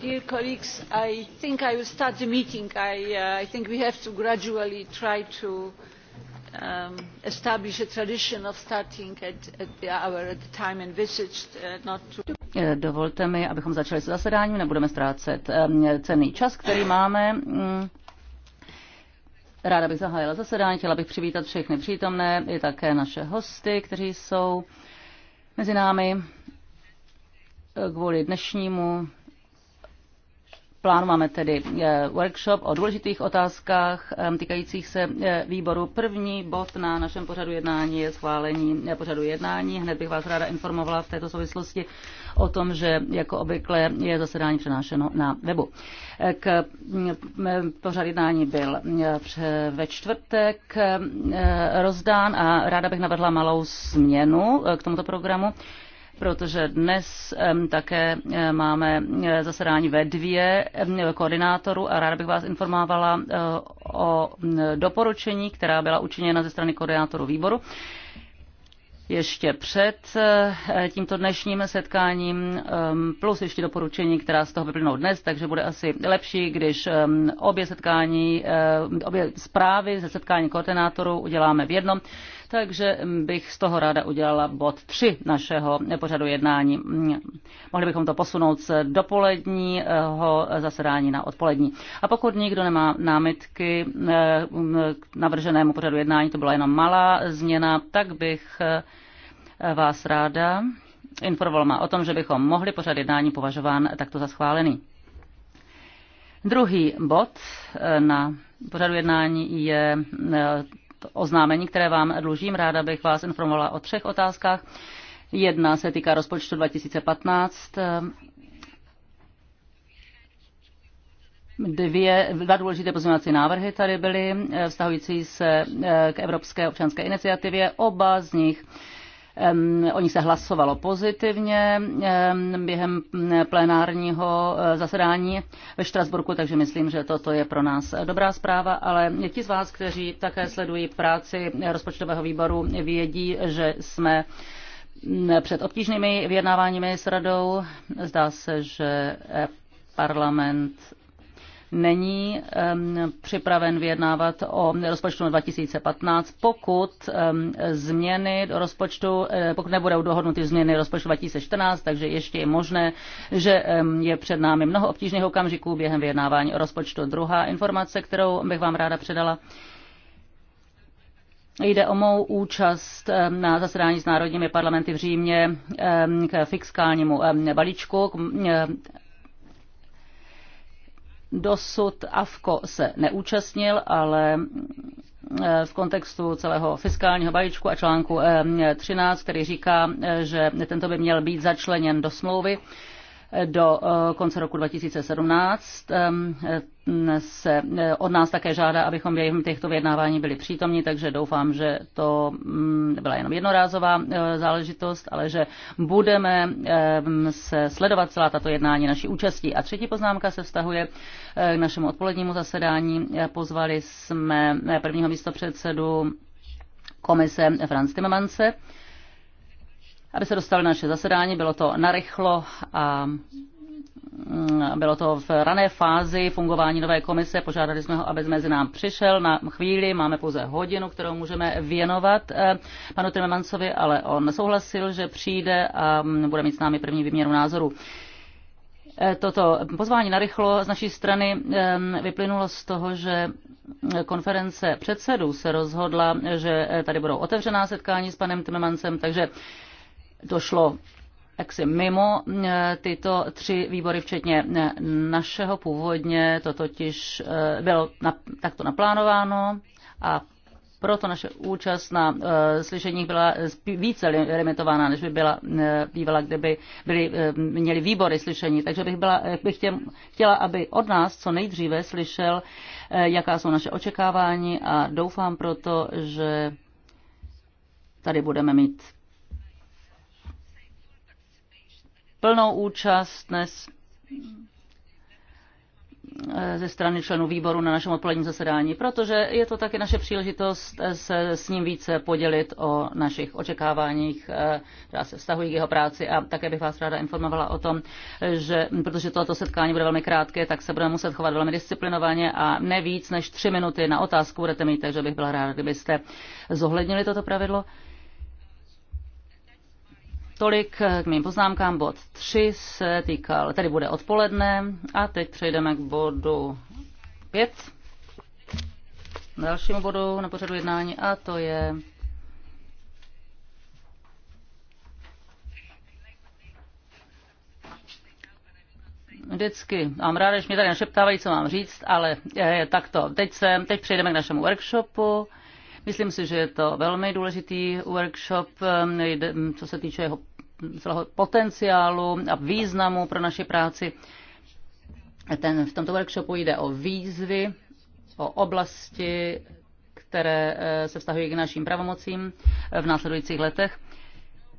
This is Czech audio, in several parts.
dear colleagues i think i will start the meeting. i, uh, think we have to gradually try to um, establish a tradition of starting at, the hour at the time envisaged uh, not to eh, Dovolte mi, abychom začali s zasedáním, nebudeme ztrácet ehm, cenný čas, který máme. Mm. ráda bych zahájila zasedání, chtěla bych přivítat všechny přítomné, i také naše hosty, kteří jsou mezi námi eh, kvůli dnešnímu plánu máme tedy eh, workshop o důležitých otázkách eh, týkajících se eh, výboru. První bod na našem pořadu jednání je schválení pořadu jednání. Hned bych vás ráda informovala v této souvislosti o tom, že jako obvykle je zasedání přenášeno na webu. K mm, pořad jednání byl ve čtvrtek rozdán a ráda bych navrhla malou změnu k tomuto programu protože dnes také máme eh, zasedání ve dvě koordinátorů a ráda bych vás informovala eh, o doporučení, která byla učiněna ze strany koordinátorů výboru ještě před eh, tímto dnešním setkáním, plus ještě doporučení, která z toho vyplynou dnes, takže bude asi lepší, když obě setkání, obě zprávy ze setkání koordinátorů uděláme v jednom takže bych z toho ráda udělala bod 3 našeho pořadu jednání. Mohli bychom to posunout z dopoledního zasedání na odpolední. A pokud nikdo nemá námitky eh, k navrženému pořadu jednání, to byla jenom malá změna, tak bych eh, vás ráda informoval o tom, že bychom mohli pořad jednání považován takto za schválený. Druhý bod eh, na pořadu jednání je oznámení, které vám dlužím. Ráda bych vás informovala o třech otázkách. Jedna se týká rozpočtu 2015 dvě, dva důležité pozměňovací návrhy tady byly, eh, vztahující se eh, k Evropské občanské iniciativě. Oba z nich O nich se hlasovalo pozitivně během plenárního e, zasedání ve Štrasburku, takže myslím, že toto je pro nás dobrá zpráva, ale ti z vás, kteří také sledují práci rozpočtového výboru, vědí, že jsme před obtížnými vyjednáváními s radou. Zdá se, že e, parlament není připraven vyjednávat o rozpočtu 2015, pokud změny do rozpočtu, eh, pokud nebudou dohodnuty změny rozpočtu 2014, takže ještě je možné, že je před námi mnoho obtížných okamžiků během vyjednávání o rozpočtu. Druhá informace, kterou bych vám ráda předala, Jde o mou účast na zasedání s národními parlamenty v Římě k fiskálnímu balíčku. Dosud AFKO se neúčastnil, ale eh, v kontextu celého fiskálního balíčku a článku 13, eh, který říká, eh, že tento by měl být začleněn do smlouvy do eh, konce roku 2017 eh, se eh, od nás také žádá, abychom během těchto vyjednávání byli přítomni, takže doufám, že to mm, byla jenom jednorázová záležitost, ale že budeme se sledovat celá tato jednání naší účastí. A třetí poznámka se vztahuje k našemu odpolednímu zasedání. Pozvali jsme prvního místopředsedu komise Franz Timmermanse aby se dostali na naše zasedání. Bylo to narychlo a mm, bylo to v rané fázi fungování nové komise, požádali jsme ho, aby mezi nám přišel na chvíli, máme pouze hodinu, kterou můžeme věnovat eh, panu Trimemancovi, ale on souhlasil, že přijde a mm, bude mít s námi první výměnu názoru. Eh, toto pozvání narychlo z naší strany eh, vyplynulo z toho, že konference předsedů se rozhodla, že tady budou otevřená setkání s panem Timemancem, takže došlo jaksi mimo e, tyto tři výbory, včetně e, našeho původně, to totiž e, bylo takto naplánováno a proto naše účast na uh, slyšeních byla více limitována, než by byla uh, bývala, kdyby byly, uh, měli výbory slyšení. Takže bych, byla, bych těm, chtěla, aby od nás co nejdříve slyšel, uh, jaká jsou naše očekávání a doufám proto, že tady budeme mít plnou účast dnes eh, ze strany členů výboru na našem odpoledním zasedání, protože je to také naše příležitost eh, se s ním více podělit o našich očekáváních, eh, která se vztahují k jeho práci a také bych vás ráda informovala o tom, že protože toto setkání bude velmi krátké, tak se budeme muset chovat velmi disciplinovaně a ne víc než tři minuty na otázku budete mít, takže bych byla ráda, kdybyste zohlednili toto pravidlo. Tolik k mým poznámkám. Bod 3 se týkal, tedy bude odpoledne a teď přejdeme k bodu 5. Dalšímu bodu na pořadu jednání a to je vždycky mám ráda, že mě tady našeptávají, co mám říct, ale eh, takto. Teď, se, teď přejdeme k našemu workshopu. Myslím si, že je to velmi důležitý workshop, e, co se týče jeho celého potenciálu a významu pro naši práci. Ten, v tomto workshopu jde o výzvy, o oblasti, které eh, se vztahují k našim pravomocím eh, v následujících letech.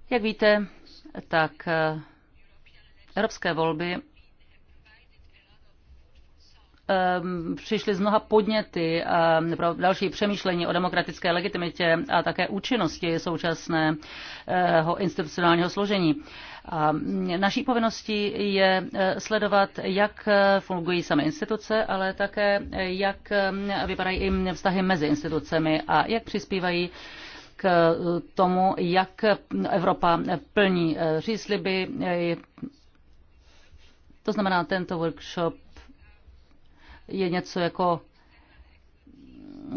Jak víte, tak eh, evropské volby Ehm, přišly z mnoha podněty ehm, pro další přemýšlení o demokratické legitimitě a také účinnosti současného institucionálního složení. A naší povinností je eh, sledovat, jak eh, fungují samé instituce, ale také eh, jak ehm, vypadají i vztahy mezi institucemi a jak přispívají k tomu, jak Evropa plní přísliby. To znamená, tento workshop je něco jako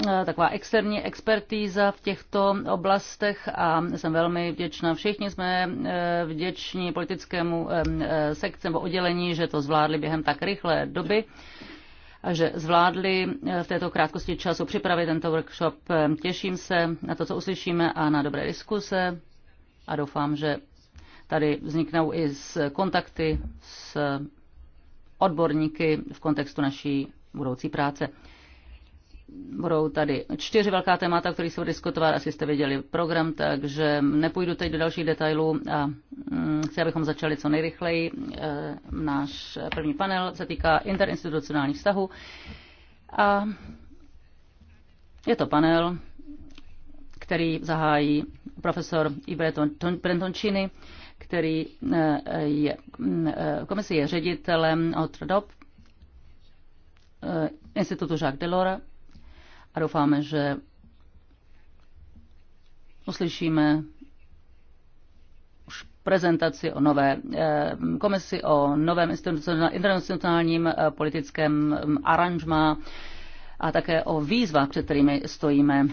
eh, taková externí expertíza v těchto oblastech a jsem velmi vděčná. Všichni jsme eh, vděční politickému eh, sekci nebo oddělení, že to zvládli během tak rychlé doby a že zvládli v této krátkosti času připravit tento workshop. Těším se na to, co uslyšíme a na dobré diskuse a doufám, že tady vzniknou i z kontakty s odborníky v kontextu naší budoucí práce. Budou tady čtyři velká témata, které jsou diskutovat, asi jste viděli program, takže nepůjdu teď do dalších detailů a mm, chci, abychom začali co nejrychleji. E, náš první panel se týká interinstitucionálních vztahů a je to panel, který zahájí profesor Ibre Brentoncini, který e, je, e, komisi je ředitelem od DOP Eh, institutu Jacques Delora a doufáme, že uslyšíme už prezentaci o nové eh, komisi, o novém internacionálním eh, politickém mm, aranžmá a také o výzvách, před kterými stojíme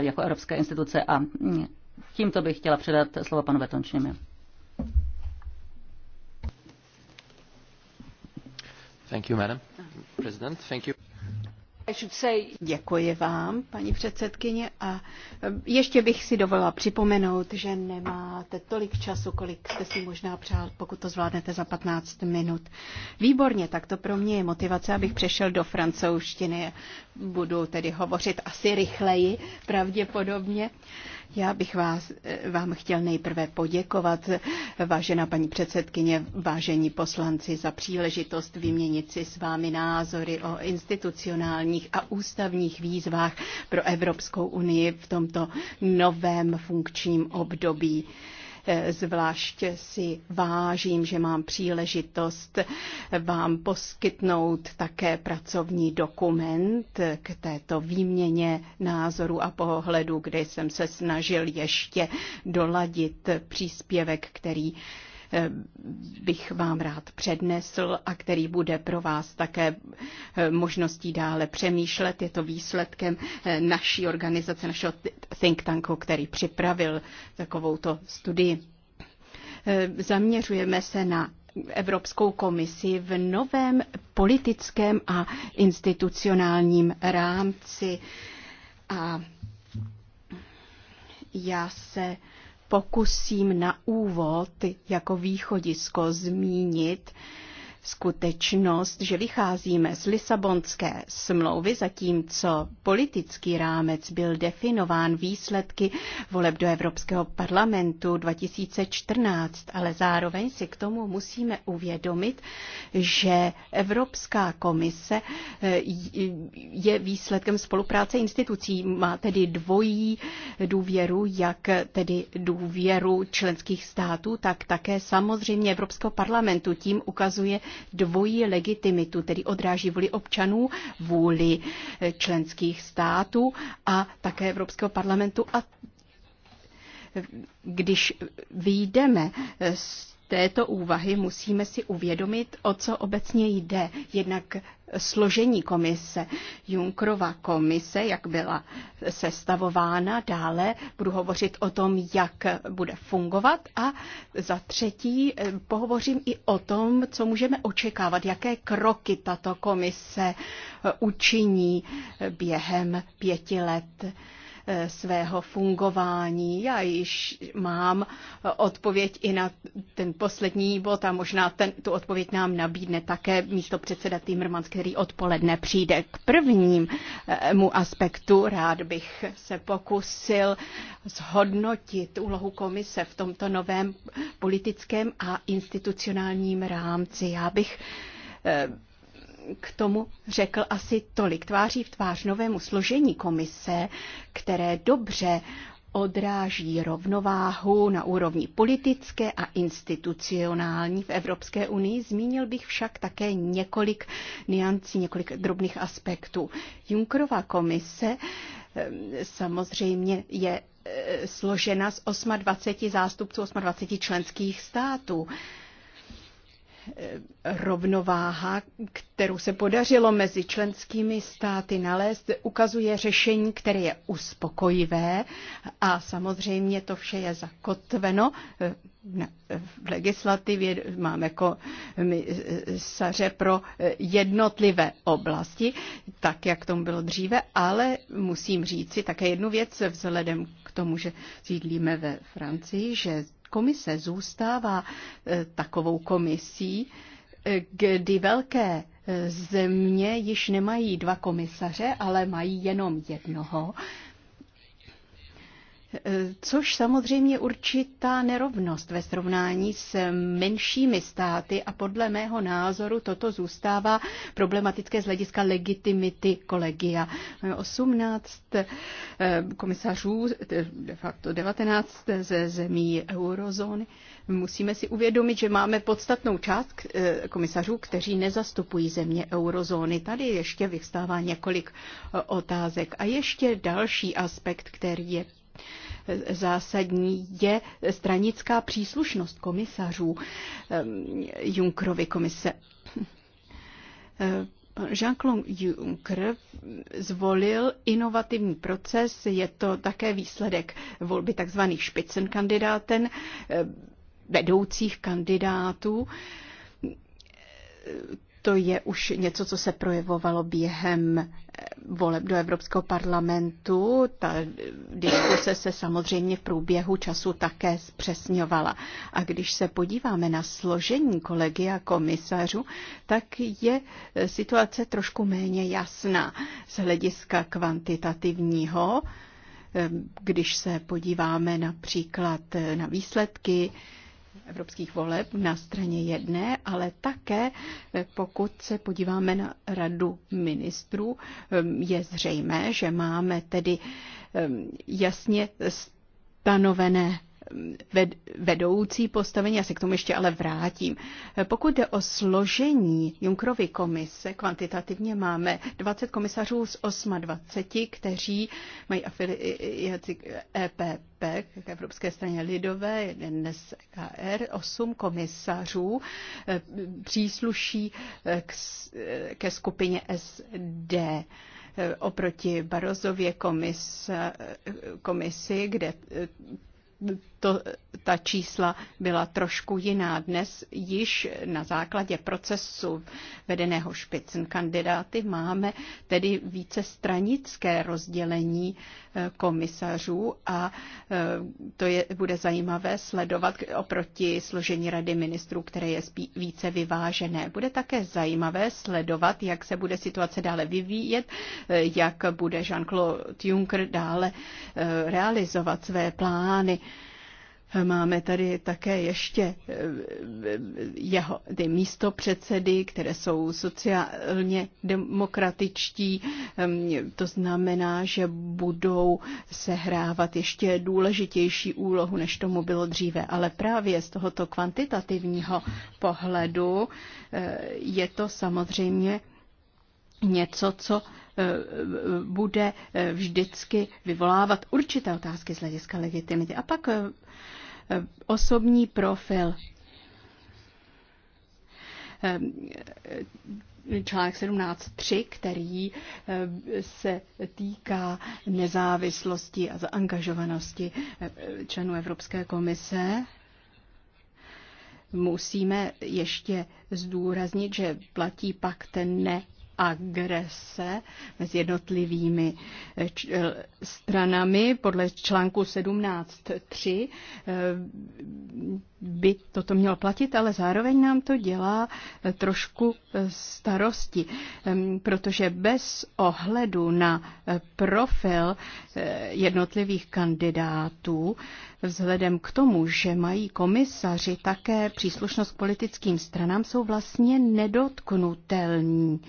jako evropské instituce. A mm, tímto bych chtěla předat slovo panu Betončněmi. Thank you, madam. Děkuji vám, paní předsedkyně, a ještě bych si dovolila připomenout, že nemáte tolik času, kolik jste si možná přál, pokud to zvládnete za 15 minut. Výborně, tak to pro mě je motivace, abych přešel do francouzštiny. Budu tedy hovořit asi rychleji, pravděpodobně. Uh, já bych vás, eh, vám chtěl nejprve poděkovat, vážená paní předsedkyně, vážení poslanci, za příležitost vyměnit si s vámi názory o institucionálních a ústavních výzvách pro Evropskou unii v tomto novém funkčním období. Eh, zvlášť si vážím, že mám příležitost vám poskytnout také pracovní dokument k této výměně názoru a pohledu, kde jsem se snažil ještě doladit příspěvek, který bych vám rád přednesl a který bude pro vás také eh, možností dále přemýšlet. Je to výsledkem eh, naší organizace, našeho think tanku, který připravil takovouto studii. Eh, zaměřujeme se na Evropskou komisi v novém politickém a institucionálním rámci. A já se pokusím na úvod jako východisko zmínit, skutečnost, že vycházíme z Lisabonské smlouvy, zatímco politický rámec byl definován výsledky voleb do Evropského parlamentu 2014, ale zároveň si k tomu musíme uvědomit, že Evropská komise eh, je výsledkem spolupráce institucí, má tedy dvojí důvěru, jak tedy důvěru členských států, tak také samozřejmě Evropského parlamentu. Tím ukazuje, dvojí legitimitu, tedy odráží vůli občanů, vůli eh, členských států a také Evropského parlamentu a eh, když výjdeme eh, z této úvahy musíme si uvědomit, o co obecně jde. Jednak složení komise, Junkrova komise, jak byla sestavována, dále budu hovořit o tom, jak bude fungovat a za třetí eh, pohovořím i o tom, co můžeme očekávat, jaké kroky tato komise eh, učiní eh, během pěti let. Eh, svého fungování. Já již mám odpověď i na ten poslední bod a možná ten, tu odpověď nám nabídne také místo předseda Týmrmans, který odpoledne přijde k prvnímu eh, aspektu. Rád bych se pokusil zhodnotit úlohu komise v tomto novém politickém a institucionálním rámci. Já bych eh, k tomu řekl asi tolik tváří v tvář novému složení komise, které dobře odráží rovnováhu na úrovni politické a institucionální v Evropské unii. Zmínil bych však také několik niancí, několik drobných aspektů. Junkrova komise ehm, samozřejmě je e, složena z 28 zástupců 28 členských států rovnováha, kterou se podařilo mezi členskými státy nalézt, ukazuje řešení, které je uspokojivé a samozřejmě to vše je zakotveno v legislativě. Máme komisaře pro jednotlivé oblasti, tak jak tomu bylo dříve, ale musím říci také jednu věc vzhledem k tomu, že sídlíme ve Francii, že komise zůstává e, takovou komisí, e, kdy velké e, země již nemají dva komisaře, ale mají jenom jednoho což samozřejmě určitá nerovnost ve srovnání s menšími státy a podle mého názoru toto zůstává problematické z hlediska legitimity kolegia. 18 eh, komisařů, eh, de facto 19 ze zemí eurozóny, musíme si uvědomit, že máme podstatnou část eh, komisařů, kteří nezastupují země eurozóny. Tady ještě vyvstává několik otázek. A ještě další aspekt, který je zásadní je stranická příslušnost komisařů ehm, Junkrovy komise. Ehm, Jean-Claude Juncker zvolil inovativní proces, je to také výsledek volby tzv. špicenkandidáten, ehm, vedoucích kandidátů, to je už něco, co se projevovalo během eh, voleb do Evropského parlamentu. Ta eh, diskuse se samozřejmě v průběhu času také zpřesňovala. A když se podíváme na složení kolegy a komisařů, tak je eh, situace trošku méně jasná z hlediska kvantitativního. Když se podíváme například na výsledky, evropských voleb na straně jedné, ale také eh, pokud se podíváme na radu ministrů, eh, je zřejmé, že máme tedy eh, jasně stanovené vedoucí postavení. Já se k tomu ještě ale vrátím. Pokud jde o složení Junkrovy komise, kvantitativně máme 20 komisařů z 28, kteří mají afiliaci EPP, k Evropské straně lidové, jeden z KR, 8 komisařů eh, přísluší eh, k, eh, ke skupině SD oproti Barozově komis, komisi, kde to, ta čísla byla trošku jiná. Dnes již na základě procesu vedeného špicn kandidáty máme tedy více stranické rozdělení eh, komisařů a eh, to je, bude zajímavé sledovat oproti složení rady ministrů, které je spí, více vyvážené. Bude také zajímavé sledovat, jak se bude situace dále vyvíjet, eh, jak bude Jean-Claude Juncker dále realizovat své plány. Máme tady také ještě eh, jeho, ty místo předsedy, které jsou sociálně demokratičtí. Ehm, to znamená, že budou sehrávat ještě důležitější úlohu, než tomu bylo dříve. Ale právě z tohoto kvantitativního pohledu eh, je to samozřejmě něco, co eh, bude vždycky vyvolávat určité otázky z hlediska legitimity. A pak osobní profil. Ehm, článek 17.3, který ehm, se týká nezávislosti a zaangažovanosti ehm, členů Evropské komise, musíme ještě zdůraznit, že platí pakt ne agrese mezi jednotlivými eh, eh, stranami podle článku 17.3 eh, by toto mělo platit, ale zároveň nám to dělá trošku starosti, ehm, protože bez ohledu na profil jednotlivých kandidátů, vzhledem k tomu, že mají komisaři také příslušnost k politickým stranám, jsou vlastně nedotknutelní.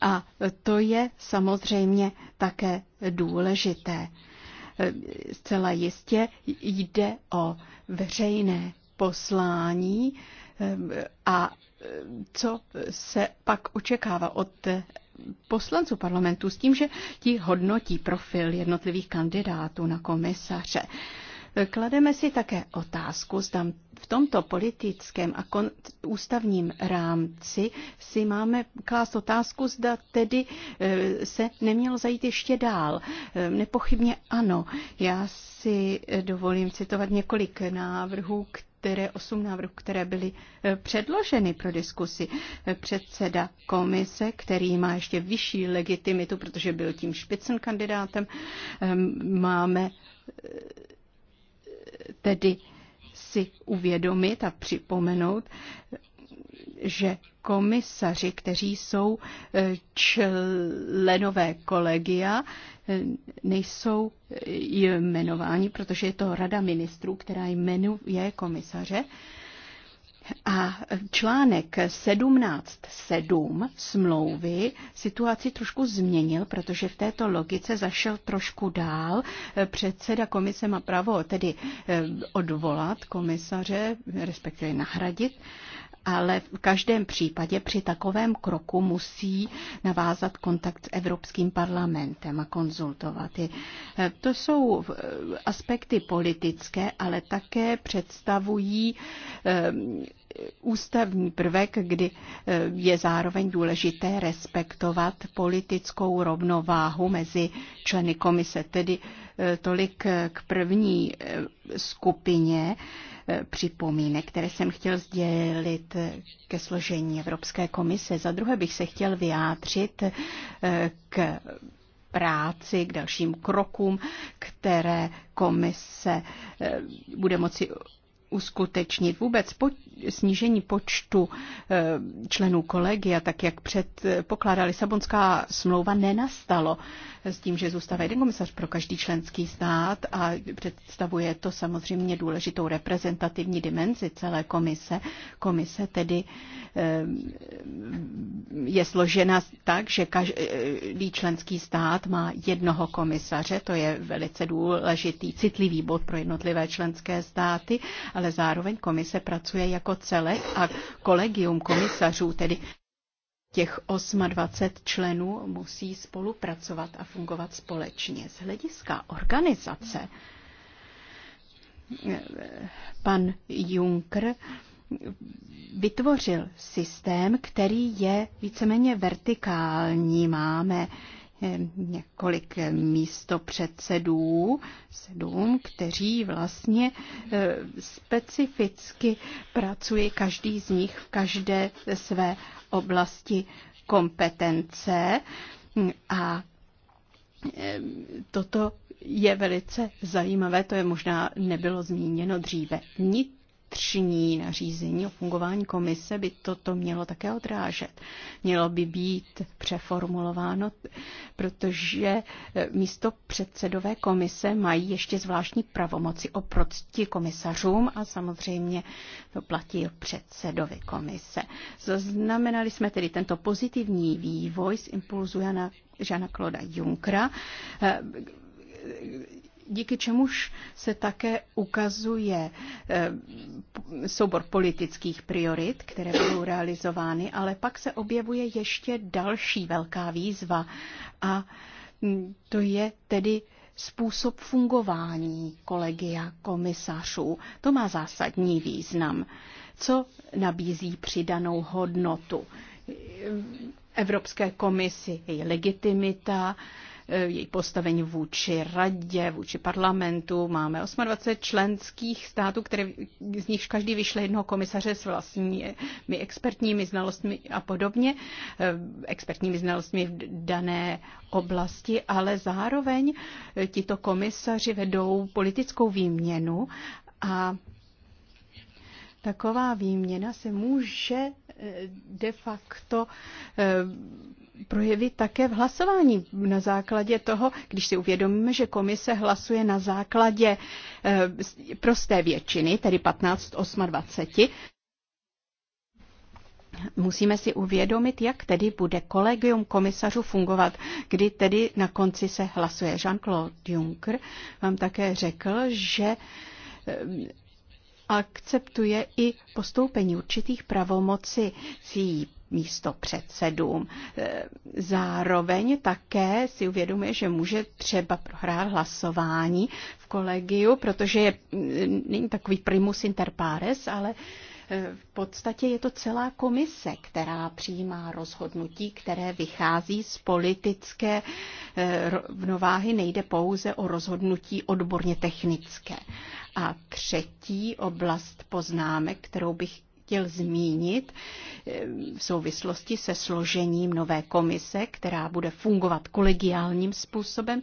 A to je samozřejmě také důležité. Zcela jistě jde o veřejné poslání a co se pak očekává od poslanců parlamentu s tím, že ti hodnotí profil jednotlivých kandidátů na komisaře. Klademe si také otázku, zda v tomto politickém a kon- ústavním rámci si máme klást otázku, zda tedy eh, se nemělo zajít ještě dál. Eh, nepochybně ano. Já si eh, dovolím citovat několik návrhů, které, osm návrhů, které byly předloženy pro diskusi. Předseda komise, který má ještě vyšší legitimitu, protože byl tím špicen kandidátem, máme tedy si uvědomit a připomenout, že komisaři, kteří jsou e, členové kolegia, e, nejsou e, jmenováni, protože je to rada ministrů, která jmenuje komisaře, a článek 17.7 smlouvy situaci trošku změnil, protože v této logice zašel trošku dál. Předseda komise má právo tedy eh, odvolat komisaře, respektive nahradit ale v každém případě při takovém kroku musí navázat kontakt s Evropským parlamentem a konzultovat eh, To jsou eh, aspekty politické, ale také představují eh, ústavní prvek, kdy je zároveň důležité respektovat politickou rovnováhu mezi členy komise. Tedy tolik k první skupině připomínek, které jsem chtěl sdělit ke složení Evropské komise. Za druhé bych se chtěl vyjádřit eh, k práci, k dalším krokům, které komise eh, bude moci uskutečnit vůbec po, snížení počtu eh, členů kolegia, tak jak předpokládá Lisabonská smlouva, nenastalo s tím, že zůstává jeden komisař pro každý členský stát a představuje to samozřejmě důležitou reprezentativní dimenzi celé komise. Komise tedy eh, je složena tak, že každý členský stát má jednoho komisaře, to je velice důležitý, citlivý bod pro jednotlivé členské státy ale zároveň komise pracuje jako celek a kolegium komisařů, tedy těch 28 členů, musí spolupracovat a fungovat společně. Z hlediska organizace pan Juncker vytvořil systém, který je víceméně vertikální. Máme Eh, několik eh, místo předsedů, sedm, kteří vlastně eh, specificky pracují každý z nich v každé své oblasti kompetence a toto je velice zajímavé, to je možná nebylo zmíněno dříve. Nic vnitřní nařízení o fungování komise by toto mělo také odrážet. Mělo by být přeformulováno, protože eh, místo předsedové komise mají ještě zvláštní pravomoci oproti komisařům a samozřejmě to platí předsedovi komise. Zaznamenali jsme tedy tento pozitivní vývoj z impulzu Jana Žana Kloda Junkra eh, díky čemuž se také ukazuje eh, soubor politických priorit, které budou realizovány, ale pak se objevuje ještě další velká výzva a hm, to je tedy způsob fungování kolegia komisařů. To má zásadní význam. Co nabízí přidanou hodnotu? Evropské komisi její legitimita, Eh, její postavení vůči radě, vůči parlamentu. Máme 28 členských států, které, z nichž každý vyšle jednoho komisaře s vlastními expertními znalostmi a podobně, eh, expertními znalostmi v dané oblasti, ale zároveň eh, tito komisaři vedou politickou výměnu a taková výměna se může de facto eh, projevit také v hlasování na základě toho, když si uvědomíme, že komise hlasuje na základě eh, prosté většiny, tedy 15 28, Musíme si uvědomit, jak tedy bude kolegium komisařů fungovat, kdy tedy na konci se hlasuje. Jean-Claude Juncker vám také řekl, že eh, akceptuje i postoupení určitých pravomocí místo předsedům. E, zároveň také si uvědomuje, že může třeba prohrát hlasování v kolegiu, protože je, není takový primus inter pares, ale v podstatě je to celá komise, která přijímá rozhodnutí, které vychází z politické eh, rovnováhy. Nejde pouze o rozhodnutí odborně technické. A třetí oblast poznámek, kterou bych chtěl zmínit eh, v souvislosti se složením nové komise, která bude fungovat kolegiálním způsobem,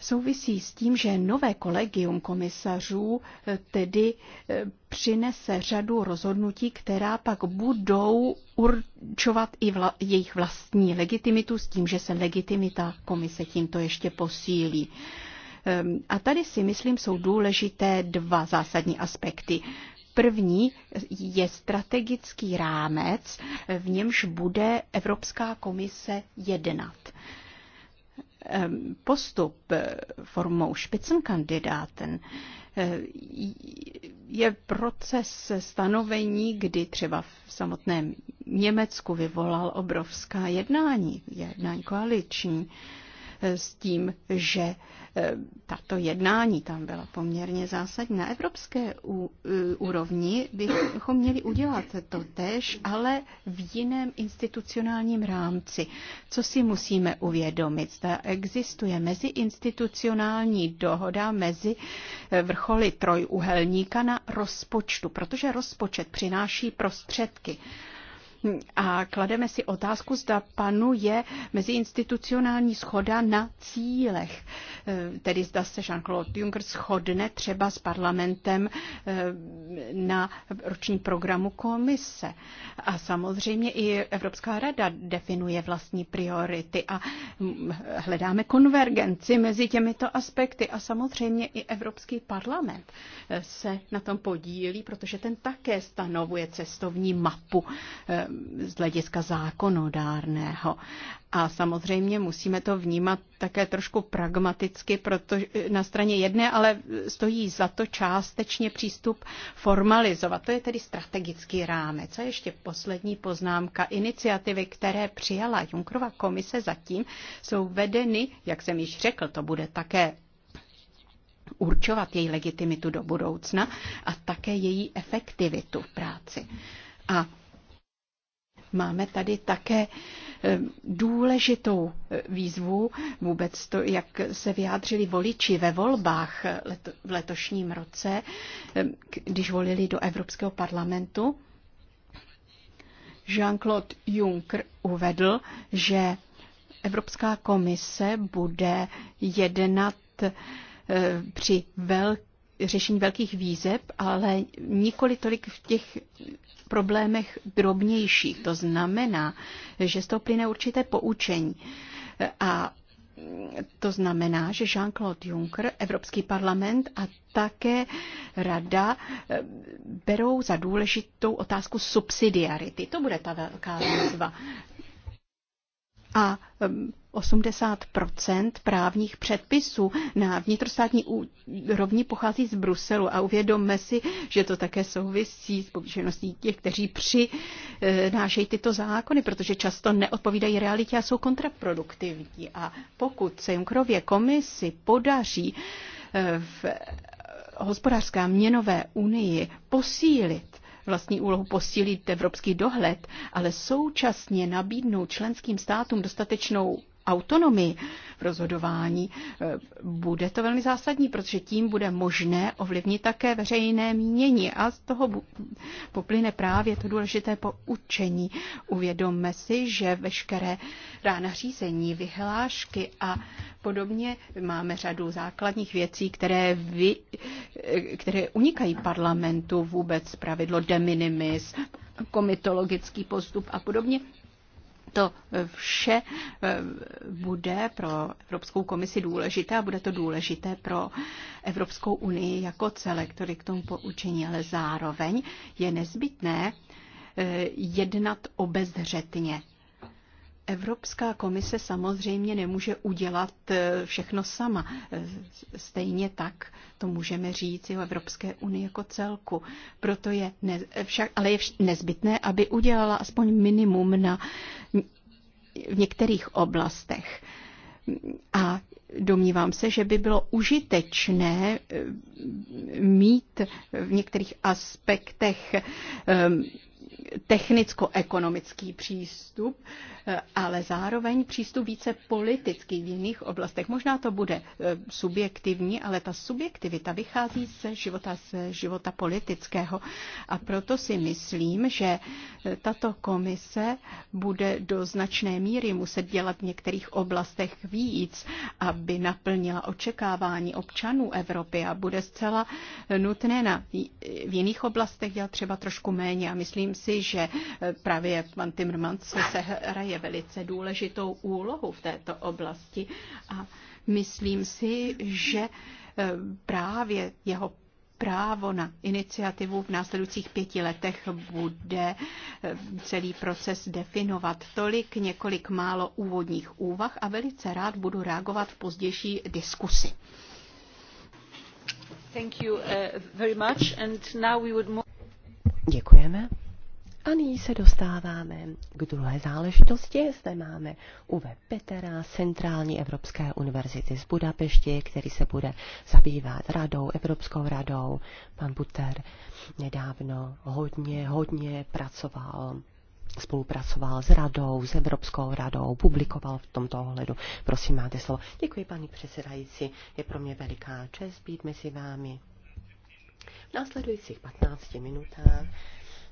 souvisí s tím, že nové kolegium komisařů eh, tedy eh, přinese řadu rozhodnutí, která pak budou určovat i vla- jejich vlastní legitimitu s tím, že se legitimita komise tímto ještě posílí. Ehm, a tady si myslím jsou důležité dva zásadní aspekty. První je strategický rámec, v němž bude Evropská komise jednat postup eh, formou špicenkandidáten eh, je proces stanovení, kdy třeba v samotném Německu vyvolal obrovská jednání, jednání koaliční s tím, že e, tato jednání tam byla poměrně zásadní. Na evropské e, úrovni bychom měli udělat to tež, ale v jiném institucionálním rámci. Co si musíme uvědomit? Zda existuje meziinstitucionální dohoda mezi e, vrcholy trojuhelníka na rozpočtu, protože rozpočet přináší prostředky a klademe si otázku, zda panuje meziinstitucionální schoda na cílech. E, tedy zda se Jean-Claude Juncker shodne třeba s parlamentem e, na roční programu komise. A samozřejmě i Evropská rada definuje vlastní priority a hledáme konvergenci mezi těmito aspekty a samozřejmě i Evropský parlament e, se na tom podílí, protože ten také stanovuje cestovní mapu z hlediska zákonodárného. A samozřejmě musíme to vnímat také trošku pragmaticky, protože na straně jedné, ale stojí za to částečně přístup formalizovat. To je tedy strategický rámec. A ještě poslední poznámka. Iniciativy, které přijala Junkrova komise zatím, jsou vedeny, jak jsem již řekl, to bude také určovat její legitimitu do budoucna a také její efektivitu v práci. A Máme tady také eh, důležitou eh, výzvu vůbec to, jak se vyjádřili voliči ve volbách eh, v letošním roce, když volili do Evropského parlamentu. Jean-Claude Juncker uvedl, že Evropská komise bude jednat při velkém řešení velkých výzeb, ale nikoli tolik v těch problémech drobnějších. To znamená, že z toho plyne určité poučení. A to znamená, že Jean-Claude Juncker, Evropský parlament a také rada eh, berou za důležitou otázku subsidiarity. To bude ta velká výzva. A eh, 80 právních předpisů na vnitrostátní úrovni pochází z Bruselu a uvědomme si, že to také souvisí s povýšeností těch, kteří přinášejí tyto zákony, protože často neodpovídají realitě a jsou kontraproduktivní. A pokud se Junkerově komisi podaří eh, v hospodářské a měnové unii posílit vlastní úlohu posílit evropský dohled, ale současně nabídnout členským státům dostatečnou autonomii v rozhodování. Eh, bude to velmi zásadní, protože tím bude možné ovlivnit také veřejné mínění a z toho poplyne právě to důležité poučení. Uvědomme si, že veškeré rána řízení, vyhlášky a podobně máme řadu základních věcí, které, vy, eh, které unikají parlamentu vůbec pravidlo de minimis, komitologický postup a podobně. To vše eh, bude pro Evropskou komisi důležité a bude to důležité pro Evropskou unii jako celek, který k tomu poučení, ale zároveň je nezbytné eh, jednat obezřetně Evropská komise samozřejmě nemůže udělat eh, všechno sama. Eh, stejně tak to můžeme říct i o Evropské unii jako celku. Proto je ne, však, ale je nezbytné, aby udělala aspoň minimum na, v některých oblastech. A domnívám se, že by bylo užitečné eh, mít v některých aspektech technicko-ekonomický přístup, eh, ale zároveň přístup více politický v jiných oblastech. Možná to bude eh, subjektivní, ale ta subjektivita vychází ze života, ze života politického. A proto si myslím, že eh, tato komise bude do značné míry muset dělat v některých oblastech víc, aby naplnila očekávání občanů Evropy a bude zcela nutné na, v jiných oblastech dělat třeba trošku méně. A myslím si, si, že eh, právě pan Timmermans se hraje velice důležitou úlohu v této oblasti a myslím si, že eh, právě jeho právo na iniciativu v následujících pěti letech bude eh, celý proces definovat. Tolik několik málo úvodních úvah a velice rád budu reagovat v pozdější diskusi. Thank you very much and now we would Děkujeme. A nyní se dostáváme k druhé záležitosti. Zde máme Uwe Petera, Centrální Evropské univerzity z Budapešti, který se bude zabývat radou, Evropskou radou. Pan Buter nedávno hodně, hodně pracoval spolupracoval s radou, s Evropskou radou, publikoval v tomto ohledu. Prosím, máte slovo. Děkuji, paní předsedající. Je pro mě veliká čest být mezi vámi. V následujících 15 minutách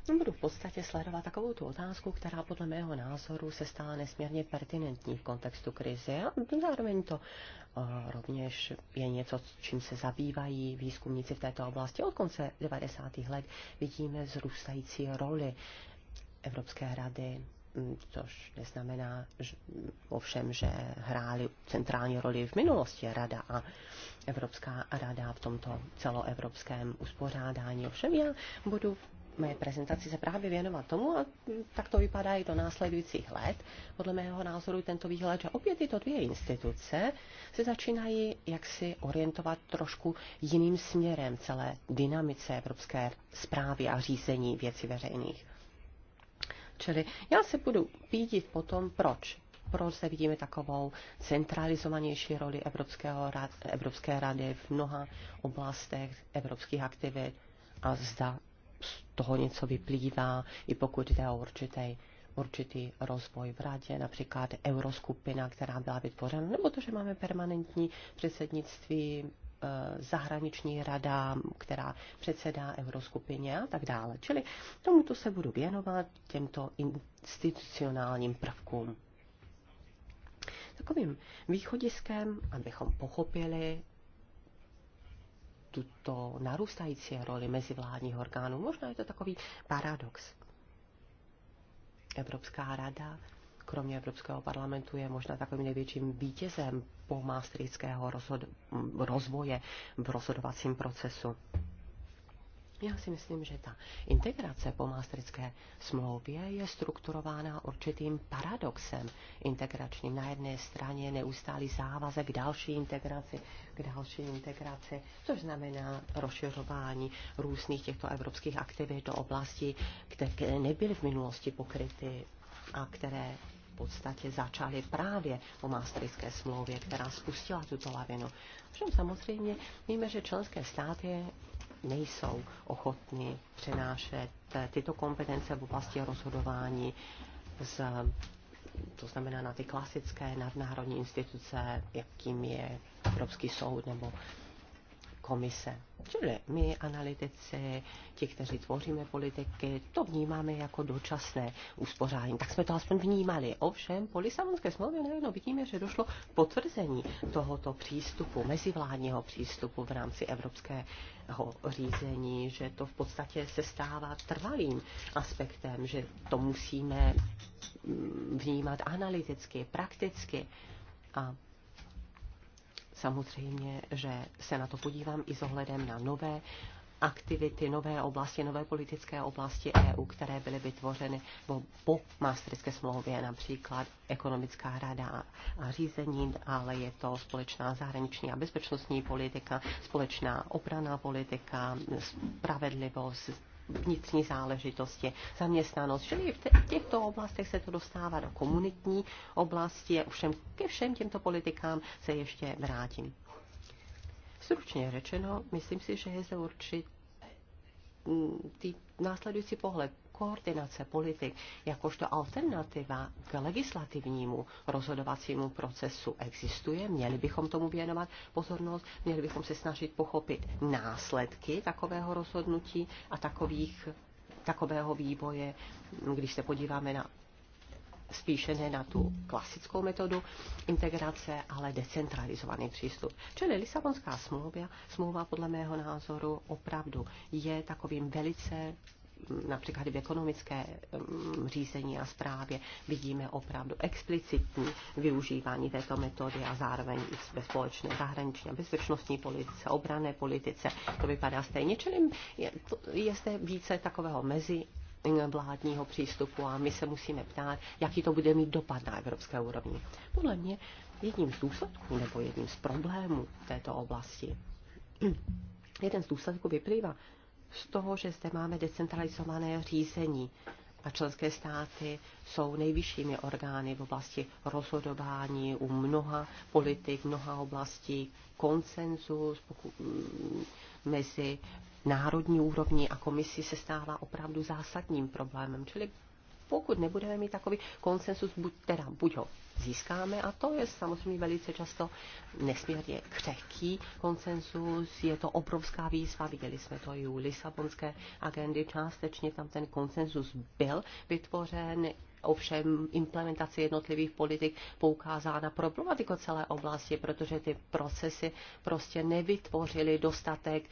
No, budu v podstatě sledovat takovou tu otázku, která podle mého názoru se stala nesmírně pertinentní v kontextu krize a zároveň to eh, rovněž je něco, čím se zabývají výzkumníci v této oblasti. Od konce 90. let vidíme zrůstající roli Evropské rady hm, což neznamená že, ovšem, že hráli centrální roli v minulosti Rada a Evropská rada v tomto celoevropském uspořádání. Ovšem já budu moje prezentaci se právě věnovat tomu a tak to vypadá i do následujících let. Podle mého názoru tento výhled, že opět tyto dvě instituce se začínají jaksi orientovat trošku jiným směrem celé dynamice evropské zprávy a řízení věcí veřejných. Čili já se budu pídit potom, proč proč se vidíme takovou centralizovanější roli Evropského rad, Evropské rady v mnoha oblastech evropských aktivit a zda z toho něco vyplývá, i pokud jde o určitý, určitý rozvoj v radě, například euroskupina, která byla vytvořena, nebo to, že máme permanentní předsednictví, eh, zahraniční rada, která předsedá euroskupině a tak dále. Čili tomuto se budu věnovat, těmto institucionálním prvkům. Takovým východiskem, abychom pochopili tuto narůstající roli mezivládních orgánů. Možná je to takový paradox. Evropská rada, kromě Evropského parlamentu, je možná takovým největším vítězem po maastrického rozvoje v rozhodovacím procesu. Já si myslím, že ta integrace po Maastrichtské smlouvě je strukturována určitým paradoxem integračním. Na jedné straně neustálý závazek k další integraci, k další integraci, což znamená rozšiřování různých těchto evropských aktivit do oblastí, které nebyly v minulosti pokryty a které v podstatě začaly právě po Maastrichtské smlouvě, která spustila tuto lavinu. Všem samozřejmě víme, že členské státy nejsou ochotni přenášet tyto kompetence v oblasti rozhodování z to znamená na ty klasické nadnárodní instituce, jakým je Evropský soud nebo komise. Čili my, analytici, ti, kteří tvoříme politiky, to vnímáme jako dočasné uspořádání. Tak jsme to aspoň vnímali. Ovšem, po Lisabonské smlouvě najednou vidíme, že došlo potvrzení tohoto přístupu, mezivládního přístupu v rámci evropského řízení, že to v podstatě se stává trvalým aspektem, že to musíme mm, vnímat analyticky, prakticky. A Samozřejmě, že se na to podívám i s ohledem na nové aktivity, nové oblasti, nové politické oblasti EU, které byly vytvořeny po, po Maastrichtské smlouvě, například ekonomická rada a řízení, ale je to společná zahraniční a bezpečnostní politika, společná obraná politika, spravedlivost, vnitřní záležitosti, zaměstnanost. Čili v těchto oblastech se to dostává do komunitní oblasti, všem, ke všem těmto politikám se ještě vrátím. Stručně řečeno, myslím si, že je zde určitý následující pohled koordinace politik jakožto alternativa k legislativnímu rozhodovacímu procesu existuje. Měli bychom tomu věnovat pozornost, měli bychom se snažit pochopit následky takového rozhodnutí a takových, takového vývoje, když se podíváme na spíše ne na tu klasickou metodu integrace, ale decentralizovaný přístup. Čili Lisabonská smlouva, smlouva podle mého názoru opravdu je takovým velice například v ekonomické mm, řízení a zprávě vidíme opravdu explicitní využívání této metody a zároveň i ve společné zahraniční a bezpečnostní politice, obrané politice. To vypadá stejně, čili je, je zde více takového mezi mm, vládního přístupu a my se musíme ptát, jaký to bude mít dopad na evropské úrovni. Podle mě jedním z důsledků nebo jedním z problémů této oblasti, jeden z důsledků vyplývá z toho, že zde máme decentralizované řízení a členské státy jsou nejvyššími orgány v oblasti rozhodování u mnoha politik, mnoha oblastí, konsenzus mm, mezi národní úrovní a komisí se stává opravdu zásadním problémem. Čili pokud nebudeme mít takový konsensus, buď, teda buď ho získáme a to je samozřejmě velice často nesmírně křehký konsensus. je to obrovská výzva, viděli jsme to i u Lisabonské agendy, částečně tam ten konsensus byl vytvořen, ovšem implementaci jednotlivých politik poukázá na problematiku celé oblasti, protože ty procesy prostě nevytvořily dostatek,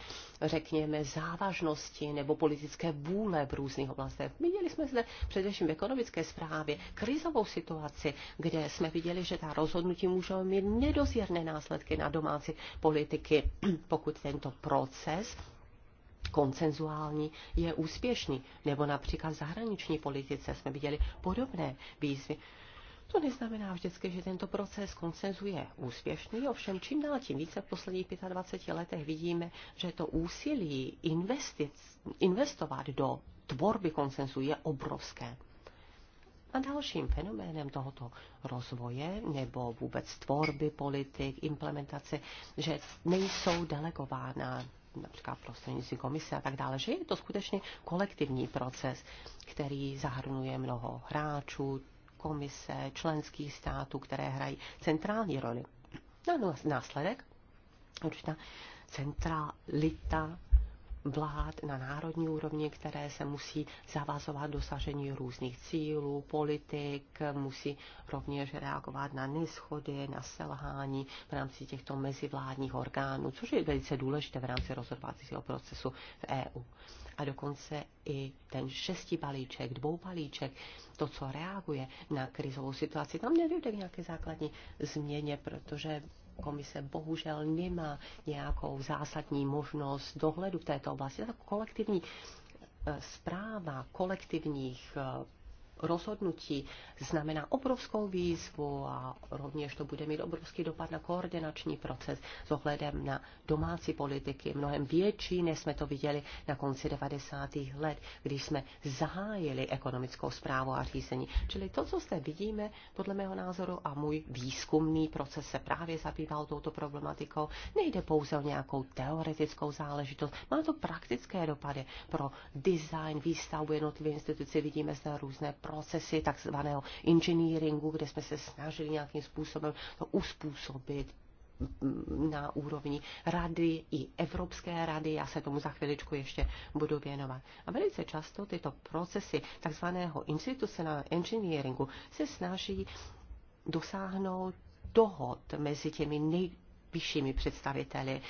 řekněme, závažnosti nebo politické vůle v různých oblastech. Viděli jsme zde především v ekonomické zprávě krizovou situaci, kde jsme viděli, že ta rozhodnutí můžou mít nedozírné následky na domácí politiky, pokud tento proces koncenzuální, je úspěšný. Nebo například v zahraniční politice jsme viděli podobné výzvy. To neznamená vždycky, že tento proces koncenzu je úspěšný, ovšem čím dál tím více v posledních 25 letech vidíme, že to úsilí investic, investovat do tvorby koncenzu je obrovské. A dalším fenoménem tohoto rozvoje nebo vůbec tvorby politik, implementace, že nejsou delegována například prostřednictví komise a tak dále, že je to skutečně kolektivní proces, který zahrnuje mnoho hráčů, komise, členských států, které hrají centrální roli. No, následek určitá centralita vlád na národní úrovni, které se musí zavazovat dosažení různých cílů, politik, musí rovněž reagovat na neschody, na selhání v rámci těchto mezivládních orgánů, což je velice důležité v rámci rozhodovacího procesu v EU. A dokonce i ten šestý balíček, dvou balíček, to, co reaguje na krizovou situaci, tam nedojde k nějaké základní změně, protože komise bohužel nemá nějakou zásadní možnost dohledu v této oblasti. Tak kolektivní eh, zpráva kolektivních eh, rozhodnutí znamená obrovskou výzvu a rovněž to bude mít obrovský dopad na koordinační proces s ohledem na domácí politiky, mnohem větší, než jsme to viděli na konci 90. let, když jsme zahájili ekonomickou zprávu a řízení. Čili to, co zde vidíme, podle mého názoru a můj výzkumný proces se právě zabýval touto problematikou, nejde pouze o nějakou teoretickou záležitost, má to praktické dopady pro design, výstavbu jednotlivých institucí, vidíme zde různé procesy takzvaného inženýringu, kde jsme se snažili nějakým způsobem to uspůsobit na úrovni rady i Evropské rady. Já se tomu za chviličku ještě budu věnovat. A velice často tyto procesy takzvaného institucionálního engineeringu se snaží dosáhnout dohod mezi těmi nej, vyššími představiteli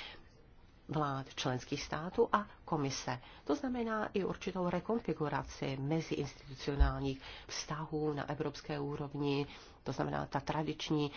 vlád členských států a komise. To znamená i určitou rekonfiguraci meziinstitucionálních vztahů na evropské úrovni. To znamená, ta tradiční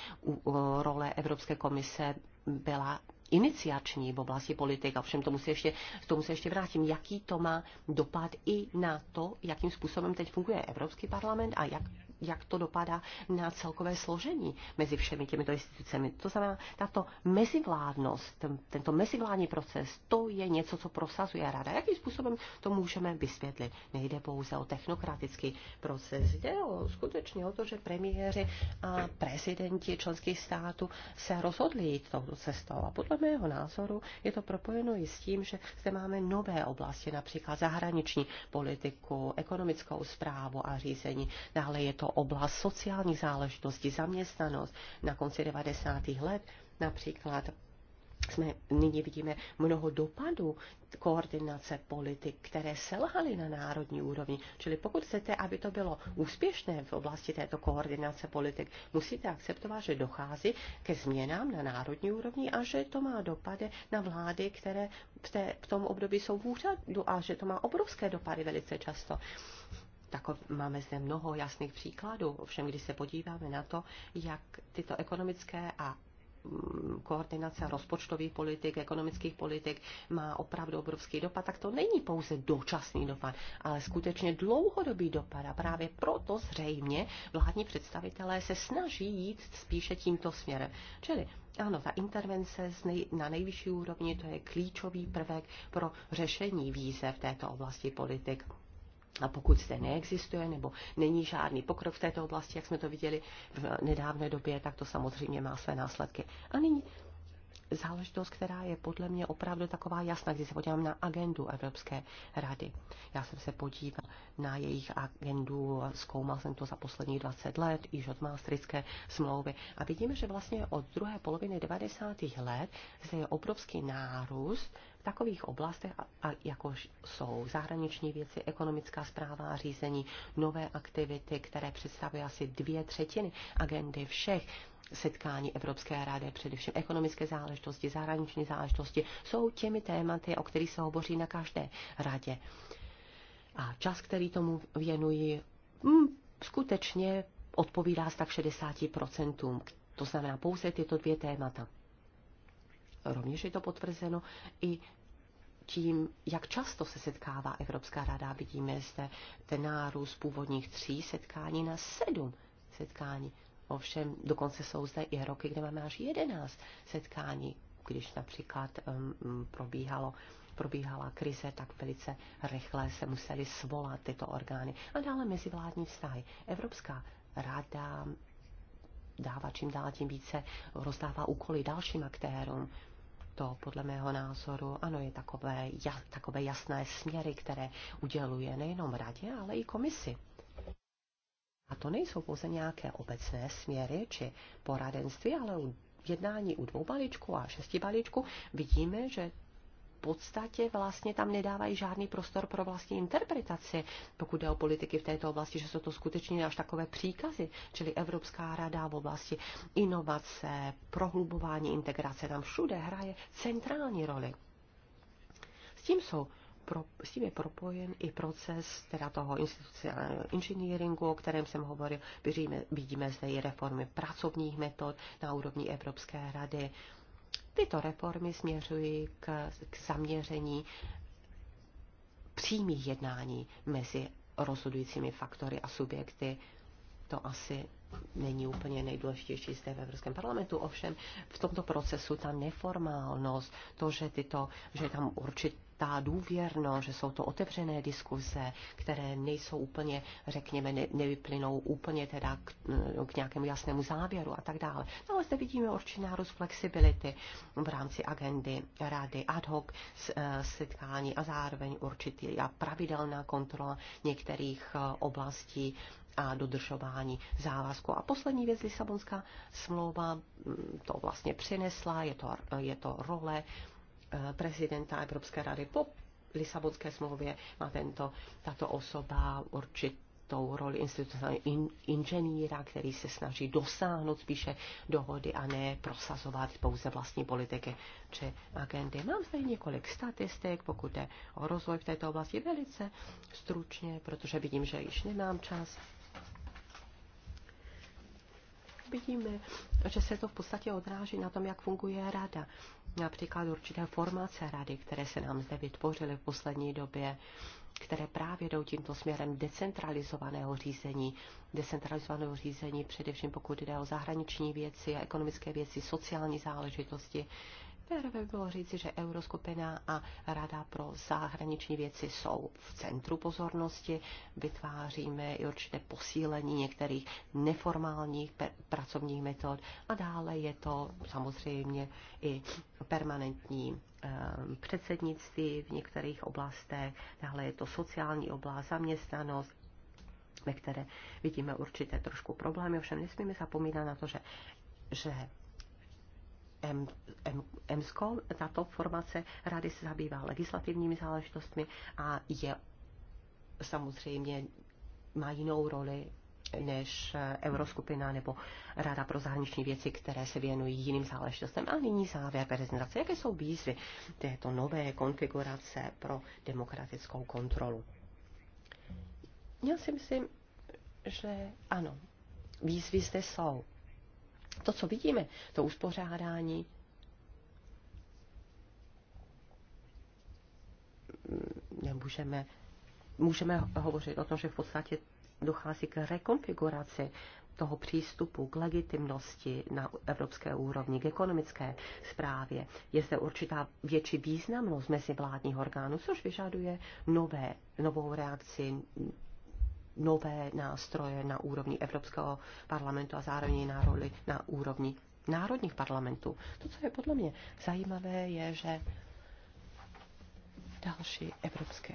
role Evropské komise byla iniciační v oblasti politik, a všem tomu se ještě, tomu se ještě vrátím, jaký to má dopad i na to, jakým způsobem teď funguje Evropský parlament a jak jak to dopadá na celkové složení mezi všemi těmito institucemi. To znamená, tato mezivládnost, tento mezivládní proces, to je něco, co prosazuje rada. Jakým způsobem to můžeme vysvětlit? Nejde pouze o technokratický proces, jde o, skutečně o to, že premiéři a prezidenti členských států se rozhodli jít touto cestou. A podle mého názoru je to propojeno i s tím, že zde máme nové oblasti, například zahraniční politiku, ekonomickou zprávu a řízení. Dále je to oblast sociálních záležitostí, zaměstnanost na konci 90. let, například jsme, nyní vidíme mnoho dopadů koordinace politik, které selhaly na národní úrovni. Čili pokud chcete, aby to bylo úspěšné v oblasti této koordinace politik, musíte akceptovat, že dochází ke změnám na národní úrovni a že to má dopady na vlády, které v, té, v tom období jsou v úřadu a že to má obrovské dopady velice často. Takov, máme zde mnoho jasných příkladů, ovšem když se podíváme na to, jak tyto ekonomické a mm, koordinace rozpočtových politik, ekonomických politik má opravdu obrovský dopad, tak to není pouze dočasný dopad, ale skutečně dlouhodobý dopad. A právě proto zřejmě vládní představitelé se snaží jít spíše tímto směrem. Čili ano, ta intervence na nejvyšší úrovni, to je klíčový prvek pro řešení výzev této oblasti politik. A pokud zde neexistuje nebo není žádný pokrok v této oblasti, jak jsme to viděli v nedávné době, tak to samozřejmě má své následky. A nyní záležitost, která je podle mě opravdu taková jasná, když se podívám na agendu Evropské rady. Já jsem se podíval na jejich agendu, zkoumal jsem to za posledních 20 let, již od Maastrické smlouvy. A vidíme, že vlastně od druhé poloviny 90. let zde je obrovský nárůst takových oblastech, a, a jako jsou zahraniční věci, ekonomická zpráva a řízení, nové aktivity, které představují asi dvě třetiny agendy všech setkání Evropské rady, především ekonomické záležitosti, zahraniční záležitosti, jsou těmi tématy, o kterých se hovoří na každé radě. A čas, který tomu věnuji, hmm, skutečně odpovídá z tak 60%. To znamená pouze tyto dvě témata rovněž je to potvrzeno, i tím, jak často se setkává Evropská rada. Vidíme zde ten nárůst původních tří setkání na sedm setkání. Ovšem, dokonce jsou zde i roky, kde máme až jedenáct setkání. Když například um, probíhalo, probíhala krize, tak velice rychle se museli svolat tyto orgány. A dále mezivládní vztahy. Evropská rada dává čím dál tím více, rozdává úkoly dalším aktérům to podle mého názoru, ano, je takové, ja, takové jasné směry, které uděluje nejenom radě, ale i komisi. A to nejsou pouze nějaké obecné směry či poradenství, ale u jednání u dvou balíčku a šesti balíčku vidíme, že podstatě vlastně tam nedávají žádný prostor pro vlastní interpretaci, pokud jde o politiky v této oblasti, že jsou to skutečně až takové příkazy, čili Evropská rada v oblasti inovace, prohlubování integrace, tam všude hraje centrální roli. S tím jsou pro, s tím je propojen i proces teda toho institucionálního inženýringu, o kterém jsem hovoril. Vidíme, vidíme zde i reformy pracovních metod na úrovni Evropské rady. Tyto reformy směřují k, k zaměření přímých jednání mezi rozhodujícími faktory a subjekty. To asi není úplně nejdůležitější zde v Evropském parlamentu, ovšem v tomto procesu ta neformálnost, to, že, tyto, že je tam určitá důvěrnost, že jsou to otevřené diskuze, které nejsou úplně, řekněme, ne, nevyplynou úplně teda k, k nějakému jasnému závěru a tak dále. No, ale zde vidíme určitý nárůst flexibility v rámci agendy rady ad hoc eh, setkání a zároveň určitý a pravidelná kontrola některých eh, oblastí a dodržování závazku. A poslední věc, Lisabonská smlouva mm, to vlastně přinesla, je to, je to role eh, prezidenta Evropské rady po Lisabonské smlouvě má tento, tato osoba určitou roli institucionálního in, inženýra, který se snaží dosáhnout spíše dohody a ne prosazovat pouze vlastní politiky či agendy. Mám zde několik statistik, pokud je o rozvoj v této oblasti velice stručně, protože vidím, že již nemám čas vidíme, že se to v podstatě odráží na tom, jak funguje rada. Například určité formace rady, které se nám zde vytvořily v poslední době, které právě jdou tímto směrem decentralizovaného řízení. Decentralizovaného řízení především pokud jde o zahraniční věci, a ekonomické věci, sociální záležitosti. Férové by bylo říci, že Euroskupina a Rada pro zahraniční věci jsou v centru pozornosti. Vytváříme i určité posílení některých neformálních pracovních metod a dále je to samozřejmě i permanentní ehm, předsednictví v některých oblastech, dále je to sociální oblast, zaměstnanost, ve které vidíme určité trošku problémy, ovšem nesmíme zapomínat na to, že, že EMSCO. Tato formace rady se zabývá legislativními záležitostmi a je samozřejmě má jinou roli než Euroskupina nebo Rada pro zahraniční věci, které se věnují jiným záležitostem. A nyní závěr prezentace. Jaké jsou výzvy této nové konfigurace pro demokratickou kontrolu? Já si myslím, že ano, výzvy zde jsou. To, co vidíme, to uspořádání nemůžeme, můžeme hovořit o tom, že v podstatě dochází k rekonfiguraci toho přístupu k legitimnosti na evropské úrovni, k ekonomické zprávě. Je zde určitá větší významnost mezi vládních orgánů, což vyžaduje nové, novou reakci, nové nástroje na úrovni Evropského parlamentu a zároveň na roli na úrovni národních parlamentů. To, co je podle mě zajímavé, je, že další evropské,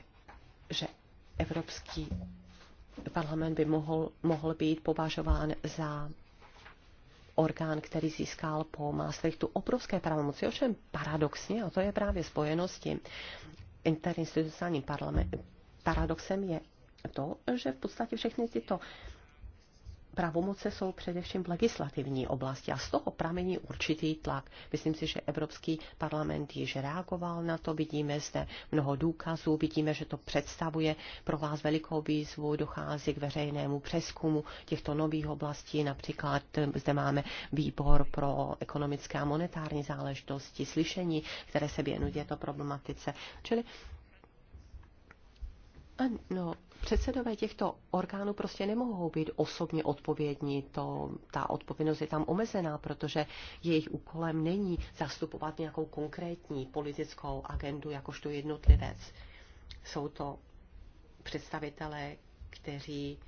že Evropský parlament by mohl, mohl být považován za orgán, který získal po Maastrichtu obrovské pravomoci, ovšem paradoxně, a to je právě spojeno s tím interinstitucionálním parlamentem, paradoxem je to, že v podstatě všechny tyto pravomoce jsou především v legislativní oblasti a z toho pramení určitý tlak. Myslím si, že Evropský parlament již reagoval na to, vidíme zde mnoho důkazů, vidíme, že to představuje pro vás velikou výzvu, dochází k veřejnému přeskumu těchto nových oblastí, například zde máme výbor pro ekonomické a monetární záležitosti, slyšení, které se věnují této problematice. Čili ano, předsedové těchto orgánů prostě nemohou být osobně odpovědní. To, ta odpovědnost je tam omezená, protože jejich úkolem není zastupovat nějakou konkrétní politickou agendu jakožto jednotlivec. Jsou to představitelé, kteří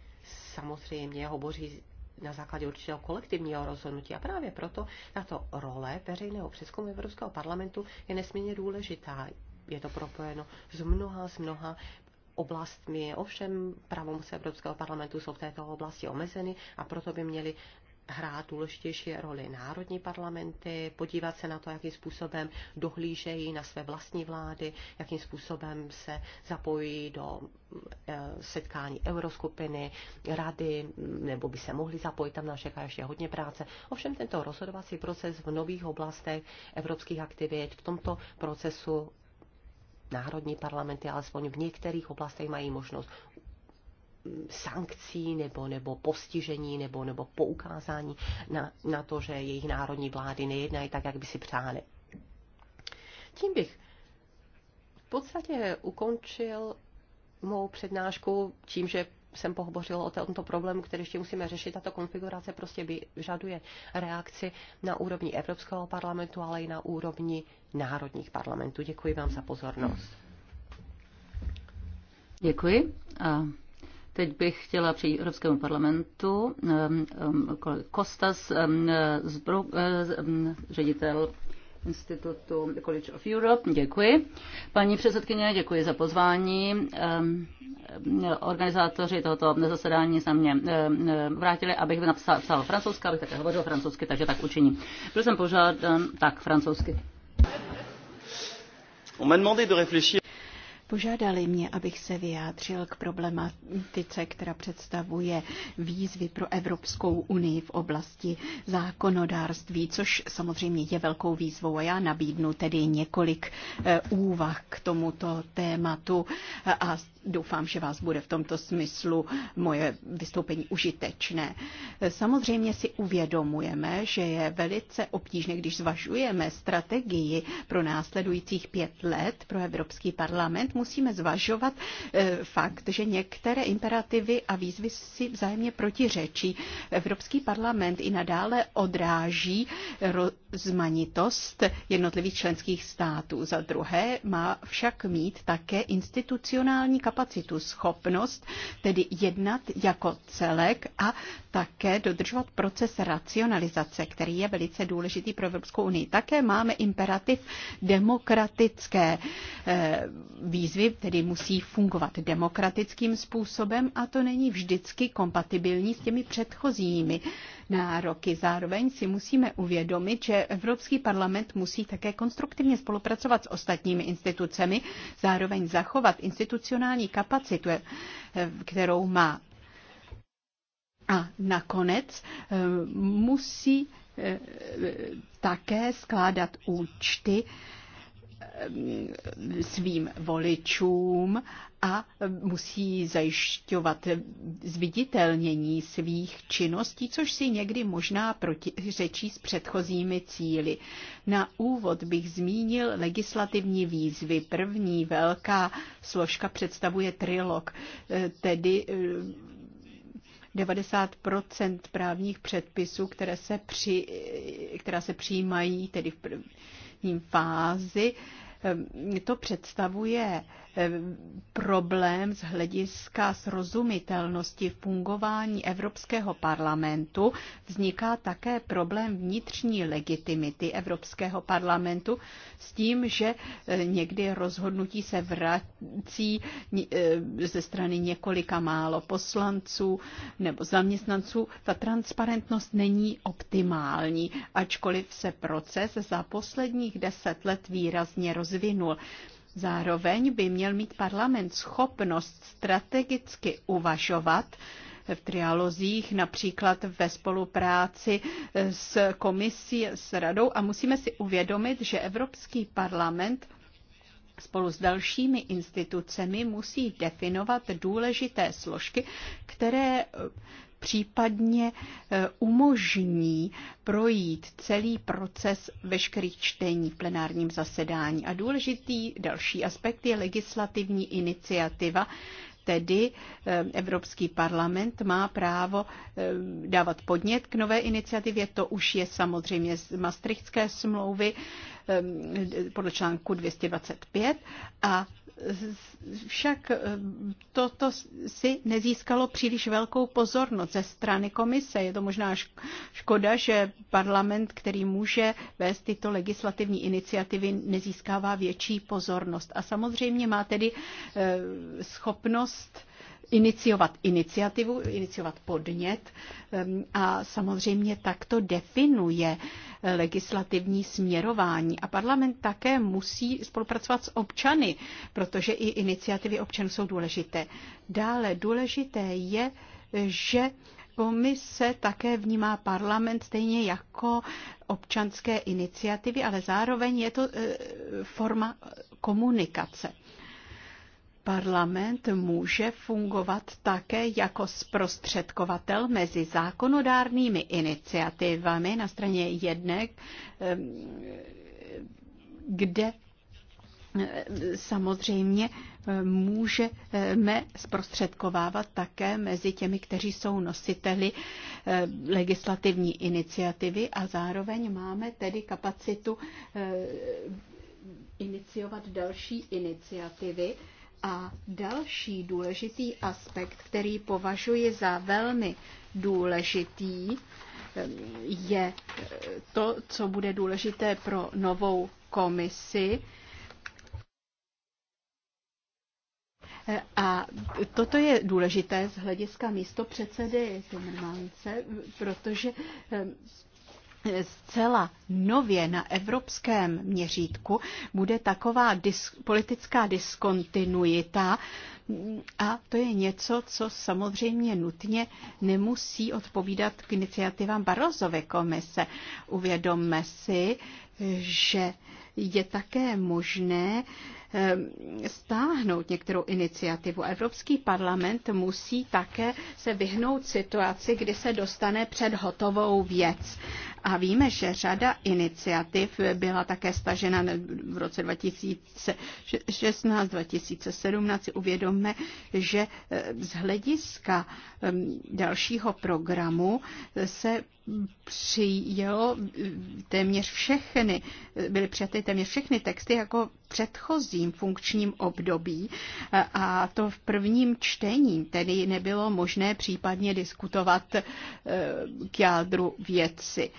samozřejmě hovoří na základě určitého kolektivního rozhodnutí. A právě proto tato role veřejného přeskumu Evropského parlamentu je nesmírně důležitá. Je to propojeno s mnoha, s mnoha oblastmi. Ovšem pravomoce Evropského parlamentu jsou v této oblasti omezeny a proto by měly hrát důležitější roli národní parlamenty, podívat se na to, jakým způsobem dohlížejí na své vlastní vlády, jakým způsobem se zapojí do eh, setkání euroskupiny, rady, nebo by se mohli zapojit, tam nás čeká ještě hodně práce. Ovšem tento rozhodovací proces v nových oblastech evropských aktivit v tomto procesu národní parlamenty alespoň v některých oblastech mají možnost sankcí nebo, nebo postižení nebo, nebo poukázání na, na to, že jejich národní vlády nejednají tak, jak by si přáli. Tím bych v podstatě ukončil mou přednášku tím, že jsem pohovořila o tomto problému, který ještě musíme řešit. Tato konfigurace prostě vyžaduje reakci na úrovni Evropského parlamentu, ale i na úrovni národních parlamentů. Děkuji vám za pozornost. Děkuji. A teď bych chtěla přijít Evropskému parlamentu. Um, um, Kostas um, uh, ředitel Institutu College of Europe. Děkuji. Paní předsedkyně, děkuji za pozvání organizátoři tohoto zasedání se mě eh, eh, vrátili, abych napsal, psal francouzsky, abych také hovořil francouzsky, takže tak učiním. Byl jsem požádán tak francouzsky. On m'a demandé de réfléchir Požádali mě, abych se vyjádřil k problematice, která představuje výzvy pro Evropskou unii v oblasti zákonodárství, což samozřejmě je velkou výzvou a já nabídnu tedy několik eh, úvah k tomuto tématu a doufám, že vás bude v tomto smyslu moje vystoupení užitečné. Samozřejmě si uvědomujeme, že je velice obtížné, když zvažujeme strategii pro následujících pět let pro Evropský parlament, musíme zvažovat eh, fakt, že některé imperativy a výzvy si vzájemně protiřečí. Evropský parlament i nadále odráží zmanitost jednotlivých členských států. Za druhé má však mít také institucionální kapacitu, schopnost tedy jednat jako celek a také dodržovat proces racionalizace, který je velice důležitý pro Evropskou unii. Také máme imperativ demokratické eh, výzvy, tedy musí fungovat demokratickým způsobem a to není vždycky kompatibilní s těmi předchozími nároky. Zároveň si musíme uvědomit, že Evropský parlament musí také konstruktivně spolupracovat s ostatními institucemi, zároveň zachovat institucionální kapacitu, eh, kterou má. A nakonec eh, musí eh, také skládat účty Eh, svým voličům a musí zajišťovat zviditelnění svých činností, což si někdy možná protiřečí s předchozími cíly. Na úvod bych zmínil legislativní výzvy. První velká složka představuje trilog, eh, tedy 90 eh, právních předpisů, které se, při, která se přijímají tedy v prv, fázi ehm, to představuje Eh, problém z hlediska srozumitelnosti fungování Evropského parlamentu, vzniká také problém vnitřní legitimity Evropského parlamentu s tím, že eh, někdy rozhodnutí se vrací eh, ze strany několika málo poslanců nebo zaměstnanců. Ta transparentnost není optimální, ačkoliv se proces za posledních deset let výrazně rozvinul. Zároveň by měl mít parlament schopnost strategicky uvažovat v trialozích, například ve spolupráci s komisí, s radou a musíme si uvědomit, že Evropský parlament spolu s dalšími institucemi musí definovat důležité složky, které případně eh, umožní projít celý proces veškerých čtení v plenárním zasedání. A důležitý další aspekt je legislativní iniciativa, tedy eh, Evropský parlament má právo eh, dávat podnět k nové iniciativě. To už je samozřejmě z Maastrichtské smlouvy podle článku 225 a však eh, toto si nezískalo příliš velkou pozornost ze strany komise. Je to možná škoda, že parlament, který může vést tyto legislativní iniciativy, nezískává větší pozornost. A samozřejmě má tedy eh, schopnost iniciovat iniciativu, iniciovat podnět ehm, a samozřejmě takto definuje eh, legislativní směrování. A parlament také musí spolupracovat s občany, protože i iniciativy občanů jsou důležité. Dále důležité je, že komise také vnímá parlament stejně jako občanské iniciativy, ale zároveň je to eh, forma komunikace. Parlament může fungovat také jako zprostředkovatel mezi zákonodárnými iniciativami na straně jedné, ehm, kde ehm, samozřejmě ehm, můžeme zprostředkovávat také mezi těmi, kteří jsou nositeli legislativní iniciativy a zároveň máme tedy kapacitu iniciovat další iniciativy a další důležitý aspekt, který považuji za velmi důležitý, eh, je eh, to, co bude důležité pro novou komisi. Eh, a toto je důležité z hlediska místo předsedy Timmermance, protože zcela nově na evropském měřítku bude taková dis- politická diskontinuita a to je něco, co samozřejmě nutně nemusí odpovídat k iniciativám Barozovy komise. Uvědomme si, že je také možné, Eh, stáhnout některou iniciativu. Evropský parlament musí také se vyhnout situaci, kdy se dostane před hotovou věc. A víme, že řada iniciativ byla také stažena v roce 2016-2017. Uvědomme, že eh, z hlediska eh, dalšího programu se přijelo téměř všechny, byly přijaty téměř všechny texty jako předchozím funkčním období a to v prvním čtení, tedy nebylo možné případně diskutovat eh, k jádru věci.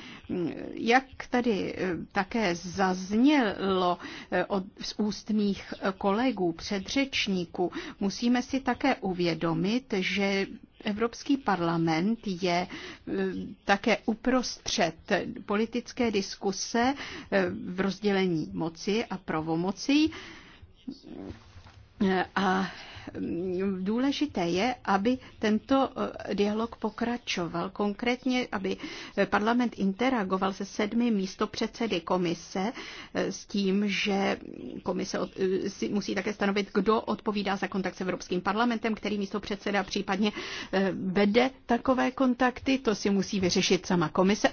Jak tady eh, také zaznělo eh, od, z úst mých kolegů, předřečníků, musíme si také uvědomit, že Evropský parlament je eh, také uprostřed politické diskuse eh, v rozdělení moci a pravomocí a mm, důležité je, aby tento eh, dialog pokračoval, konkrétně, aby parlament interagoval se sedmi místopředsedy komise eh, s tím, že komise eh, musí také stanovit, kdo odpovídá za kontakt s Evropským parlamentem, který místopředseda případně vede takové kontakty, to si musí vyřešit sama komise.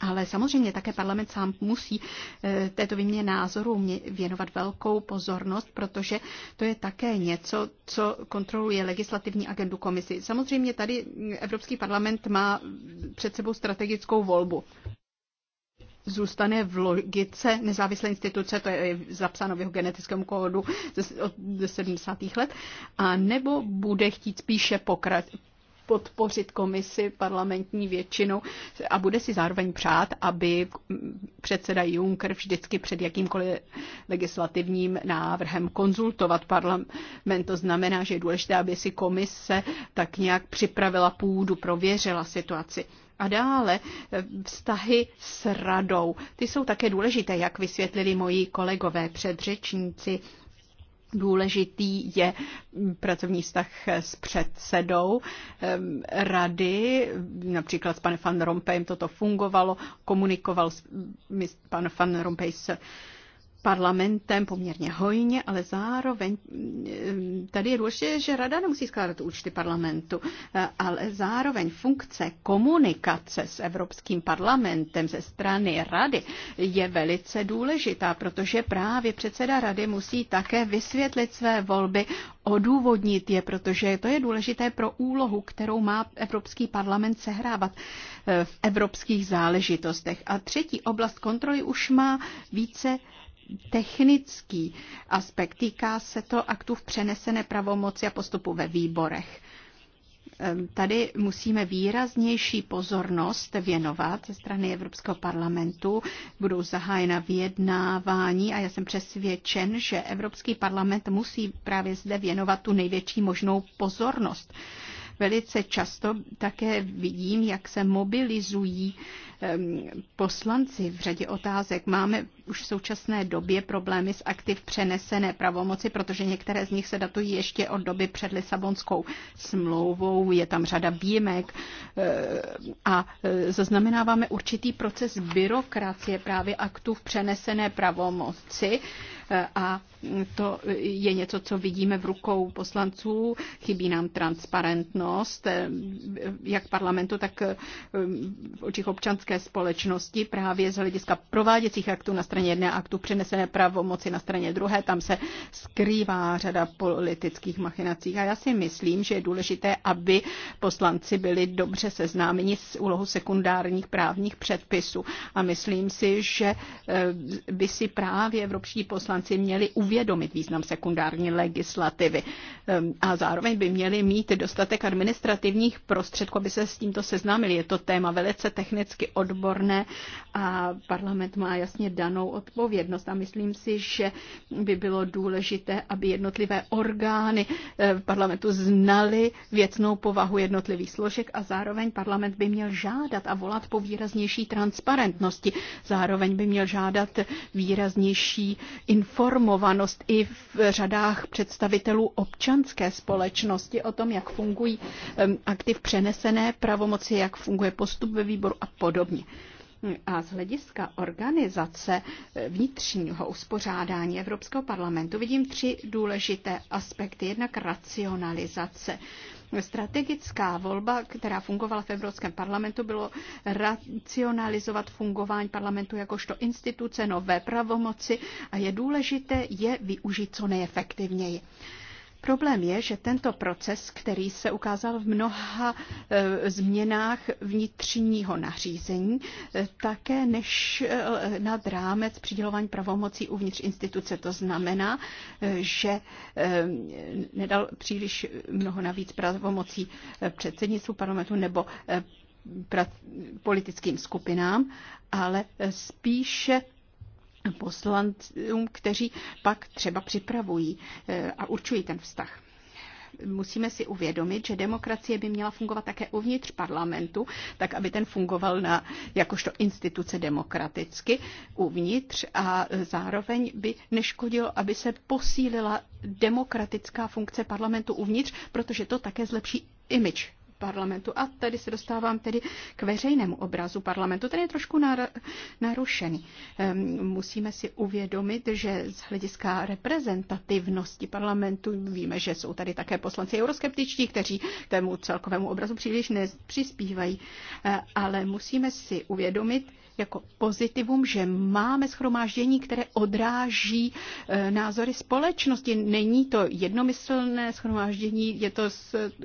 Ale samozřejmě také parlament sám musí eh, této výměně názorů věnovat velkou pozornost, protože to je také něco, co kontroluje legislativní agendu komisy. Samozřejmě tady Evropský parlament má před sebou strategickou volbu zůstane v logice nezávislé instituce, to je zapsáno v jeho genetickém kódu ze, od 70. let, a nebo bude chtít spíše pokrat, podpořit komisi parlamentní většinu a bude si zároveň přát, aby předseda Juncker vždycky před jakýmkoliv legislativním návrhem konzultovat parlament. To znamená, že je důležité, aby si komise tak nějak připravila půdu, prověřila situaci. A dále eh, vztahy s radou. Ty jsou také důležité, jak vysvětlili moji kolegové předřečníci. Důležitý je pracovní vztah s předsedou rady, například s panem Van Rompem toto fungovalo, komunikoval s, pan Van Rompuy s parlamentem poměrně hojně, ale zároveň eh, tady je důležité, že rada nemusí skládat účty parlamentu, eh, ale zároveň funkce komunikace s Evropským parlamentem ze strany rady je velice důležitá, protože právě předseda rady musí také vysvětlit své volby, odůvodnit je, protože to je důležité pro úlohu, kterou má Evropský parlament sehrávat eh, v evropských záležitostech. A třetí oblast kontroly už má více technický aspekt. Týká se to aktu v přenesené pravomoci a postupu ve výborech. Ehm, tady musíme výraznější pozornost věnovat ze strany Evropského parlamentu. Budou zahájena vyjednávání a já jsem přesvědčen, že Evropský parlament musí právě zde věnovat tu největší možnou pozornost. Velice často také vidím, jak se mobilizují poslanci v řadě otázek. Máme už v současné době problémy s aktiv přenesené pravomoci, protože některé z nich se datují ještě od doby před Lisabonskou smlouvou. Je tam řada výjimek a e, zaznamenáváme určitý proces byrokracie právě aktů v přenesené pravomoci e, a to je něco, co vidíme v rukou poslanců. Chybí nám transparentnost, e, jak parlamentu, tak v očích občanské letecké společnosti právě z hlediska prováděcích aktů na straně jedné aktu přenesené pravomoci na straně druhé. Tam se skrývá řada politických machinací. A já si myslím, že je důležité, aby poslanci byli dobře seznámeni s úlohou sekundárních právních předpisů. A myslím si, že eh, by si právě evropští poslanci měli uvědomit význam sekundární legislativy. Eh, a zároveň by měli mít dostatek administrativních prostředků, aby se s tímto seznámili. Je to téma velice technicky odborné a parlament má jasně danou odpovědnost. A myslím si, že by bylo důležité, aby jednotlivé orgány eh, parlamentu znaly věcnou povahu jednotlivých složek a zároveň parlament by měl žádat a volat po výraznější transparentnosti. Zároveň by měl žádat výraznější informovanost i v řadách představitelů občanské společnosti o tom, jak fungují ehm, aktiv přenesené pravomoci, jak funguje postup ve výboru a podobně podobně. A z hlediska organizace vnitřního uspořádání Evropského parlamentu vidím tři důležité aspekty. Jednak racionalizace. Strategická volba, která fungovala v Evropském parlamentu, bylo racionalizovat fungování parlamentu jakožto instituce, nové pravomoci a je důležité je využít co nejefektivněji. Problém je, že tento proces, který se ukázal v mnoha eh, změnách vnitřního nařízení, eh, také než eh, nad rámec přidělování pravomocí uvnitř instituce. To znamená, že nedal příliš mnoho navíc pravomocí předsednictvu parlamentu nebo politickým skupinám, ale spíše poslancům, kteří pak třeba připravují eh, a určují ten vztah musíme si uvědomit, že demokracie by měla fungovat také uvnitř parlamentu, tak aby ten fungoval na, jakožto instituce demokraticky uvnitř a zároveň by neškodilo, aby se posílila demokratická funkce parlamentu uvnitř, protože to také zlepší image parlamentu. A tady se dostávám tedy k veřejnému obrazu parlamentu. Ten je trošku narušený. Ehm, musíme si uvědomit, že z hlediska reprezentativnosti parlamentu víme, že jsou tady také poslanci euroskeptičtí, kteří tému celkovému obrazu příliš nepřispívají. Eh, ale musíme si uvědomit, jako pozitivum, že máme schromáždění, které odráží e, názory společnosti. Není to jednomyslné schromáždění, je to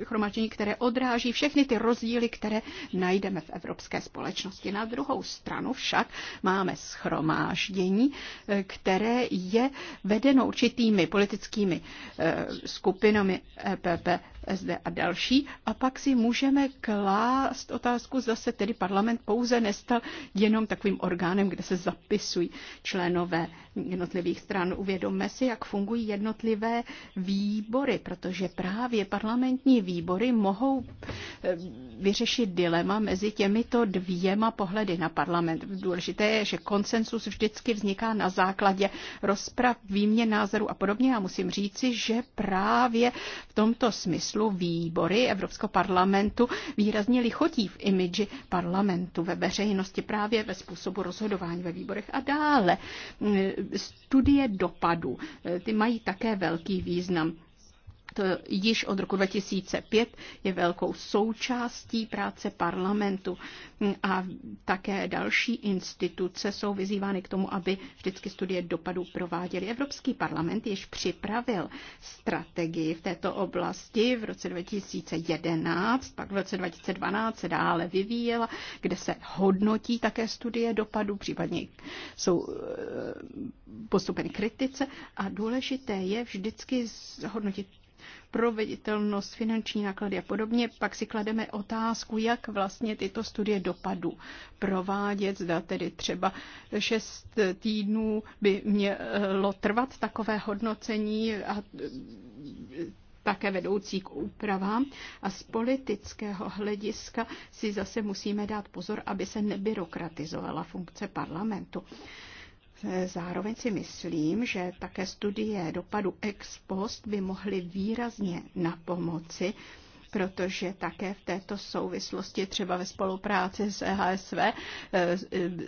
schromáždění, které odráží všechny ty rozdíly, které najdeme v evropské společnosti. Na druhou stranu však máme schromáždění, e, které je vedeno určitými politickými e, skupinami EPP, SD a další. A pak si můžeme klást otázku, zda se tedy parlament pouze nestal jenom takovým orgánem, kde se zapisují členové jednotlivých stran. Uvědomme si, jak fungují jednotlivé výbory, protože právě parlamentní výbory mohou eh, vyřešit dilema mezi těmito dvěma pohledy na parlament. Důležité je, že konsensus vždycky vzniká na základě rozprav, výměn názorů a podobně. A musím říci, že právě v tomto smyslu smyslu výbory Evropského parlamentu výrazně lichotí v imidži parlamentu ve veřejnosti právě ve způsobu rozhodování ve výborech a dále. Studie dopadů, e, ty mají také velký význam. Act již od roku 2005 je velkou součástí práce parlamentu a také další instituce jsou vyzývány k tomu, aby vždycky studie dopadů prováděly. Evropský parlament již připravil strategii v této oblasti v roce 2011, pak v roce 2012 se dále vyvíjela, kde se hodnotí také studie dopadů, případně jsou eh, postupeny kritice a důležité je vždycky hodnotit proveditelnost, finanční náklady a podobně, pak si klademe otázku, jak vlastně tyto studie dopadu provádět, zda tedy třeba 6 týdnů by mělo trvat takové hodnocení a také vedoucí k úpravám. A z politického hlediska si zase musíme dát pozor, aby se nebyrokratizovala funkce parlamentu. Zároveň si myslím, že také studie dopadu ex post by mohly výrazně napomoci protože také v této souvislosti třeba ve spolupráci s e EHSV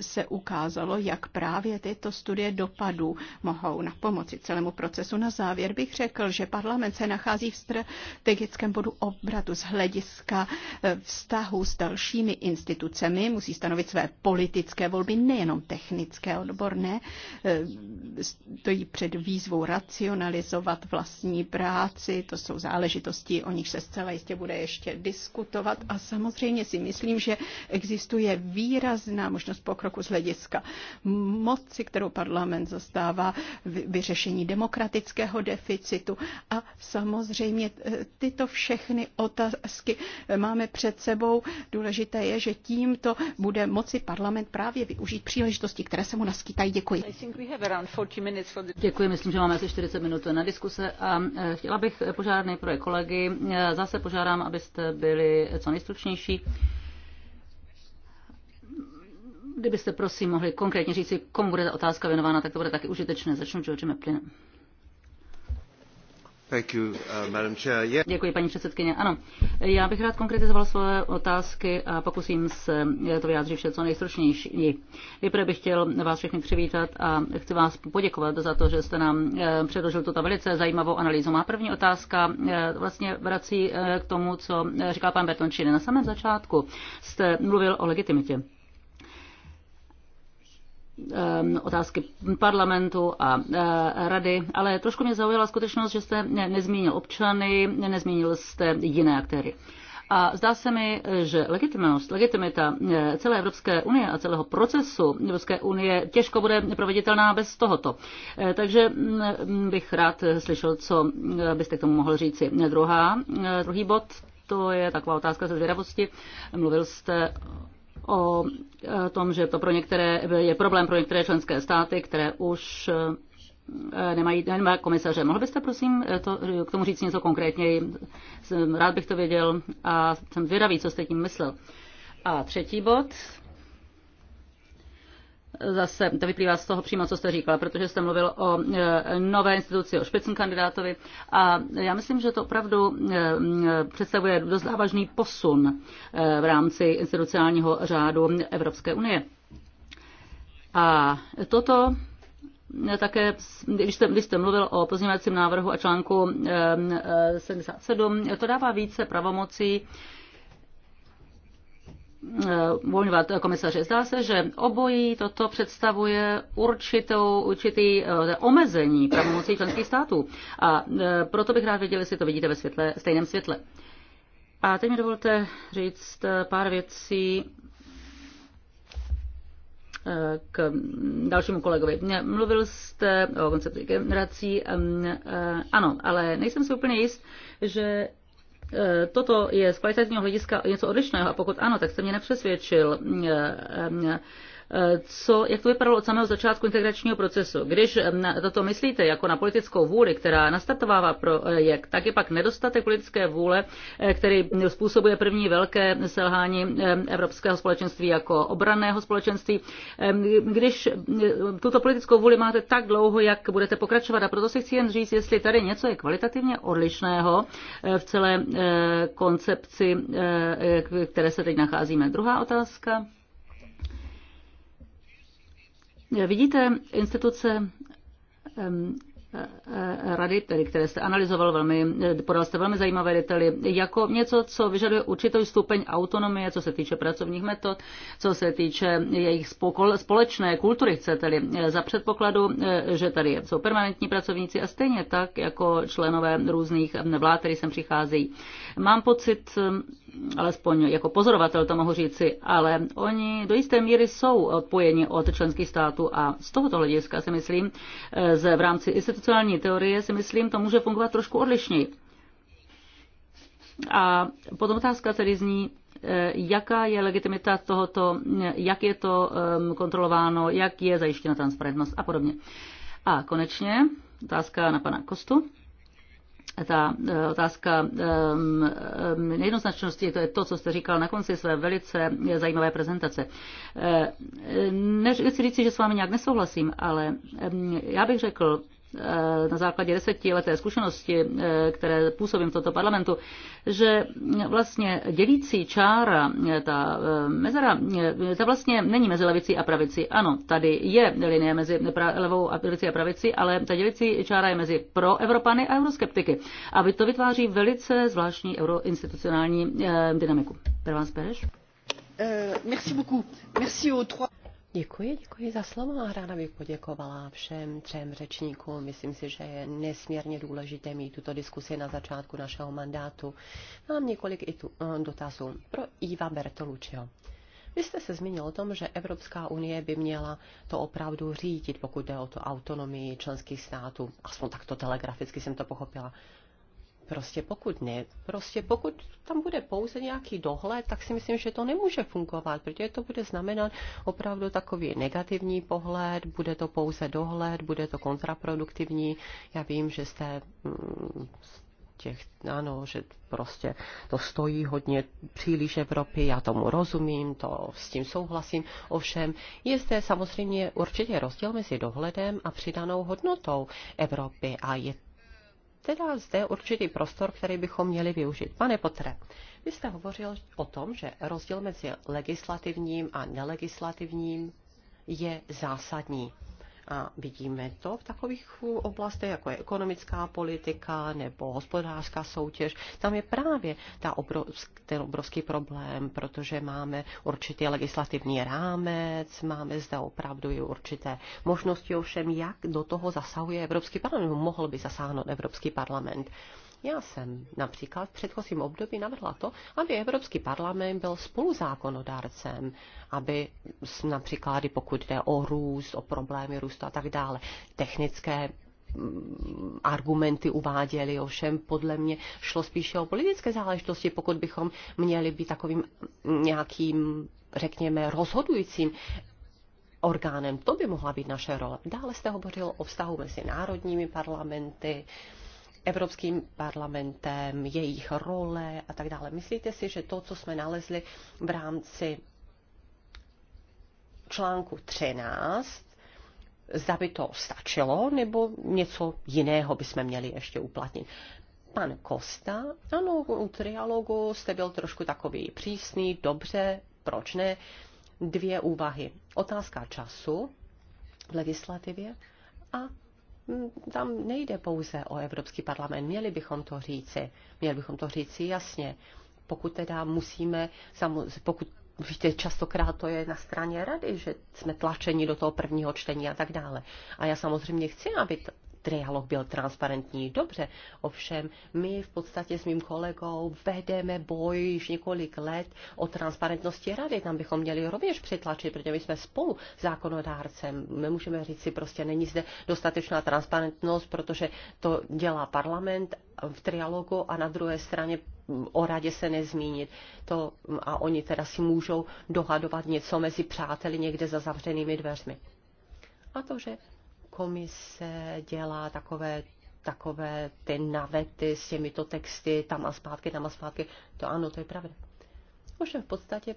se ukázalo, jak právě tyto studie dopadů mohou na pomoci celému procesu. Na závěr bych řekl, že parlament se nachází v strategickém bodu obratu z hlediska eh, vztahu s dalšími institucemi, musí stanovit své politické volby, nejenom technické, odborné, eh, stojí před výzvou racionalizovat vlastní práci, to jsou záležitosti, o nich se zcela jistě bude ještě diskutovat a samozřejmě si myslím, že existuje výrazná možnost pokroku z hlediska moci, kterou parlament zastává, vyřešení demokratického deficitu a samozřejmě e, tyto všechny otázky máme před sebou. Důležité je, že tímto bude moci parlament právě využít příležitosti, které se mu naskytají. Děkuji. Děkuji, myslím, že máme asi 40 minut na diskuse a e, chtěla bych požádat nejprve kolegy, e, zase požádat požádám, abyste byli co nejstručnější. Kdybyste prosím mohli konkrétně říci, komu bude ta otázka věnována, tak to bude taky užitečné. Začnu Georgem Eplinem. Uh, Děkuji, paní předsedkyně. Ano, já bych rád konkretizoval svoje otázky a pokusím se to vyjádřit vše co nejstručněji. Nejprve bych chtěl vás všechny přivítat a chci vás poděkovat za to, že jste nám eh, předložil tuto velice zajímavou analýzu. Má první otázka eh, vlastně vrací eh, k tomu, co říkal pan Bertoncini. Na samém začátku jste mluvil o legitimitě Ehm, otázky parlamentu a eh, rady, ale trošku mě zaujala skutečnost, že jste nezmínil občany, nezmínil jste jiné aktéry. A zdá se mi, že legitimnost, legitimita eh, celé Evropské unie a celého procesu Evropské unie těžko bude proveditelná bez tohoto. Eh, takže mm, bych rád slyšel, co byste k tomu mohl říci. Druhá, druhý bod, to je taková otázka ze zvědavosti. Mluvil jste o e, tom, že to pro některé, je problém pro některé členské státy, které už e, nemají, nemá komisaře. Mohl byste prosím e, to, k tomu říct něco konkrétněji? Jsem, rád bych to věděl a jsem zvědavý, co jste tím myslel. A třetí bod, zase to vyplývá z toho přímo, co jste říkala, protože jste mluvil o e, nové instituci, o špicn kandidátovi a já myslím, že to opravdu e, představuje dost závažný posun e, v rámci institucionálního řádu Evropské unie. A toto také, když jste, když jste mluvil o pozměňovacím návrhu a článku 77, to dává více pravomocí Eh, uvolňovat komisaře. Zdá se, že obojí toto představuje určitou, určitý eh, omezení pravomocí členských států. A eh, proto bych rád věděl, jestli to vidíte ve světle, stejném světle. A teď mi dovolte říct pár věcí k dalšímu kolegovi. Mluvil jste o konceptu generací, ano, ale nejsem si úplně jist, že Eh, toto je z kvalitativního hlediska něco odlišného a pokud ano, tak jste mě nepřesvědčil. Eh, eh, co, jak to vypadalo od samého začátku integračního procesu. Když eh, na toto myslíte jako na politickou vůli, která nastartovává projekt, tak je pak nedostatek politické vůle, eh, který způsobuje první velké selhání eh, Evropského společenství jako obranného společenství. Když tuto politickou vůli máte tak dlouho, jak budete pokračovat, a proto si chci jen říct, jestli tady něco je kvalitativně odlišného v celé koncepci, které se teď nacházíme. Druhá otázka. Vidíte, instituce e, e, rady, tedy, které jste analyzoval velmi, podal jste velmi zajímavé detaily, jako něco, co vyžaduje určitou stupeň autonomie, co se týče pracovních metod, co se týče jejich společné kultury, chcete-li, e, za předpokladu, že tady jsou permanentní pracovníci a stejně tak jako členové různých vlád, které sem přicházejí. Mám pocit, eh, alespoň jako pozorovatel to mohu říci, ale oni do jisté míry jsou odpojeni od členských států a z tohoto hlediska si myslím, eh, v rámci institucionální teorie si myslím, to může fungovat trošku odlišněji. A potom otázka tedy zní, eh, jaká je legitimita tohoto, jak je to kontrolováno, jak je zajištěna transparentnost a podobně. A konečně otázka na pana Kostu ta eh, otázka ehm, ehm, nejednoznačnosti, to je to, co jste říkal na konci své velice eh, zajímavé prezentace. Eh, chci říct, že s vámi nějak nesouhlasím, ale ehm, já bych řekl, Eh, na základě desetileté zkušenosti, eh, které působím v tomto parlamentu, že vlastně dělící čára, eh, ta mezera, ta vlastně není mezi levicí a pravicí. Ano, tady je linie mezi levou a levicí a pravicí, ale ta dělící čára je mezi pro Evropany a euroskeptiky. A to vytváří velice zvláštní euroinstitucionální dynamiku. Per vás, Pereš? Uh, merci beaucoup. Merci aux trois... Děkuji, děkuji za slovo a ráda bych poděkovala všem třem řečníkům. Myslím si, že je nesmírně důležité mít tuto diskusi na začátku našeho mandátu. Mám několik i tu, eh, dotazů pro Iva Bertoluccio. Vy jste se zmínil o tom, že Evropská unie by měla to opravdu řídit, pokud jde o to autonomii členských států. Aspoň takto telegraficky jsem to pochopila. Prostě pokud ne, prostě pokud tam bude pouze nějaký dohled, tak si myslím, že to nemůže fungovat, protože to bude znamenat opravdu takový negativní pohled, bude to pouze dohled, bude to kontraproduktivní. Já vím, že jste mm, těch, ano, že prostě to stojí hodně příliš Evropy, já tomu rozumím, to s tím souhlasím. Ovšem, je zde samozřejmě určitě rozdíl mezi dohledem a přidanou hodnotou Evropy a je teda zde určitý prostor, který bychom měli využít. Pane Potre, vy jste hovořil o tom, že rozdíl mezi legislativním a nelegislativním je zásadní. A vidíme to v takových oblastech, jako je ekonomická politika nebo hospodářská soutěž. Tam je právě ta obrovsk, ten obrovský problém, protože máme určitý legislativní rámec, máme zde opravdu i určité možnosti, ovšem jak do toho zasahuje Evropský parlament, mohl by zasáhnout Evropský parlament. Já jsem například v předchozím období navrhla to, aby Evropský parlament byl spoluzákonodárcem, aby například, pokud jde o růst, o problémy růstu a tak dále, technické mm, argumenty uváděli, ovšem podle mě šlo spíše o politické záležitosti, pokud bychom měli být takovým mm, nějakým, řekněme, rozhodujícím orgánem. To by mohla být naše role. Dále jste hovořil o vztahu mezi národními parlamenty, Evropským parlamentem, jejich role a tak dále. Myslíte si, že to, co jsme nalezli v rámci článku 13, zda by to stačilo, nebo něco jiného bychom měli ještě uplatnit? Pan Kosta, ano, u trialogu jste byl trošku takový přísný, dobře, proč ne? Dvě úvahy. Otázka času v legislativě a Mm, tam nejde pouze o Evropský parlament. Měli bychom to říci. Měli bychom to říci jasně. Pokud teda musíme, pokud víte, častokrát to je na straně rady, že jsme tlačeni do toho prvního čtení a tak dále. A já samozřejmě chci, aby trialog byl transparentní. Dobře, ovšem my v podstatě s mým kolegou vedeme boj již několik let o transparentnosti rady. Tam bychom měli rovněž přitlačit, protože my jsme spolu zákonodárcem. My můžeme říct si prostě, není zde dostatečná transparentnost, protože to dělá parlament v trialogu a na druhé straně o radě se nezmínit. To, a oni teda si můžou dohadovat něco mezi přáteli někde za zavřenými dveřmi. A to, že komise dělá takové takové ty navety s těmito texty tam a zpátky, tam a zpátky. To ano, to je pravda. Ovšem v podstatě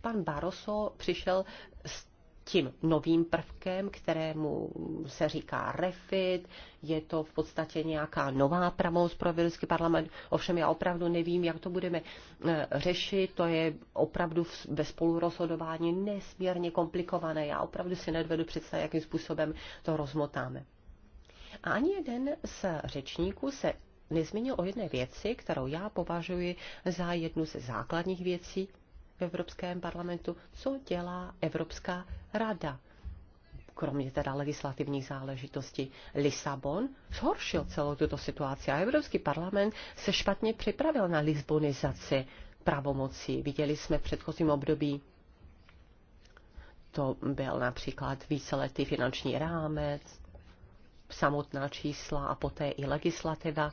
pan Baroso přišel s tím novým prvkem, kterému se říká refit, je to v podstatě nějaká nová pravomoc pro Evropský parlament. Ovšem já opravdu nevím, jak to budeme eh, řešit, to je opravdu ve spolurozhodování nesmírně komplikované. Já opravdu si nedvedu představit, jakým způsobem to rozmotáme. A ani jeden z řečníků se nezmínil o jedné věci, kterou já považuji za jednu ze základních věcí, v Evropském parlamentu, co dělá Evropská rada. Kromě teda legislativních záležitostí Lisabon zhoršil celou tuto situaci a Evropský parlament se špatně připravil na lisbonizaci pravomocí. Viděli jsme v předchozím období to byl například víceletý finanční rámec, samotná čísla a poté i legislativa.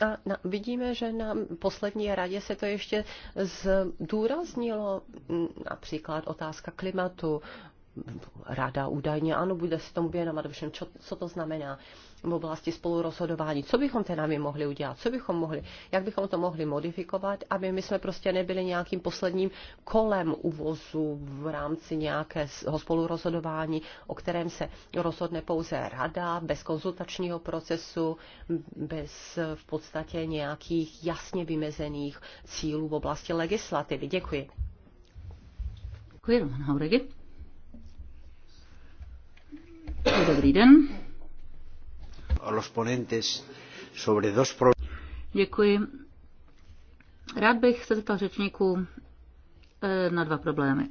A na, vidíme, že na poslední radě se to ještě zdůraznilo, například otázka klimatu. Rada údajně, ano, bude se tomu věnovat, ovšem, co, co to znamená v oblasti spolurozhodování. Co bychom teda my mohli udělat? Co bychom mohli? Jak bychom to mohli modifikovat, aby my jsme prostě nebyli nějakým posledním kolem uvozu v rámci nějakého spolurozhodování, o kterém se rozhodne pouze rada, bez konzultačního procesu, bez v podstatě nějakých jasně vymezených cílů v oblasti legislativy. Děkuji. Děkuji, Roman Dobrý den. Děkuji. Rád bych se zeptal řečníků eh, na dva problémy,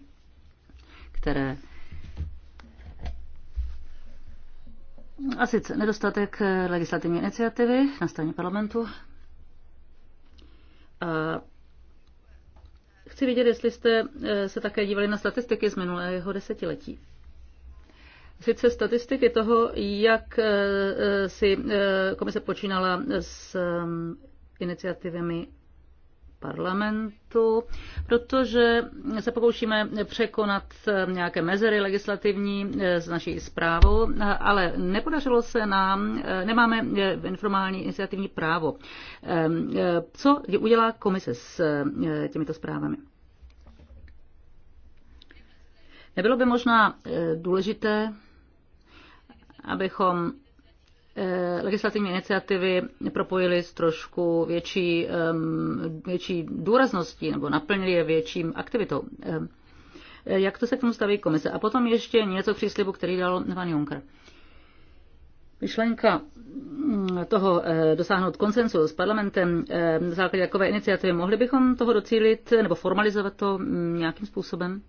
které a sice nedostatek eh, legislativní iniciativy na straně parlamentu. A chci vidět, jestli jste eh, se také dívali na statistiky z minulého desetiletí sice statistiky toho, jak eh, eh, si eh, komise počínala s iniciativami parlamentu, protože se pokoušíme překonat nějaké mezery legislativní s naší zprávou, ale nepodařilo se nám, nemáme informální iniciativní právo. Ehm, co udělá komise s těmito zprávami? Nebylo by možná důležité abychom eh, legislativní iniciativy propojili s trošku větší, větší důrazností nebo naplnili je větším aktivitou. Eh, jak to se k tomu staví komise? A potom ještě něco k příslibu, který dal pan Juncker. Myšlenka mm, toho eh, dosáhnout konsensu s parlamentem na základě takové iniciativy, mohli bychom toho docílit nebo formalizovat to mm, nějakým způsobem?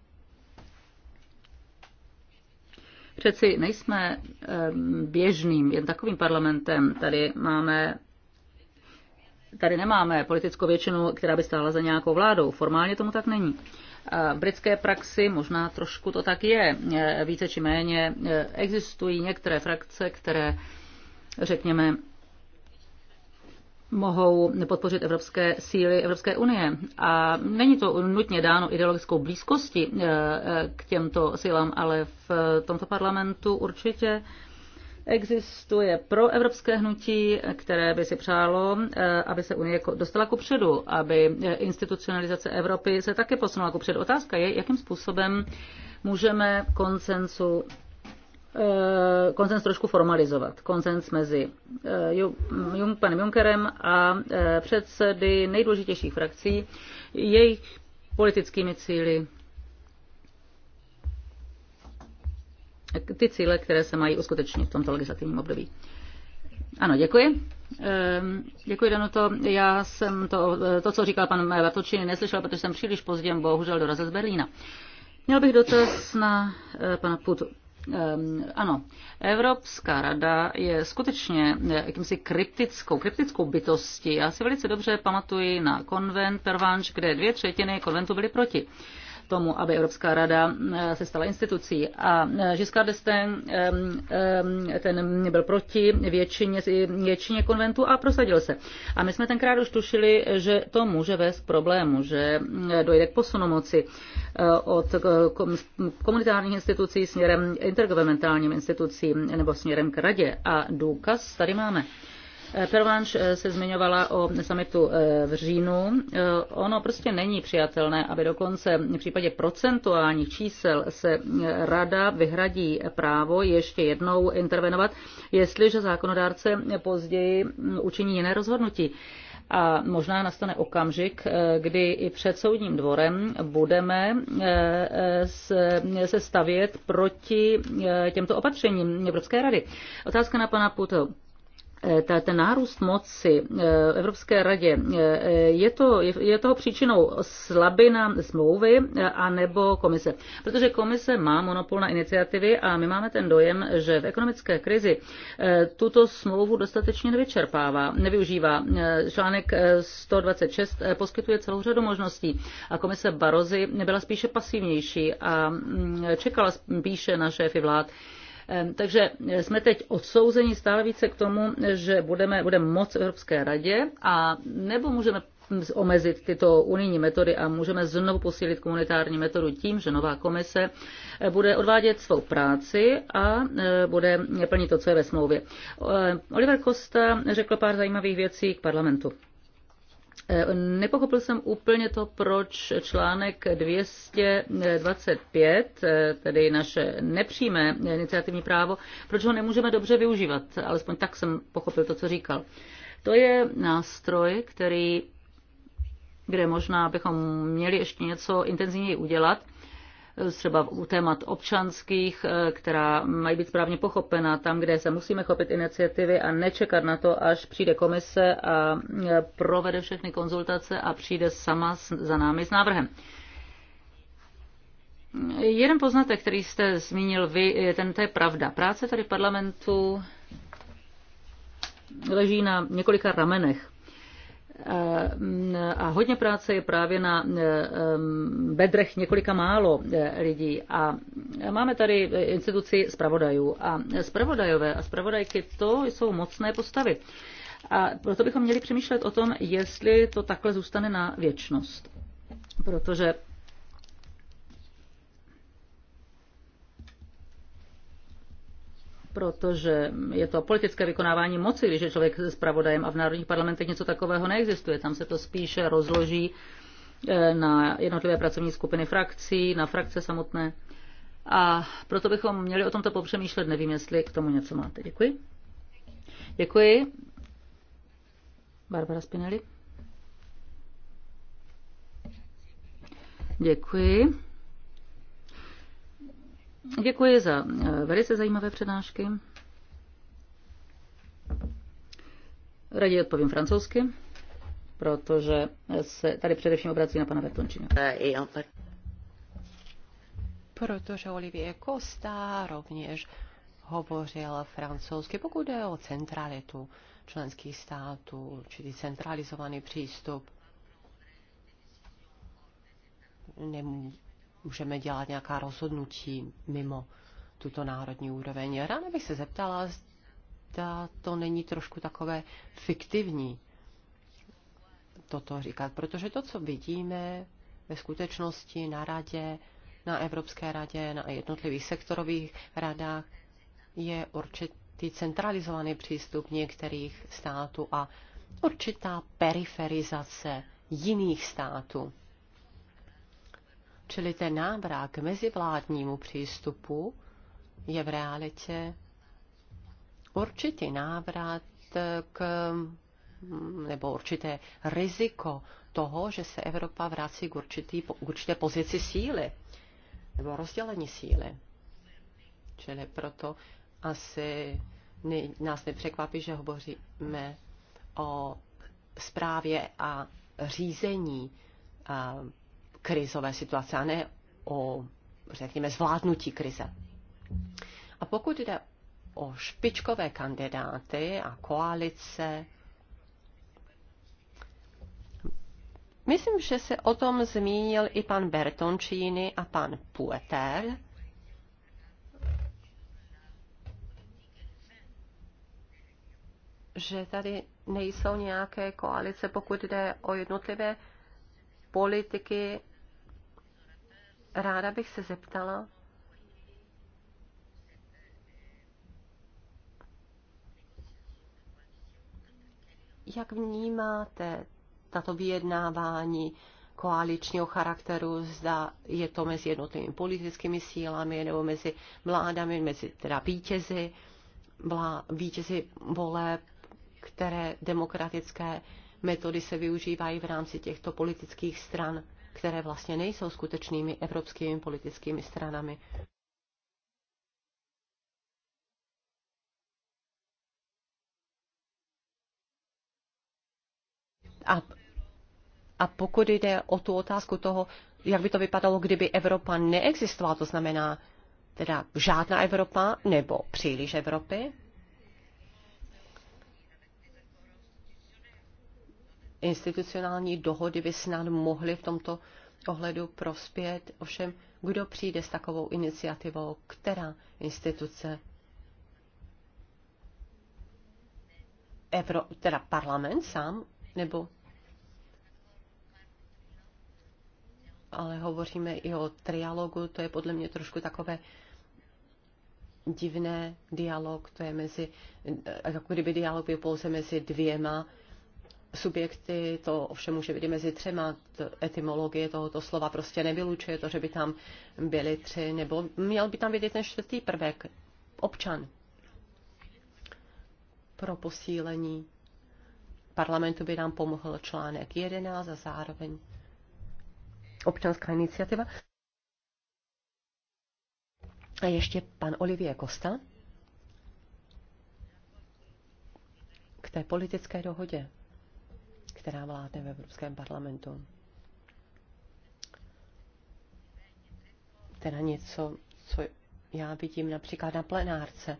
Přeci nejsme běžným, jen takovým parlamentem. Tady máme Tady nemáme politickou většinu, která by stála za nějakou vládou. Formálně tomu tak není britské praxi, možná trošku to tak je, e, více či méně, e, existují některé frakce, které, řekněme, mohou podpořit evropské síly Evropské unie. A není to nutně dáno ideologickou blízkosti eh, eh, k těmto silám, ale v eh, tomto parlamentu určitě existuje pro evropské hnutí, které by si přálo, aby se Unie dostala ku předu, aby institucionalizace Evropy se také posunula ku předu. Otázka je, jakým způsobem můžeme koncensu Eh, konsens trošku formalizovat. Konsens mezi eh, panem Junckerem a eh, předsedy nejdůležitějších frakcí, jejich politickými cíly, ty cíle, které se mají uskutečnit v tomto legislativním období. Ano, děkuji. Ehm, děkuji, Danuto. Já jsem to, to co říkal pan Vatočin, neslyšel, protože jsem příliš pozdě bohužel dorazil z Berlína. Měl bych dotaz na pana Putu. Ehm, ano, Evropská rada je skutečně eh, jakýmsi kryptickou, kryptickou bytostí. Já si velice dobře pamatuji na konvent Pervanš, kde dvě třetiny konventu byly proti tomu, aby Evropská rada eh, se stala institucí. A Giscard eh, d'Estaing ten byl proti většině, většině konventu a prosadil se. A my jsme tenkrát už tušili, že to může vést k problému, že eh, dojde k posunu moci od komunitárních institucí směrem intergovernmentálním institucím nebo směrem k radě. A důkaz tady máme. Pervanš eh, se zmiňovala o samitu eh, v říjnu. Eh, ono prostě není přijatelné, aby dokonce v případě procentuálních čísel se rada vyhradí právo ještě jednou intervenovat, jestliže zákonodárce později mm, učiní jiné rozhodnutí a možná nastane okamžik, kdy i před soudním dvorem budeme se stavět proti těmto opatřením Evropské rady. Otázka na pana Puto ten nárůst moci eh, Evropské radě, eh, je, to, je, toho příčinou slabina smlouvy eh, a nebo komise? Protože komise má monopol na iniciativy a my máme ten dojem, že v ekonomické krizi tuto smlouvu dostatečně nevyčerpává, nevyužívá. Článek 126 poskytuje celou řadu možností a komise Barozy nebyla spíše pasivnější a mm, čekala spíše na šéfy vlád takže jsme teď odsouzeni stále více k tomu, že budeme, budeme moc Evropské radě a nebo můžeme omezit tyto unijní metody a můžeme znovu posílit komunitární metodu tím, že nová komise bude odvádět svou práci a e, bude plnit to, co je ve smlouvě. E, Oliver Costa řekl pár zajímavých věcí k parlamentu. Eh, nepochopil jsem úplně to, proč článek 225, eh, tedy naše nepřímé iniciativní právo, proč ho nemůžeme dobře využívat. Alespoň tak jsem pochopil to, co říkal. To je nástroj, který, kde možná bychom měli ještě něco intenzivněji udělat, třeba u témat občanských, eh, která mají být správně pochopena tam, kde se musíme chopit iniciativy a nečekat na to, až přijde komise a eh, provede všechny konzultace a přijde sama za námi s návrhem. Jeden poznatek, který jste zmínil vy, ten to je pravda. Práce tady parlamentu leží na několika ramenech. Eh, a hodně práce je právě na eh, bedrech několika málo eh, lidí. A máme tady instituci zpravodajů. A zpravodajové a zpravodajky, to jsou mocné postavy. A proto bychom měli přemýšlet o tom, jestli to takhle zůstane na věčnost. Protože protože je to politické vykonávání moci, když je člověk s pravodajem a v národních parlamentech něco takového neexistuje. Tam se to spíše rozloží eh, na jednotlivé pracovní skupiny frakcí, na frakce samotné. A proto bychom měli o tomto popřemýšlet. Nevím, jestli k tomu něco máte. Děkuji. Děkuji. Barbara Spinelli. Děkuji. Děkuji za eh, velice zajímavé přednášky. Raději odpovím francouzsky, protože se tady především obrací na pana Vertončina. Protože Olivier Costa rovněž hovořil francouzsky, pokud jde o centralitu členských států, čili centralizovaný přístup. nemů můžeme dělat nějaká rozhodnutí mimo tuto národní úroveň. Ráda bych se zeptala, zda to není trošku takové fiktivní toto říkat, protože to, co vidíme ve skutečnosti na radě, na Evropské radě, na jednotlivých sektorových radách, je určitý centralizovaný přístup některých států a určitá periferizace jiných států. Čili ten návrat k mezivládnímu přístupu je v realitě určitý návrat k nebo určité riziko toho, že se Evropa vrací k, určitý, k určité pozici síly nebo rozdělení síly. Čili proto asi ne, nás nepřekvapí, že hovoříme o správě a řízení a krizové situace a ne o, řekněme, zvládnutí krize. A pokud jde o špičkové kandidáty a koalice, myslím, že se o tom zmínil i pan Bertoncini a pan Pueter, že tady nejsou nějaké koalice, pokud jde o jednotlivé politiky Ráda bych se zeptala, jak vnímáte tato vyjednávání koaličního charakteru, zda je to mezi jednotlivými politickými sílami nebo mezi vládami, mezi teda vítězy, vlá, vítězy voleb, které demokratické metody se využívají v rámci těchto politických stran které vlastně nejsou skutečnými evropskými politickými stranami. A, a pokud jde o tu otázku toho, jak by to vypadalo, kdyby Evropa neexistovala, to znamená teda žádná Evropa nebo příliš Evropy, institucionální dohody by snad mohly v tomto ohledu prospět. Ovšem, kdo přijde s takovou iniciativou, která instituce? Evro, teda parlament sám, nebo ale hovoříme i o trialogu, to je podle mě trošku takové divné dialog, to je mezi, jako kdyby dialog byl pouze mezi dvěma subjekty, to ovšem může být mezi třema, etymologie tohoto slova prostě nevylučuje to, že by tam byly tři, nebo měl by tam být ten čtvrtý prvek, občan, pro posílení parlamentu by nám pomohl článek 11 a zároveň občanská iniciativa. A ještě pan Olivier Costa k té politické dohodě která vládne v Evropském parlamentu. Teda něco, co já vidím například na plenárce.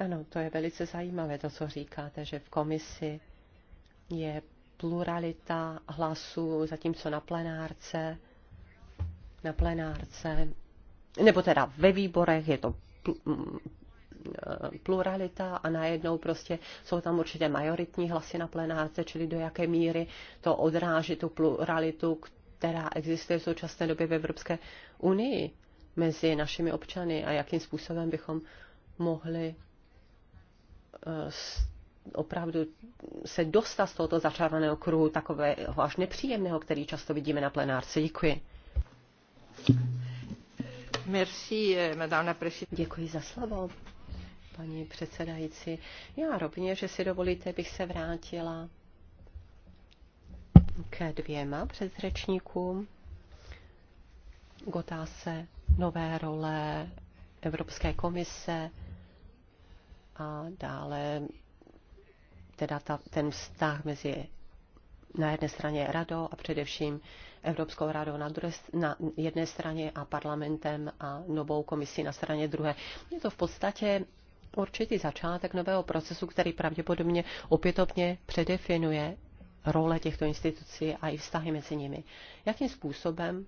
Ano, to je velice zajímavé, to, co říkáte, že v komisi je pluralita hlasů, zatímco na plenárce, na plenárce, nebo teda ve výborech je to Eh, pluralita a najednou prostě jsou tam určitě majoritní hlasy na plenárce, čili do jaké míry to odráží tu pluralitu, která existuje v současné době v Evropské unii mezi našimi občany a jakým způsobem bychom mohli eh, opravdu se dostat z tohoto začarovaného kruhu takového až nepříjemného, který často vidíme na plenárce. Děkuji. Merci, eh, madame la Děkuji za slovo, paní předsedající. Já rovněž, že si dovolíte, bych se vrátila ke dvěma předřečníkům gotá se nové role Evropské komise a dále teda ta, ten vztah mezi na jedné straně radou a především Evropskou radou na, druhé, na jedné straně a parlamentem a novou komisí na straně druhé. Je to v podstatě určitý začátek nového procesu, který pravděpodobně opětovně předefinuje role těchto institucí a i vztahy mezi nimi. Jakým způsobem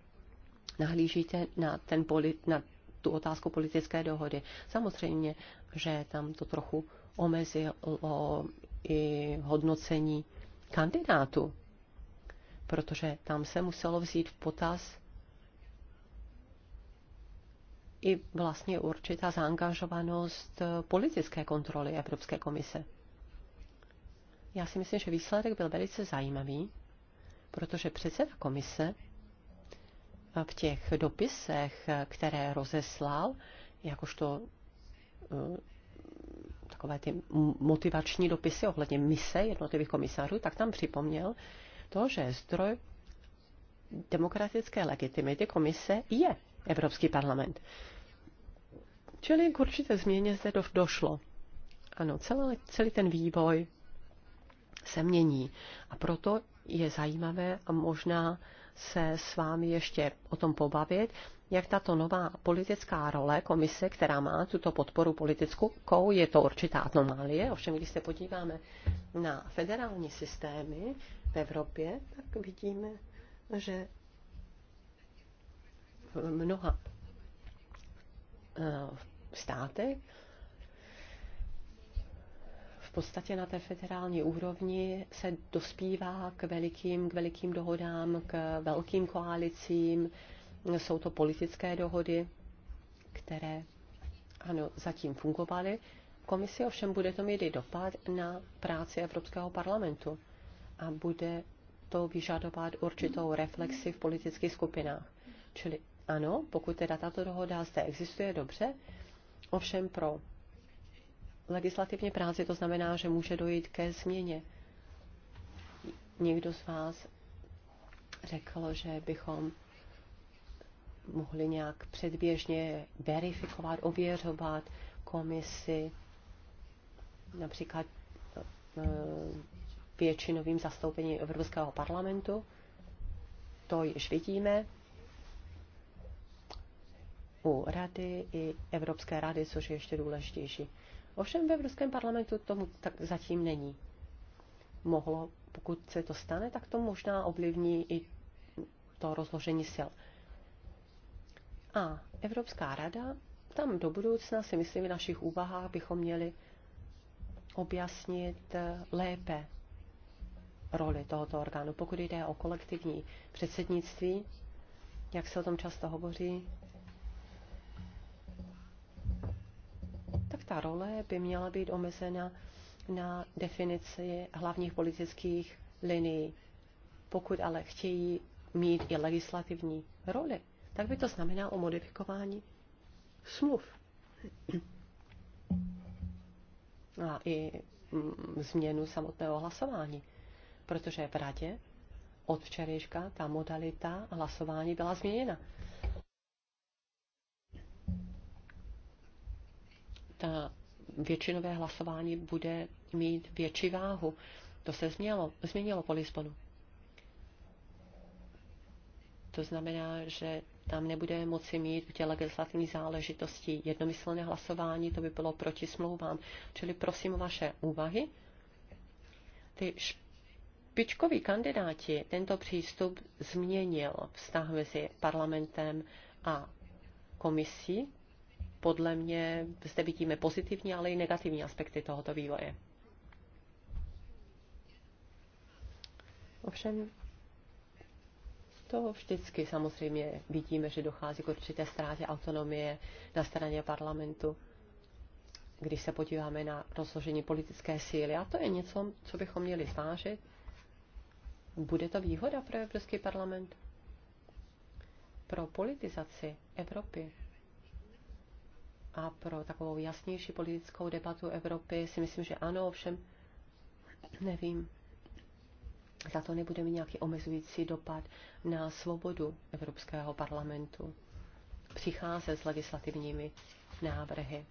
nahlížíte na, ten polit, na tu otázku politické dohody? Samozřejmě, že tam to trochu omezilo i hodnocení kandidátu, protože tam se muselo vzít v potaz i vlastně určitá zaangažovanost eh, politické kontroly Evropské komise. Já si myslím, že výsledek byl velice zajímavý, protože předseda komise eh, v těch dopisech, eh, které rozeslal, jakožto takové ty motivační dopisy ohledně mise jednotlivých komisářů, tak tam připomněl to, že zdroj demokratické legitimity komise je Evropský parlament. Čili k určité změně zde došlo. Ano, celý, celý ten vývoj se mění. A proto je zajímavé a možná se s vámi ještě o tom pobavit, jak tato nová politická role komise, která má tuto podporu politickou, je to určitá anomálie. Ovšem, když se podíváme na federální systémy v Evropě, tak vidíme, že v mnoha v eh, státech. v podstatě na té federální úrovni se dospívá k velikým, k velikým dohodám, k velkým koalicím. Jsou to politické dohody, které ano, zatím fungovaly. Komisi ovšem bude to mít i dopad na práci Evropského parlamentu a bude to vyžadovat určitou reflexi v politických skupinách. Čili ano, pokud teda tato dohoda zde existuje dobře, Ovšem pro legislativní práci to znamená, že může dojít ke změně. Někdo z vás řekl, že bychom mohli nějak předběžně verifikovat, ověřovat komisi, například eh, většinovým zastoupením Evropského parlamentu. To již vidíme, u Rady i Evropské rady, což je ještě důležitější. Ovšem ve Evropském parlamentu tomu tak zatím není. Mohlo, pokud se to stane, tak to možná ovlivní i to rozložení sil. A Evropská rada, tam do budoucna si myslím, v našich úvahách bychom měli objasnit lépe roli tohoto orgánu. Pokud jde o kolektivní předsednictví, jak se o tom často hovoří, ta role by měla být omezena na definici hlavních politických linií. Pokud ale chtějí mít i legislativní roli, tak by to znamenalo modifikování smluv. A i mm, změnu samotného hlasování, protože v radě od včerejška ta modalita hlasování byla změněna. ta většinové hlasování bude mít větší váhu. To se změnilo, změnilo po Lisbonu. To znamená, že tam nebude moci mít u těch legislativních záležitostí jednomyslné hlasování, to by bylo proti smlouvám. Čili prosím o vaše úvahy. Ty špičkoví kandidáti tento přístup změnil vztah mezi parlamentem a komisí podle mě zde vidíme pozitivní, ale i negativní aspekty tohoto vývoje. Ovšem, to vždycky samozřejmě vidíme, že dochází k určité ztrátě autonomie na straně parlamentu, když se podíváme na rozložení politické síly. A to je něco, co bychom měli zvážit. Bude to výhoda pro Evropský parlament? Pro politizaci Evropy? a pro takovou jasnější politickou debatu Evropy si myslím, že ano, ovšem nevím. Za to nebude mít nějaký omezující dopad na svobodu Evropského parlamentu přicházet s legislativními návrhy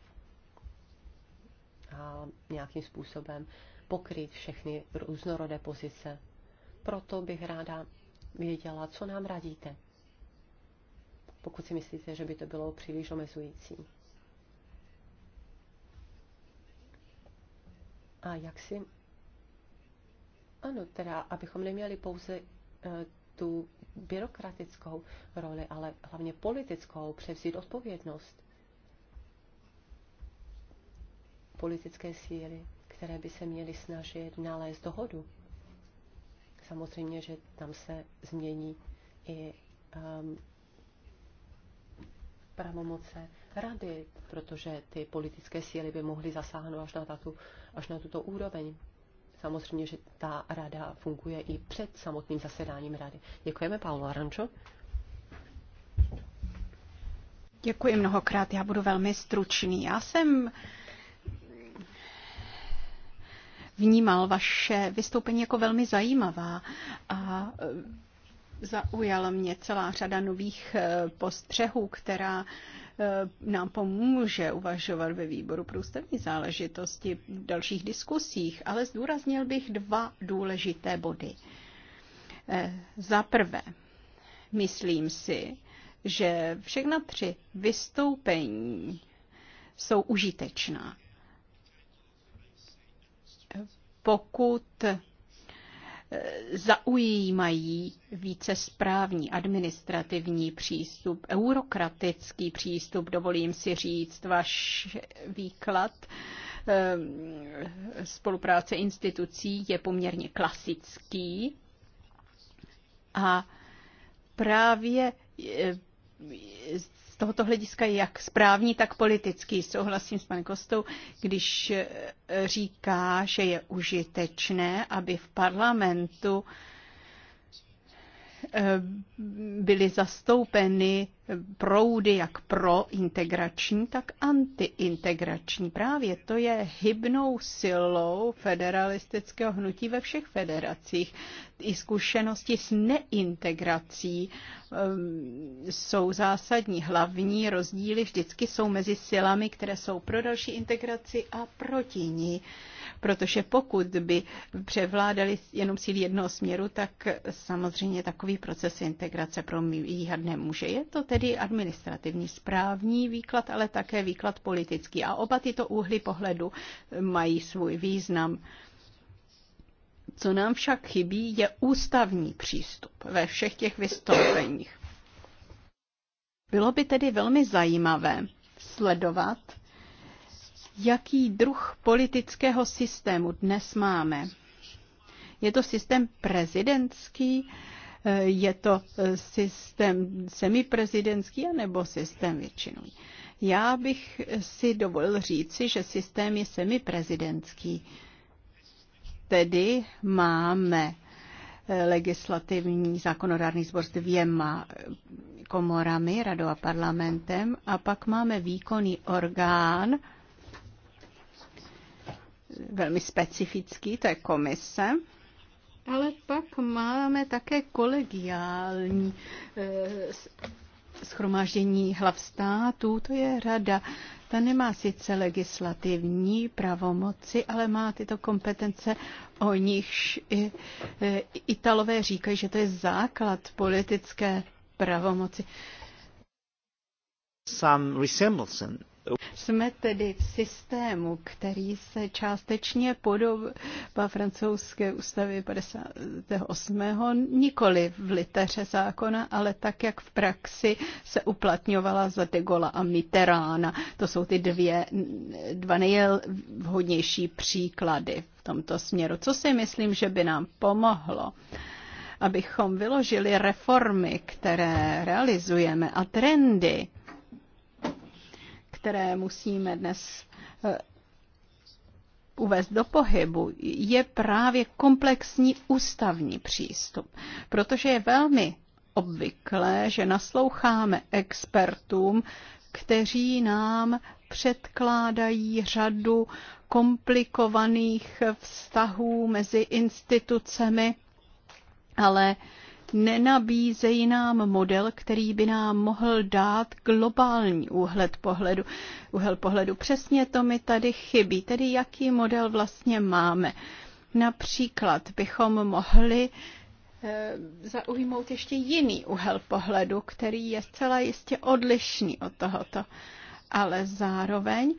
a nějakým způsobem pokryt všechny různorodé pozice. Proto bych ráda věděla, co nám radíte, pokud si myslíte, že by to bylo příliš omezující. A jak si... Ano, teda, abychom neměli pouze e, tu byrokratickou roli, ale hlavně politickou, převzít odpovědnost politické síly, které by se měly snažit nalézt dohodu. Samozřejmě, že tam se změní i um, pravomoce rady, protože ty politické síly by mohly zasáhnout až na, tato, až na tuto úroveň. Samozřejmě, že ta rada funguje i před samotným zasedáním rady. Děkujeme, Paolo Arančo. Děkuji mnohokrát, já budu velmi stručný. Já jsem vnímal vaše vystoupení jako velmi zajímavá a Zaujala mě celá řada nových eh, postřehů, která eh, nám pomůže uvažovat ve výboru pro ústavní záležitosti v dalších diskusích, ale zdůraznil bych dva důležité body. Eh, za prvé, myslím si, že všechna tři vystoupení jsou užitečná. Pokud Eh, zaujímají více správní administrativní přístup, eurokratický přístup, dovolím si říct, váš výklad eh, spolupráce institucí je poměrně klasický a právě eh, z tohoto hlediska jak správní, tak politický. Souhlasím s panem Kostou, když eh, říká, že je užitečné, aby v parlamentu Eh, byly zastoupeny proudy jak prointegrační, tak antiintegrační. Právě to je hybnou silou federalistického hnutí ve všech federacích. I zkušenosti s neintegrací eh, jsou zásadní. Hlavní rozdíly vždycky jsou mezi silami, které jsou pro další integraci a proti ní protože pokud by převládali jenom síly jednoho směru, tak samozřejmě takový proces integrace promíhat nemůže. Je to tedy administrativní správní výklad, ale také výklad politický. A oba tyto úhly pohledu mají svůj význam. Co nám však chybí, je ústavní přístup ve všech těch vystoupeních. Bylo by tedy velmi zajímavé sledovat jaký druh politického systému dnes máme. Je to systém prezidentský, je to systém semiprezidentský anebo systém většinový. Já bych si dovolil říci, že systém je semiprezidentský. Tedy máme eh, legislativní zákonodárný sbor s dvěma komorami, radou a parlamentem, a pak máme výkonný orgán, velmi specifický, to je komise. Ale pak máme také kolegiální eh, schromáždění hlav států, to je rada. Ta nemá sice legislativní pravomoci, ale má tyto kompetence, o nichž eh, Italové říkají, že to je základ politické pravomoci. Some resemblance jsme tedy v systému, který se částečně podobá francouzské ústavy 58. nikoli v liteře zákona, ale tak, jak v praxi se uplatňovala za de Gaulle a Mitterána. To jsou ty dvě, dva nejvhodnější příklady v tomto směru. Co si myslím, že by nám pomohlo? abychom vyložili reformy, které realizujeme a trendy, které musíme dnes eh, uvést do pohybu, je právě komplexní ústavní přístup, protože je velmi obvyklé, že nasloucháme expertům, kteří nám předkládají řadu komplikovaných vztahů mezi institucemi, ale eh, nenabízejí nám model, který by nám mohl dát globální úhled pohledu. Úhel pohledu. Přesně to mi tady chybí, tedy jaký model vlastně máme. Například bychom mohli eh, zaujmout ještě jiný úhel pohledu, který je zcela jistě odlišný od tohoto. Ale zároveň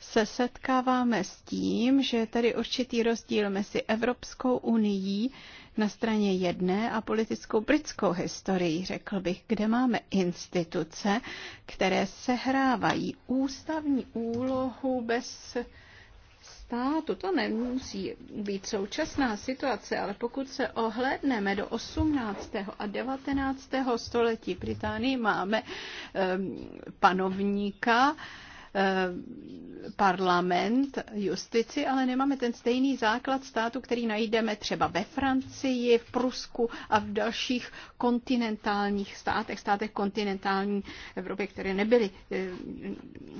se setkáváme s tím, že je tady určitý rozdíl mezi Evropskou unií, na straně jedné a politickou britskou historii, řekl bych, kde máme instituce, které sehrávají ústavní úlohu bez státu. To nemusí být současná situace, ale pokud se ohledneme do 18. a 19. století Británii, máme ehm, panovníka, Eh, parlament, justici, ale nemáme ten stejný základ státu, který najdeme třeba ve Francii, v Prusku a v dalších kontinentálních státech, státech kontinentální Evropy, které nebyly eh,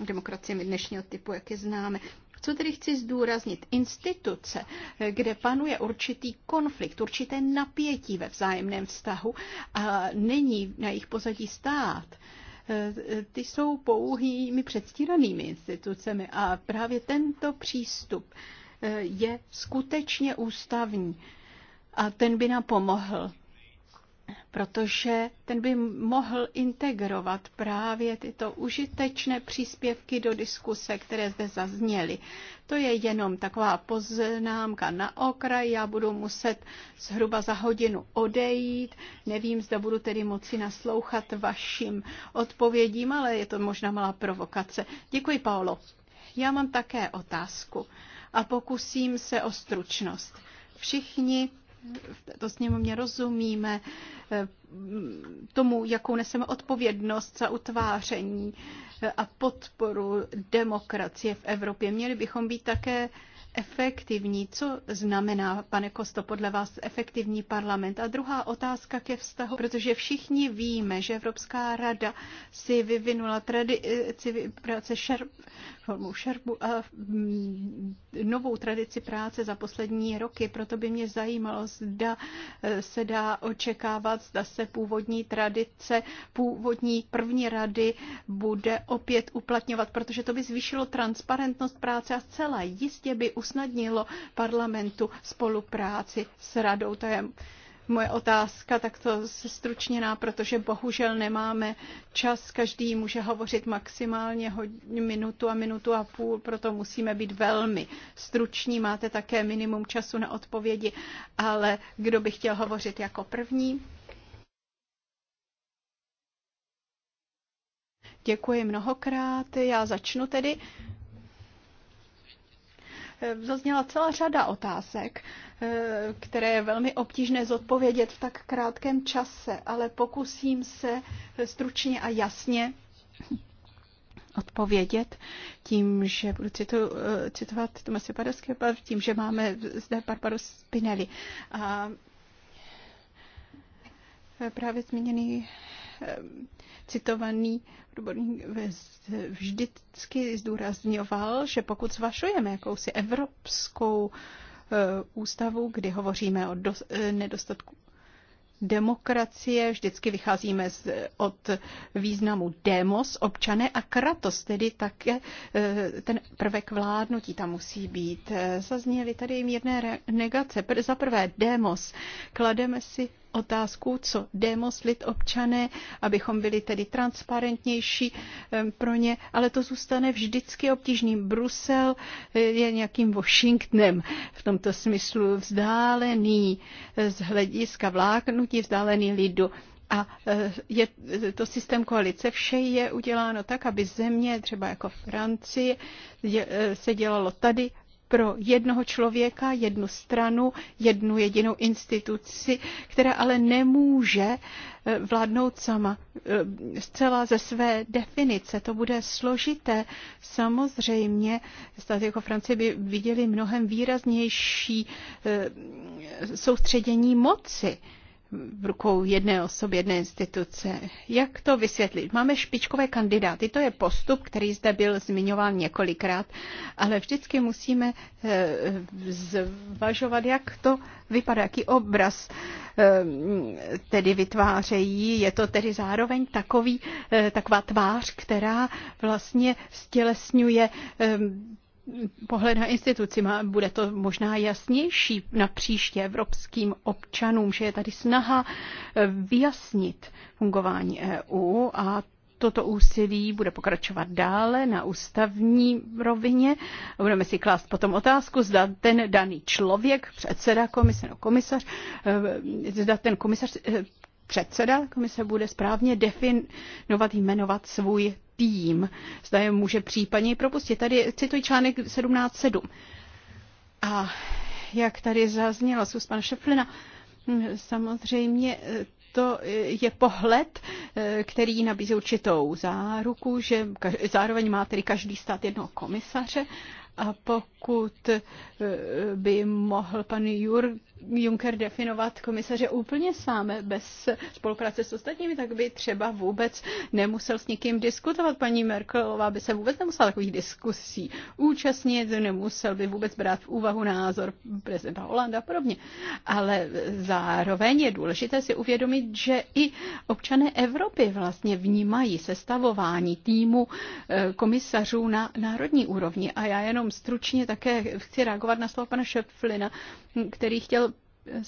demokraciemi dnešního typu, jak je známe. Co tedy chci zdůraznit? Instituce, eh, kde panuje určitý konflikt, určité napětí ve vzájemném vztahu a není na jejich pozadí stát, ty jsou pouhými předstíranými institucemi a právě tento přístup eh, je skutečně ústavní a ten by nám pomohl protože ten by mohl integrovat právě tyto užitečné příspěvky do diskuse, které zde zazněly. To je jenom taková poznámka na okraj. Já budu muset zhruba za hodinu odejít. Nevím, zda budu tedy moci naslouchat vašim odpovědím, ale je to možná malá provokace. Děkuji, Paolo. Já mám také otázku a pokusím se o stručnost. Všichni v této sněmovně rozumíme eh, tomu, jakou neseme odpovědnost za utváření eh, a podporu demokracie v Evropě. Měli bychom být také efektivní. Co znamená, pane Kosto, podle vás efektivní parlament? A druhá otázka ke vztahu, protože všichni víme, že Evropská rada si vyvinula tradici práce šerp, formu šerpu a mm, novou tradici práce za poslední roky. Proto by mě zajímalo, zda e, se dá očekávat, zda se původní tradice, původní první rady bude opět uplatňovat, protože to by zvýšilo transparentnost práce a zcela jistě by u usnadnilo parlamentu spolupráci s radou. To je moje otázka takto stručněná, protože bohužel nemáme čas. Každý může hovořit maximálně minutu a minutu a půl, proto musíme být velmi struční. Máte také minimum času na odpovědi, ale kdo by chtěl hovořit jako první? Děkuji mnohokrát. Já začnu tedy zazněla celá řada otázek, eh, které je velmi obtížné zodpovědět v tak krátkém čase, ale pokusím se stručně a jasně odpovědět tím, že budu citu, eh, citovat Tomase Padovské, eh, tím, že máme zde Barbaru Spinelli. A právě zmíněný Eh, citovaný odborník vždycky zdůrazňoval, že pokud zvažujeme jakousi evropskou eh, ústavu, kdy hovoříme o eh, nedostatku demokracie, vždycky vycházíme z, od významu demos, občané a kratos, tedy také ten prvek vládnutí tam musí být. Zazněly tady mírné negace. Za prvé demos, klademe si otázku, co lid občané, abychom byli tedy transparentnější pro ně, ale to zůstane vždycky obtížným. Brusel eh, je nějakým Washingtonem v tomto smyslu vzdálený eh, z hlediska vláknutí, vzdálený lidu. A eh, je to systém koalice, vše je uděláno tak, aby země, třeba jako Francie, se dělalo tady pro jednoho člověka, jednu stranu, jednu jedinou instituci, která ale nemůže eh, vládnout sama eh, zcela ze své definice. To bude složité. Samozřejmě Stát jako Francie by viděli mnohem výraznější eh, soustředění moci v rukou jedné osoby, jedné instituce. Jak to vysvětlit? Máme špičkové kandidáty, to je postup, který zde byl zmiňován několikrát, ale vždycky musíme eh, zvažovat, jak to vypadá, jaký obraz eh, tedy vytvářejí. Je to tedy zároveň takový, eh, taková tvář, která vlastně stělesňuje pohled na instituci. Bude to možná jasnější na příště evropským občanům, že je tady snaha eh, vyjasnit fungování EU a Toto úsilí bude pokračovat dále na ústavní rovině. Budeme si klást potom otázku, zda ten daný člověk, předseda komise nebo komisař, eh, zda ten komisař, eh, předseda komise bude správně definovat, jmenovat svůj tým, zda je může případně propustit. Tady cituji článek 17.7. A jak tady zaznělo z pana Šeflina, hm, samozřejmě eh, to eh, je pohled, eh, který nabízí určitou záruku, že zároveň má tedy každý stát jednoho komisaře a pokud by mohl pan Jurk Juncker definovat komisaře úplně sám, bez spolupráce s ostatními, tak by třeba vůbec nemusel s nikým diskutovat. Paní Merkelová by se vůbec nemusela takových diskusí účastnit, nemusel by vůbec brát v úvahu názor prezidenta Holanda a podobně. Ale zároveň je důležité si uvědomit, že i občané Evropy vlastně vnímají sestavování týmu eh, komisařů na národní úrovni. A já jenom stručně také chci reagovat na slovo pana Šepflina, který chtěl eh,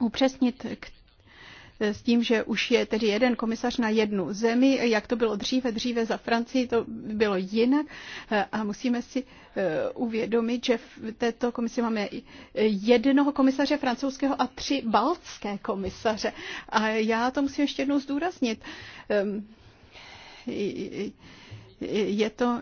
upřesnit k eh, s tím, že už je tedy jeden komisař na jednu zemi, jak to bylo dříve, dříve za Francii to bylo jinak eh, a musíme si uvědomit, že v této komisi máme jednoho komisaře francouzského a tři baltské komisaře. A já to musím ještě jednou zdůraznit ehm, je to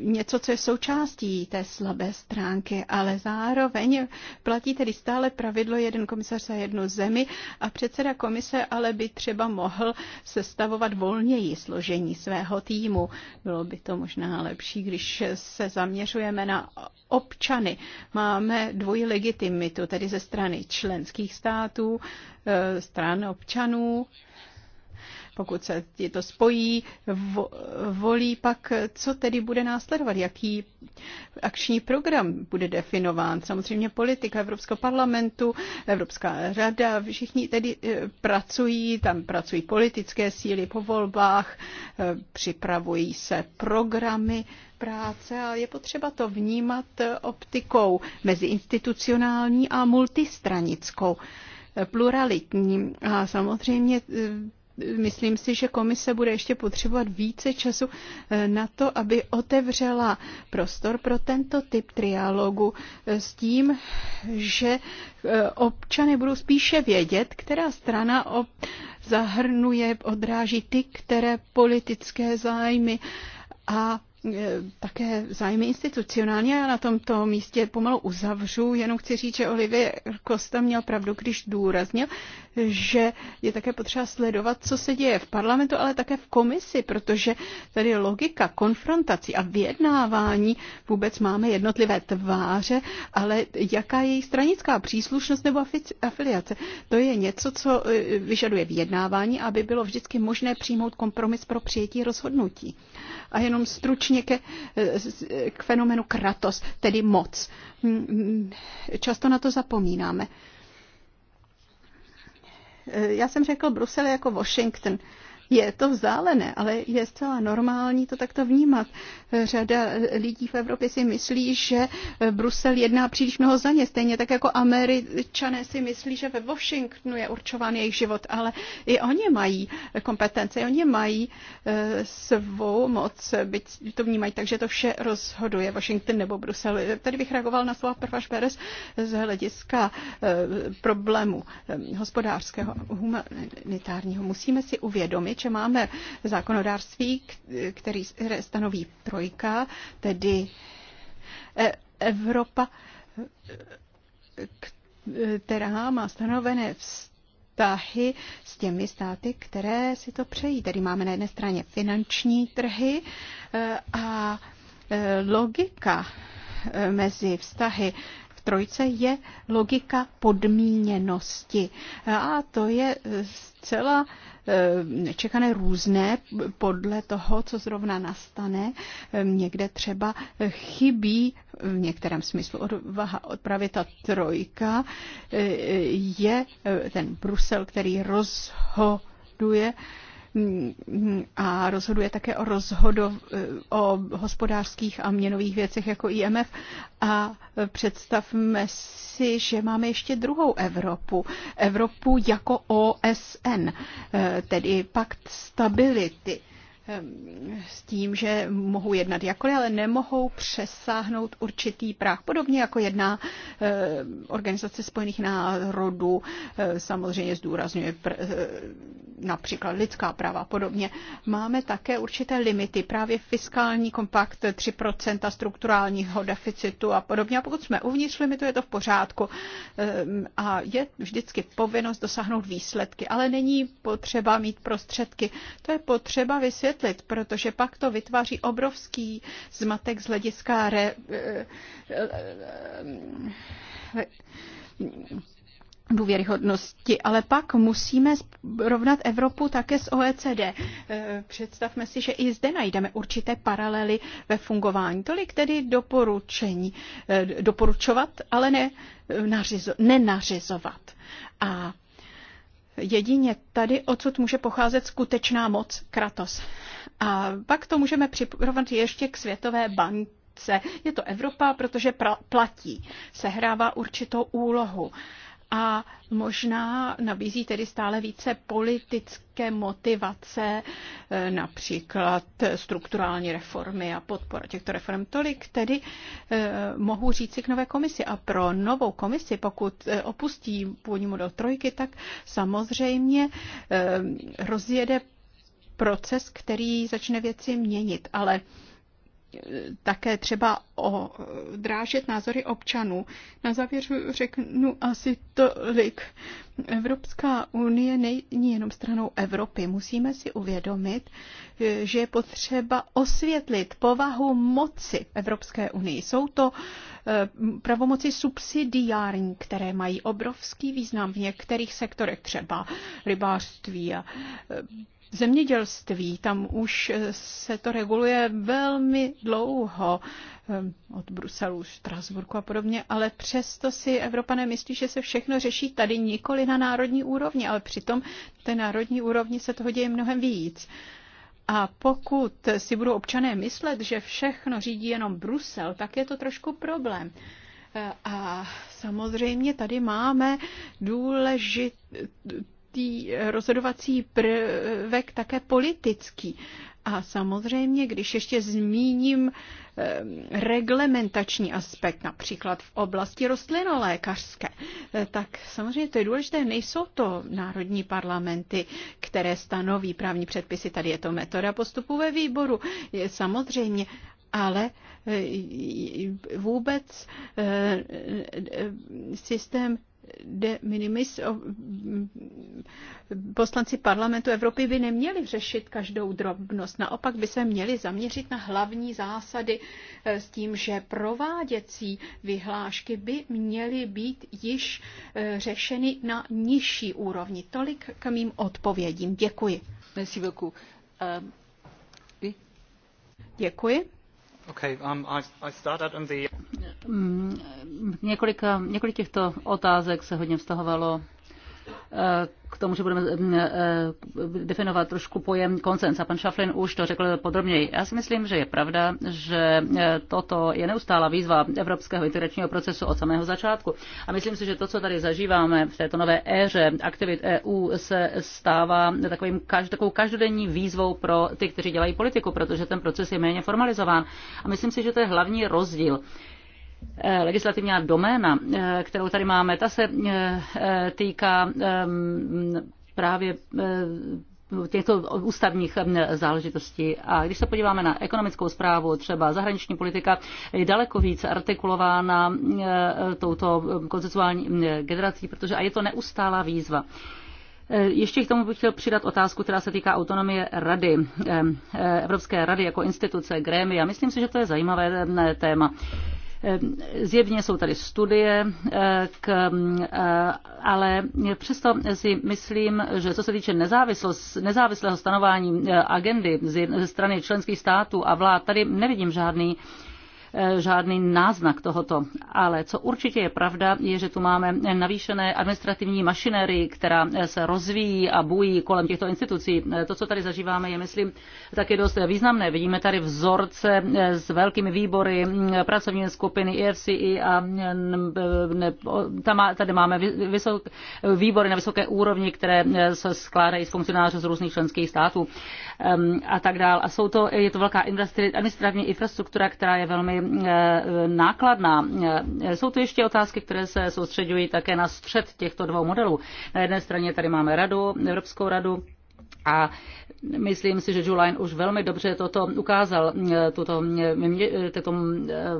něco, co je součástí té slabé stránky, ale zároveň platí tedy stále pravidlo jeden komisař za jednu zemi a předseda komise ale by třeba mohl sestavovat volněji složení svého týmu. Bylo by to možná lepší, když se zaměřujeme na občany. Máme dvojí legitimitu, tedy ze strany členských států, eh, stran občanů pokud se to spojí, vo, volí pak, co tedy bude následovat, jaký akční program bude definován. Samozřejmě politika Evropského parlamentu, Evropská rada, všichni tedy eh, pracují, tam pracují politické síly po volbách, eh, připravují se programy práce, ale je potřeba to vnímat eh, optikou meziinstitucionální a multistranickou pluralitní. A samozřejmě myslím si, že komise bude ještě potřebovat více času eh, na to, aby otevřela prostor pro tento typ trialogu eh, s tím, že eh, občany budou spíše vědět, která strana ob zahrnuje, odráží ty, které politické zájmy a E, také zájmy institucionální. a na tomto místě pomalu uzavřu, jenom chci říct, že Olivier Costa měl pravdu, když důraznil, že je také potřeba sledovat, co se děje v parlamentu, ale také v komisi, protože tady logika konfrontací a vyjednávání vůbec máme jednotlivé tváře, ale jaká je její stranická příslušnost nebo afiliace. To je něco, co e, vyžaduje vyjednávání, aby bylo vždycky možné přijmout kompromis pro přijetí rozhodnutí. A jenom stručně skutečně ke, k fenomenu kratos, tedy moc. Často na to zapomínáme. Já jsem řekl Brusel jako Washington. Je to vzdálené, ale je zcela normální to takto vnímat. Řada lidí v Evropě si myslí, že Brusel jedná příliš mnoho za ně, stejně tak jako američané si myslí, že ve Washingtonu je určován jejich život, ale i oni mají kompetence, i oni mají eh, svou moc, byť to vnímají tak, že to vše rozhoduje Washington nebo Brusel. Tady bych reagoval na slova Prvaš Beres z hlediska eh, problému eh, hospodářského, humanitárního. Musíme si uvědomit, že máme zákonodárství, který stanoví trojka, tedy e- Evropa, která má stanovené vztahy s těmi státy, které si to přejí. Tedy máme na jedné straně finanční trhy e- a e- logika mezi vztahy trojce je logika podmíněnosti. A to je zcela eh, nečekané různé podle toho, co zrovna nastane. Ehm, někde třeba chybí v některém smyslu odvaha odpravit ta trojka. Eh, je eh, ten Brusel, který rozhoduje a rozhoduje také o, rozhodo, o hospodářských a měnových věcech jako IMF. A představme si, že máme ještě druhou Evropu. Evropu jako OSN, eh, tedy pakt stability Ehm, s tím, že mohou jednat jakkoliv, ale nemohou přesáhnout určitý práh. Podobně jako jedna ehm, Organizace spojených národů, ehm, samozřejmě zdůrazňuje například lidská práva a podobně. Máme také určité limity, právě fiskální kompakt 3% strukturálního deficitu a podobně. A pokud jsme uvnitř limitu, je to v pořádku. A je vždycky povinnost dosáhnout výsledky, ale není potřeba mít prostředky. To je potřeba vysvětlit vysvětlit, protože pak to vytváří obrovský zmatek z hlediska re, eh, eh, důvěryhodnosti. Ale pak musíme rovnat Evropu také s OECD. Eh, představme si, že i zde najdeme určité paralely ve fungování. Tolik tedy doporučení. Doporučovat, ale ne nařizo, nenařizovat. A Jedině tady odsud může pocházet skutečná moc Kratos. A pak to můžeme připravovat ještě k Světové bance. Je to Evropa, protože platí, sehrává určitou úlohu a možná nabízí tedy stále více politické motivace, e, například strukturální reformy a podpora těchto reform. Tolik tedy e, mohu říci k nové komisi. A pro novou komisi, pokud e, opustí původní model trojky, tak samozřejmě rozjede proces, který začne věci měnit. Ale také třeba odrážet názory občanů. Na závěr řeknu asi tolik. Evropská unie není jenom stranou Evropy. Musíme si uvědomit, že je potřeba osvětlit povahu moci Evropské unii. Jsou to eh, pravomoci subsidiární, které mají obrovský význam v některých sektorech, třeba rybářství a eh, zemědělství tam už eh, se to reguluje velmi dlouho eh, od Bruselu, Strasburku a podobně, ale přesto si Evropané myslí, že se všechno řeší tady nikoli na národní úrovni, ale přitom té národní úrovni se toho děje mnohem víc. A pokud si budou občané myslet, že všechno řídí jenom Brusel, tak je to trošku problém. Eh, a samozřejmě tady máme důležit tý rozhodovací prvek také politický. A samozřejmě, když ještě zmíním reglementační aspekt, například v oblasti rostlinolékařské, tak samozřejmě to je důležité. Nejsou to národní parlamenty, které stanoví právní předpisy. Tady je to metoda postupu ve výboru. Samozřejmě, ale e, vůbec e, e, systém de minimis poslanci parlamentu Evropy by neměli řešit každou drobnost. Naopak by se měli zaměřit na hlavní zásady e, s tím, že prováděcí vyhlášky by měly být již e, řešeny na nižší úrovni. Tolik k mým odpovědím. Děkuji. Merci beaucoup. Um, Děkuji. Okay, um, I, I started on the... Mm, několik, několik těchto otázek se hodně vztahovalo Eh, k tomu, že budeme mm, eh, definovat trošku pojem koncens. A pan Šaflin už to řekl podrobněji. Já si myslím, že je pravda, že eh, toto je neustálá výzva evropského integračního procesu od samého začátku. A myslím si, že to, co tady zažíváme v této nové éře aktivit EU, se stává takovým, takovou každodenní výzvou pro ty, kteří dělají politiku, protože ten proces je méně formalizován. A myslím si, že to je hlavní rozdíl Eh, legislativní doména, eh, kterou tady máme, ta se eh, týká právě těchto ústavních záležitostí. A když se podíváme na ekonomickou zprávu, třeba zahraniční politika je daleko víc artikulována touto koncesuální generací, protože a je to neustálá výzva. Ještě k tomu bych chtěl přidat otázku, která se týká autonomie rady, Evropské rady jako instituce, grémy. Já myslím si, že to je zajímavé téma. Ehm, zjevně jsou tady studie, eh, k, eh, ale přesto si myslím, že co se týče nezávislého stanování eh, agendy ze strany členských států a vlád, tady nevidím žádný Eh, žádný náznak tohoto. Ale co určitě je pravda, je, že tu máme navýšené administrativní mašinery, která eh, se rozvíjí a bují kolem těchto institucí. Eh, to, co tady zažíváme, je, myslím, taky dost významné. Vidíme tady vzorce s velkými výbory, mm, pracovní skupiny EFCI a mm, tady máme vysok, výbory na vysoké úrovni, které se skládají z funkcionářů z různých členských států ehm, a tak dále. A jsou to, je to velká administrativní infrastruktura, která je velmi nákladná. Jsou tu ještě otázky, které se soustředují také na střed těchto dvou modelů. Na jedné straně tady máme radu, Evropskou radu, a myslím si, že Julian už velmi dobře toto ukázal, tuto, tuto eh,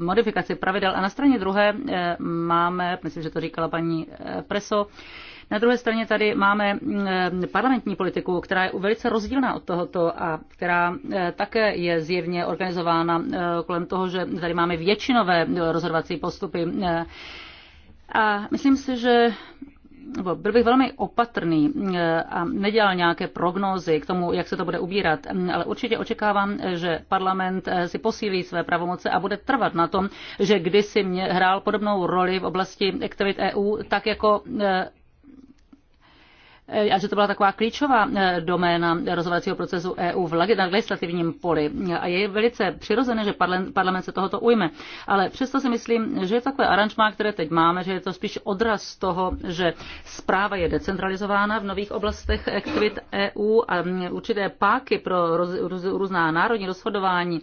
modifikaci pravidel. A na straně druhé eh, máme, myslím, že to říkala paní eh, Preso, na druhé straně tady máme mm, eh, parlamentní politiku, která je velice rozdílná od tohoto a která eh, také je zjevně organizována eh, kolem toho, že tady máme většinové rozhodovací postupy. A myslím si, že byl bych velmi opatrný a nedělal nějaké prognózy k tomu, jak se to bude ubírat, mm, ale určitě očekávám, že parlament si posílí své pravomoce a bude trvat na tom, že kdysi mě hrál podobnou roli v oblasti aktivit EU, tak jako Eh, a že to byla taková klíčová eh, doména rozhodovacího procesu EU v legislativním poli. A je velice přirozené, že parlament se tohoto ujme. Ale přesto si myslím, že je takové aranžmá, které teď máme, že je to spíš odraz toho, že zpráva je decentralizována v nových oblastech aktivit EU a mm, určité páky pro roz, roz, různá národní rozhodování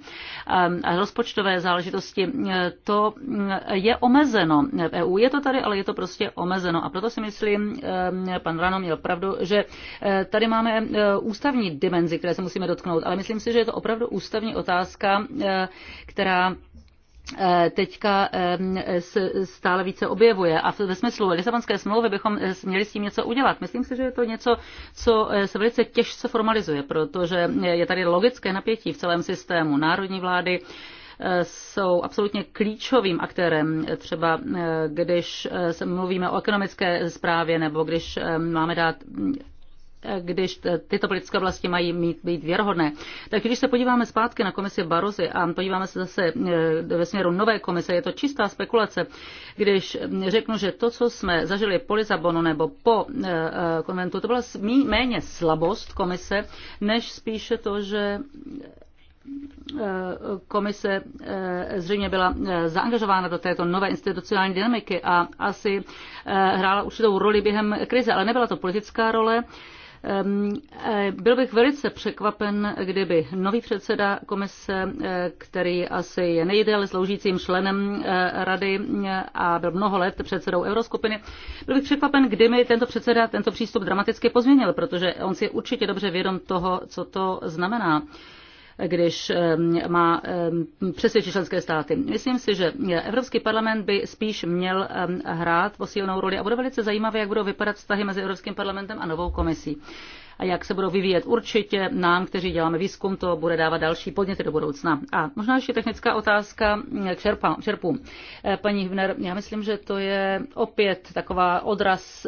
ehm, a rozpočtové záležitosti, eh, to mm, je omezeno v EU. Je to tady, ale je to prostě omezeno. A proto si myslím, ehm, pan Rano měl opravdu, že eh, tady máme eh, ústavní dimenzi, které se musíme dotknout, ale myslím si, že je to opravdu ústavní otázka, eh, která teďka stále více objevuje. A ve smyslu Lisabonské smlouvy bychom měli s tím něco udělat. Myslím si, že je to něco, co se velice těžce formalizuje, protože je tady logické napětí v celém systému národní vlády, jsou absolutně klíčovým aktérem, třeba eh, když eh, mluvíme o ekonomické zprávě nebo když eh, máme dát když tyto politické oblasti mají mít, být věrohodné. Tak když se podíváme zpátky na komisi Barozy a podíváme se zase ve směru nové komise, je to čistá spekulace, když řeknu, že to, co jsme zažili po Lisabonu nebo po konventu, to byla méně slabost komise, než spíše to, že komise eh, zřejmě byla eh, zaangažována do této nové institucionální dynamiky a asi eh, hrála určitou roli během krize, ale nebyla to politická role. Ehm, byl bych velice překvapen, kdyby nový předseda komise, který asi je nejdéle sloužícím členem rady a byl mnoho let předsedou Euroskupiny, byl bych překvapen, kdyby tento předseda tento přístup dramaticky pozměnil, protože on si je určitě dobře vědom toho, co to znamená když má přesvědčit členské státy. Myslím si, že Evropský parlament by spíš měl hrát posílnou roli a bude velice zajímavé, jak budou vypadat vztahy mezi Evropským parlamentem a novou komisí a jak se budou vyvíjet. Určitě nám, kteří děláme výzkum, to bude dávat další podněty do budoucna. A možná ještě technická otázka k čerpu. Eh, paní Hübner, já myslím, že to je opět taková odraz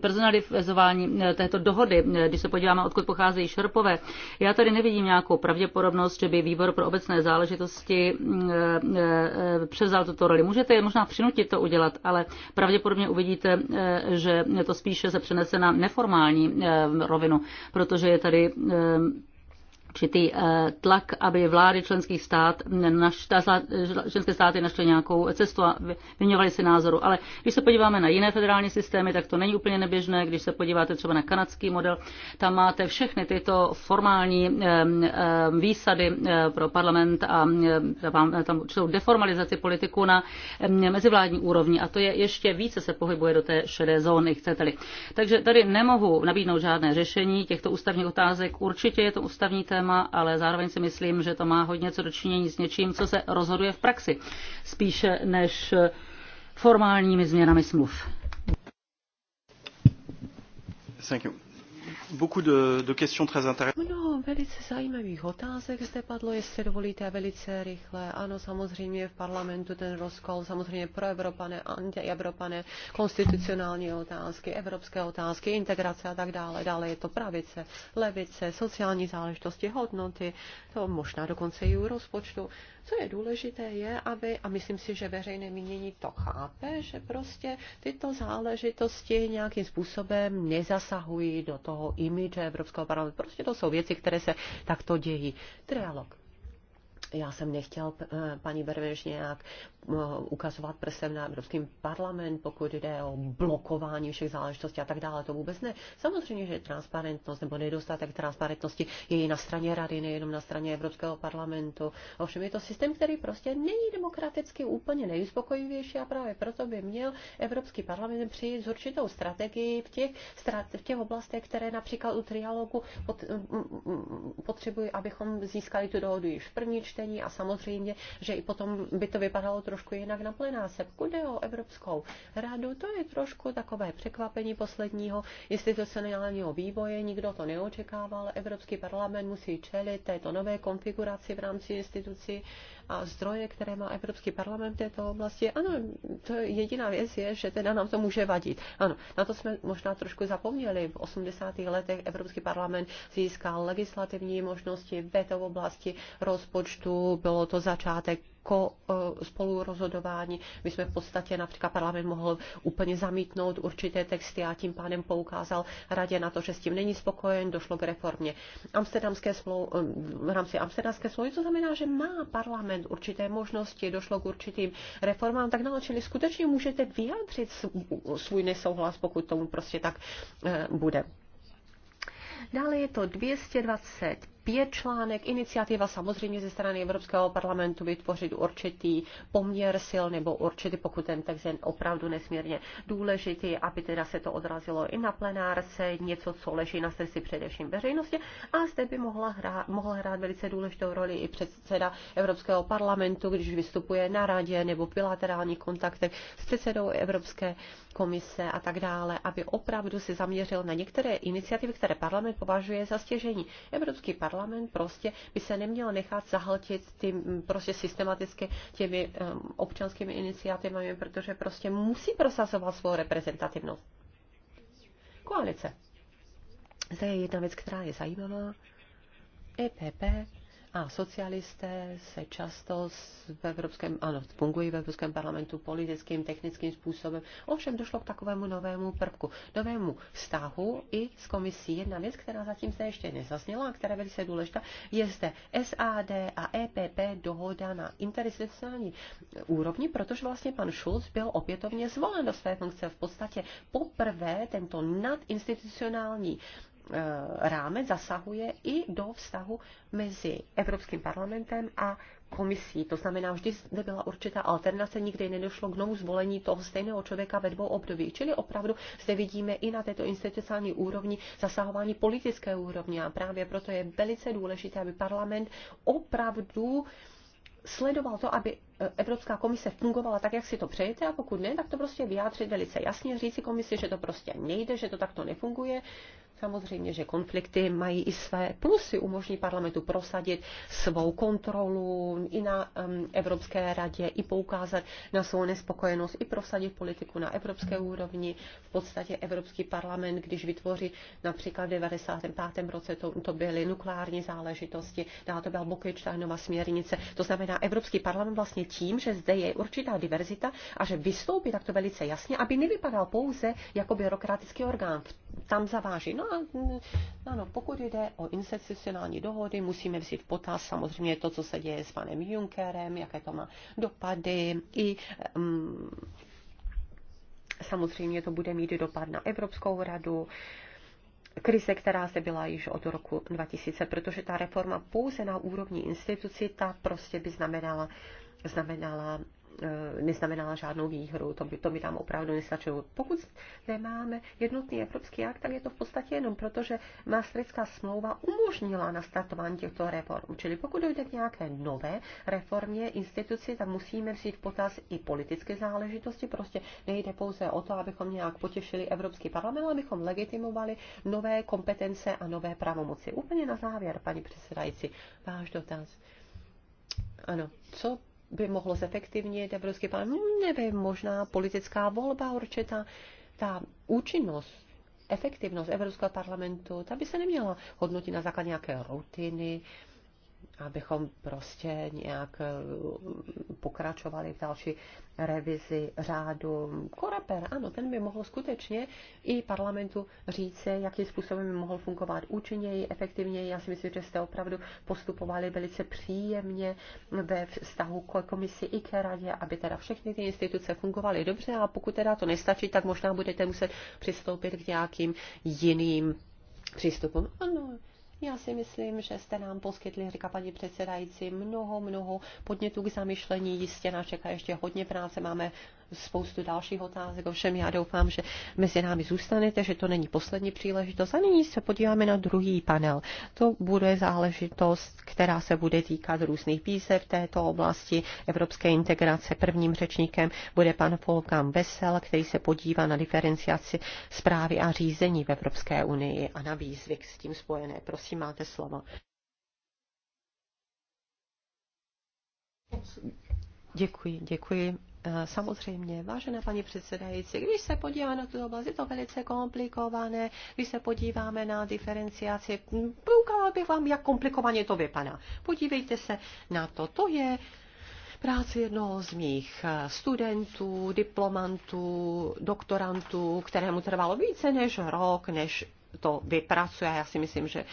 personalizování eh, této dohody, eh, když se podíváme, odkud pocházejí šerpové. Já tady nevidím nějakou pravděpodobnost, že by výbor pro obecné záležitosti mm, převzal tuto roli. Můžete je možná přinutit to udělat, ale pravděpodobně uvidíte, že to spíše se přenese na neformální neformální eh, rovinu, protože je tady eh, určitý eh, tlak, aby vlády členských stát, našta, členské státy našly nějakou cestu a vyměňovaly si názoru. Ale když se podíváme na jiné federální systémy, tak to není úplně neběžné. Když se podíváte třeba na kanadský model, tam máte všechny tyto formální eh, eh, výsady pro parlament a tam určitou deformalizaci politiku na mezivládní úrovni. A to je ještě více se pohybuje do té šedé zóny, chcete-li. Takže tady nemohu nabídnout žádné řešení těchto ústavních otázek. Určitě je to ústavní téma téma, ale zároveň si myslím, že to má hodně co dočinění s něčím, co se rozhoduje v praxi, spíše než formálními změnami smluv. Thank you beaucoup de, de questions très intéressantes. Mnoho velice zajímavých otázek zde padlo, jestli dovolíte velice rychle. Ano, samozřejmě v parlamentu ten rozkol, samozřejmě pro Evropané, anti-Evropané konstitucionální otázky, evropské otázky, integrace a tak dále. Dále je to pravice, levice, sociální záležitosti, hodnoty, to možná dokonce i u rozpočtu. Co je důležité je, aby, a myslím si, že veřejné mínění to chápe, že prostě tyto záležitosti nějakým způsobem nezasahují do toho imidže Evropského parlamentu. Prostě to jsou věci, které se takto dějí. Trialog. Já jsem nechtěl eh, paní Berveš nějak eh, ukazovat prsem na Evropský parlament, pokud jde o blokování všech záležitostí a tak dále. To vůbec ne. Samozřejmě, že transparentnost nebo nedostatek transparentnosti je i na straně rady, nejenom na straně Evropského parlamentu. Ovšem je to systém, který prostě není demokraticky úplně nejuspokojivější a právě proto by měl Evropský parlament přijít s určitou strategii v těch, v těch oblastech, které například u trialogu potřebují, abychom získali tu dohodu již v první čtení usnesení a samozřejmě, že i potom by to vypadalo trošku jinak na plenáce. Pokud jde o Evropskou radu, to je trošku takové překvapení posledního institucionálního vývoje. Nikdo to neočekával. Evropský parlament musí čelit této nové konfiguraci v rámci institucí a zdroje, které má Evropský parlament v této oblasti. Ano, to je jediná věc je, že teda nám to může vadit. Ano, na to jsme možná trošku zapomněli. V 80. letech Evropský parlament získal legislativní možnosti v této oblasti rozpočtu. Bylo to začátek jako spolurozhodování. My jsme v podstatě například parlament mohl úplně zamítnout určité texty a tím pádem poukázal radě na to, že s tím není spokojen, došlo k reformě. Amsterdamské smlou, eh, v rámci amsterdamské smlouvy to znamená, že má parlament určité možnosti, došlo k určitým reformám, tak dále, no, čili skutečně můžete vyjádřit svůj nesouhlas, pokud tomu prostě tak eh, bude. Dále je to 220 pět článek, iniciativa samozřejmě ze strany Evropského parlamentu vytvořit určitý poměr sil nebo určitý, pokud ten text je opravdu nesmírně důležitý, aby teda se to odrazilo i na plenárce, něco, co leží na srdci především veřejnosti. A zde by mohla hrát, mohl hrát velice důležitou roli i předseda Evropského parlamentu, když vystupuje na radě nebo v bilaterálních kontaktech s předsedou Evropské komise a tak dále, aby opravdu se zaměřil na některé iniciativy, které parlament považuje za stěžení. Evropský parlament parlament prostě by se neměl nechat zahltit tím, prostě systematicky těmi um, občanskými iniciativami, protože prostě musí prosazovat svou reprezentativnost. Koalice. Zde je jedna věc, která je zajímavá. EPP a socialisté se často v Evropském, ano, fungují v Evropském parlamentu politickým, technickým způsobem. Ovšem došlo k takovému novému prvku, novému vztahu i s komisí. Jedna věc, která zatím se ještě nezasněla a která velice důležitá, je zde SAD a EPP dohoda na interinstitucionální úrovni, protože vlastně pan Schulz byl opětovně zvolen do své funkce. V podstatě poprvé tento nadinstitucionální Eh, rámec zasahuje i do vztahu mezi Evropským parlamentem a komisí. To znamená, vždy zde byla určitá alternace, nikdy nedošlo k novu zvolení toho stejného člověka ve dvou období. Čili opravdu zde vidíme i na této institucionální úrovni zasahování politické úrovně a právě proto je velice důležité, aby parlament opravdu sledoval to, aby Eh, Evropská komise fungovala tak, jak si to přejete a pokud ne, tak to prostě vyjádřit velice jasně, říci komisi, že to prostě nejde, že to takto nefunguje. Samozřejmě, že konflikty mají i své plusy, umožní parlamentu prosadit svou kontrolu i na um, Evropské radě, i poukázat na svou nespokojenost, i prosadit politiku na evropské úrovni. V podstatě Evropský parlament, když vytvoří například v 95. roce, to, to byly nukleární záležitosti, dá to byla Bokyčtajnova směrnice, to znamená, Evropský parlament vlastně i tím, že zde je určitá diverzita a že vystoupí takto velice jasně, aby nevypadal pouze jako byrokratický orgán. Tam zaváží. No a mm, ano, pokud jde o institucionální dohody, musíme vzít v potaz samozřejmě to, co se děje s panem Junckerem, jaké to má dopady i um, samozřejmě to bude mít dopad na Evropskou radu krize, která se byla již od roku 2000, protože ta reforma pouze na úrovni instituci, ta prostě by znamenala znamenala eh, neznamenala žádnou výhru, to by, to by tam opravdu nestačilo. Pokud nemáme jednotný evropský akt, tak je to v podstatě jenom proto, že Maastrichtská smlouva umožnila nastartování těchto reform. Čili pokud dojde k nějaké nové reformě instituci, tak musíme vzít v potaz i politické záležitosti. Prostě nejde pouze o to, abychom nějak potěšili Evropský parlament, abychom legitimovali nové kompetence a nové pravomoci. Úplně na závěr, paní předsedající, váš dotaz. Ano, co by mohlo zefektivnit Evropský parlament? Hmm, nevím, možná politická volba určitá. Ta účinnost, efektivnost Evropského parlamentu, ta by se neměla hodnotit na základě nějaké rutiny, abychom prostě nějak eh, pokračovali v další revizi řádu. Koreper, ano, ten by mohl skutečně i parlamentu říct, jakým způsobem by mohl fungovat účinněji, efektivněji. Já si myslím, že jste opravdu postupovali velice příjemně ve vztahu k komisi i k radě, aby teda všechny ty instituce fungovaly dobře a pokud teda to nestačí, tak možná budete muset přistoupit k nějakým jiným přístupům. Ano, já si myslím, že jste nám poskytli, říká paní předsedající, mnoho, mnoho podnětů k zamyšlení. Jistě nás čeká ještě hodně práce. Máme spoustu dalších otázek, ovšem já doufám, že mezi námi zůstanete, že to není poslední příležitost. A nyní se podíváme na druhý panel. To bude záležitost, která se bude týkat různých písev v této oblasti evropské integrace. Prvním řečníkem bude pan Volkan Vesel, který se podívá na diferenciaci zprávy a řízení v Evropské unii a na výzvy s tím spojené. Prosím, máte slovo. Děkuji, děkuji Eh, samozřejmě, vážená paní předsedající, když se podíváme na tu oblast, je to velice komplikované. Když se podíváme na diferenciaci, ukázala bych vám, jak komplikovaně to vypadá. Podívejte se na to. To je práce jednoho z mých eh, studentů, diplomantů, doktorantů, kterému trvalo více než rok, než to vypracuje. Já si myslím, že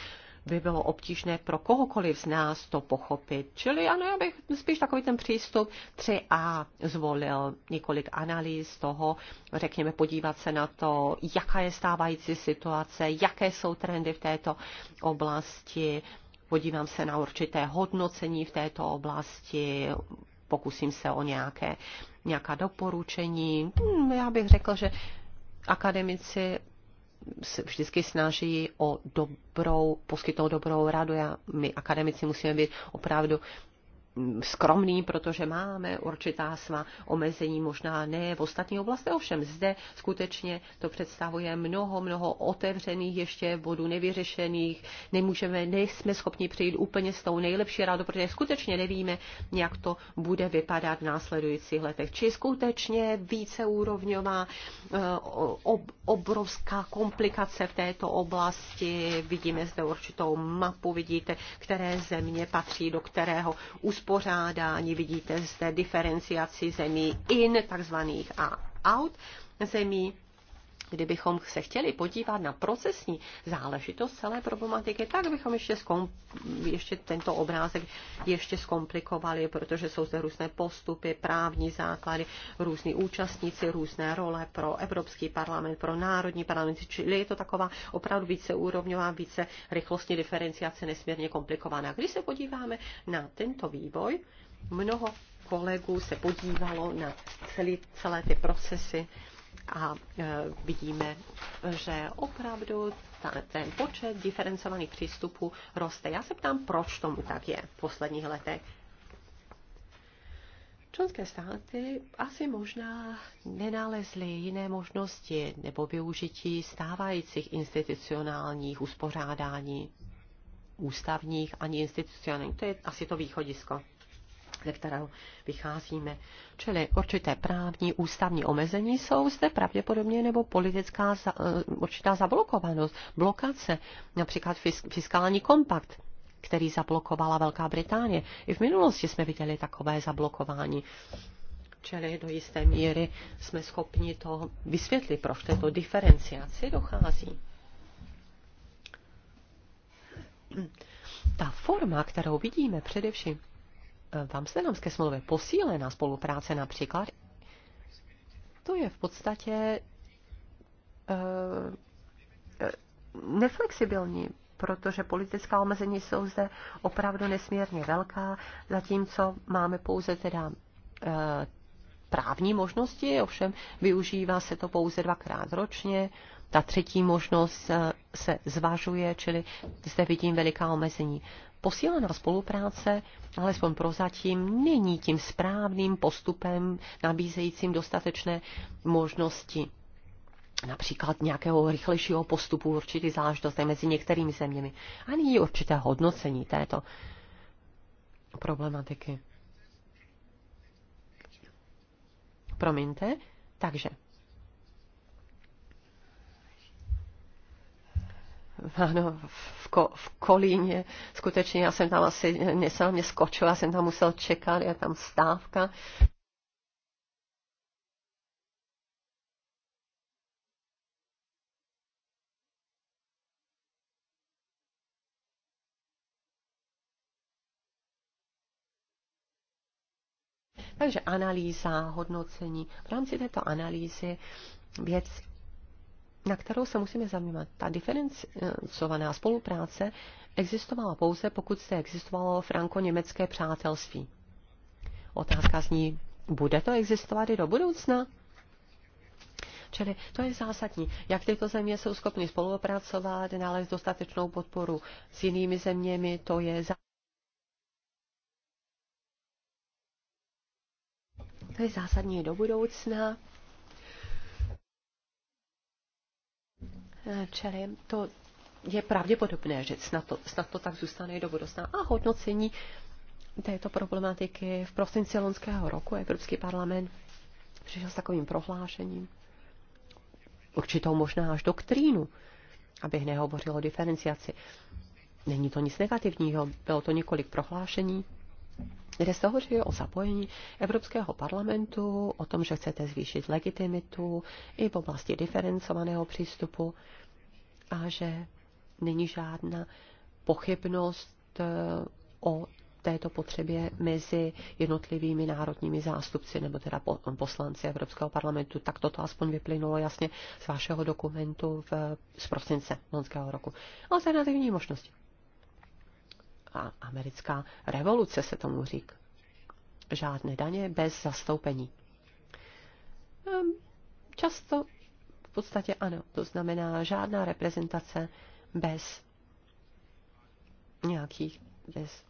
by bylo obtížné pro kohokoliv z nás to pochopit. Čili ano, já bych spíš takový ten přístup 3A zvolil několik analýz toho, řekněme, podívat se na to, jaká je stávající situace, jaké jsou trendy v této oblasti, podívám se na určité hodnocení v této oblasti, pokusím se o nějaké, nějaká doporučení. Hmm, já bych řekl, že akademici se vždycky snaží o dobrou, poskytnout dobrou radu. Já, my akademici musíme být opravdu skromný, protože máme určitá svá omezení, možná ne v ostatní oblasti, ovšem zde skutečně to představuje mnoho, mnoho otevřených ještě bodů nevyřešených, nemůžeme, nejsme schopni přijít úplně s tou nejlepší radou, protože skutečně nevíme, jak to bude vypadat v následujících letech. Či skutečně víceúrovňová eh, ob, obrovská komplikace v této oblasti, vidíme zde určitou mapu, vidíte, které země patří do kterého uspořádání. Vidíte zde diferenciaci zemí in, takzvaných a out zemí kdybychom se chtěli podívat na procesní záležitost celé problematiky, tak bychom ještě, zkom, ještě tento obrázek ještě zkomplikovali, protože jsou zde různé postupy, právní základy, různí účastníci, různé role pro Evropský parlament, pro Národní parlament, čili je to taková opravdu více úrovňová, více rychlostní diferenciace nesmírně komplikovaná. Když se podíváme na tento vývoj, mnoho kolegů se podívalo na celý, celé ty procesy a e, vidíme, že opravdu ten počet diferencovaných přístupů roste. Já se ptám, proč tomu tak je v posledních letech. Členské státy asi možná nenalezly jiné možnosti nebo využití stávajících institucionálních uspořádání ústavních ani institucionálních. To je asi to východisko ze kterého vycházíme. Čili určité právní ústavní omezení jsou zde pravděpodobně nebo politická za, eh, určitá zablokovanost, blokace, například fiskální kompakt který zablokovala Velká Británie. I v minulosti jsme viděli takové zablokování. Čili do jisté míry jsme schopni to vysvětlit, proč této diferenciaci dochází. Ta forma, kterou vidíme především v Amsterdamské smlouvě posílená spolupráce například, to je v podstatě eh, eh, neflexibilní, protože politická omezení jsou zde opravdu nesmírně velká, zatímco máme pouze teda eh, právní možnosti, ovšem využívá se to pouze dvakrát ročně. Ta třetí možnost se zvažuje, čili zde vidím veliká omezení posílená spolupráce, alespoň prozatím, není tím správným postupem nabízejícím dostatečné možnosti například nějakého rychlejšího postupu určitý záležitostech mezi některými zeměmi. Ani je určité hodnocení této problematiky. Promiňte, takže ano, v, ko, v Kolíně. Skutečně já jsem tam asi, něco na mě skočilo, já jsem tam musel čekat, je tam stávka. Takže analýza, hodnocení. V rámci této analýzy věc na kterou se musíme zaměřit. Ta diferencovaná spolupráce existovala pouze, pokud se existovalo franko-německé přátelství. Otázka zní, bude to existovat i do budoucna? Čili to je zásadní, jak tyto země jsou schopny spolupracovat, nalézt dostatečnou podporu s jinými zeměmi, to je zásadní. To je zásadní do budoucna. Čili to je pravděpodobné, že snad to, snad to tak zůstane i do budoucna. A hodnocení této problematiky v prosinci lonského roku Evropský parlament přišel s takovým prohlášením, určitou možná až doktrínu, abych nehovořil o diferenciaci. Není to nic negativního, bylo to několik prohlášení, kde se hovoří o zapojení Evropského parlamentu, o tom, že chcete zvýšit legitimitu i v oblasti diferencovaného přístupu a že není žádná pochybnost eh, o této potřebě mezi jednotlivými národními zástupci nebo teda poslanci Evropského parlamentu. Tak toto aspoň vyplynulo jasně z vašeho dokumentu v, z prosince loňského roku. Alternativní možnosti a americká revoluce se tomu říká. Žádné daně bez zastoupení. Ehm, často v podstatě ano, to znamená žádná reprezentace bez nějakých, bez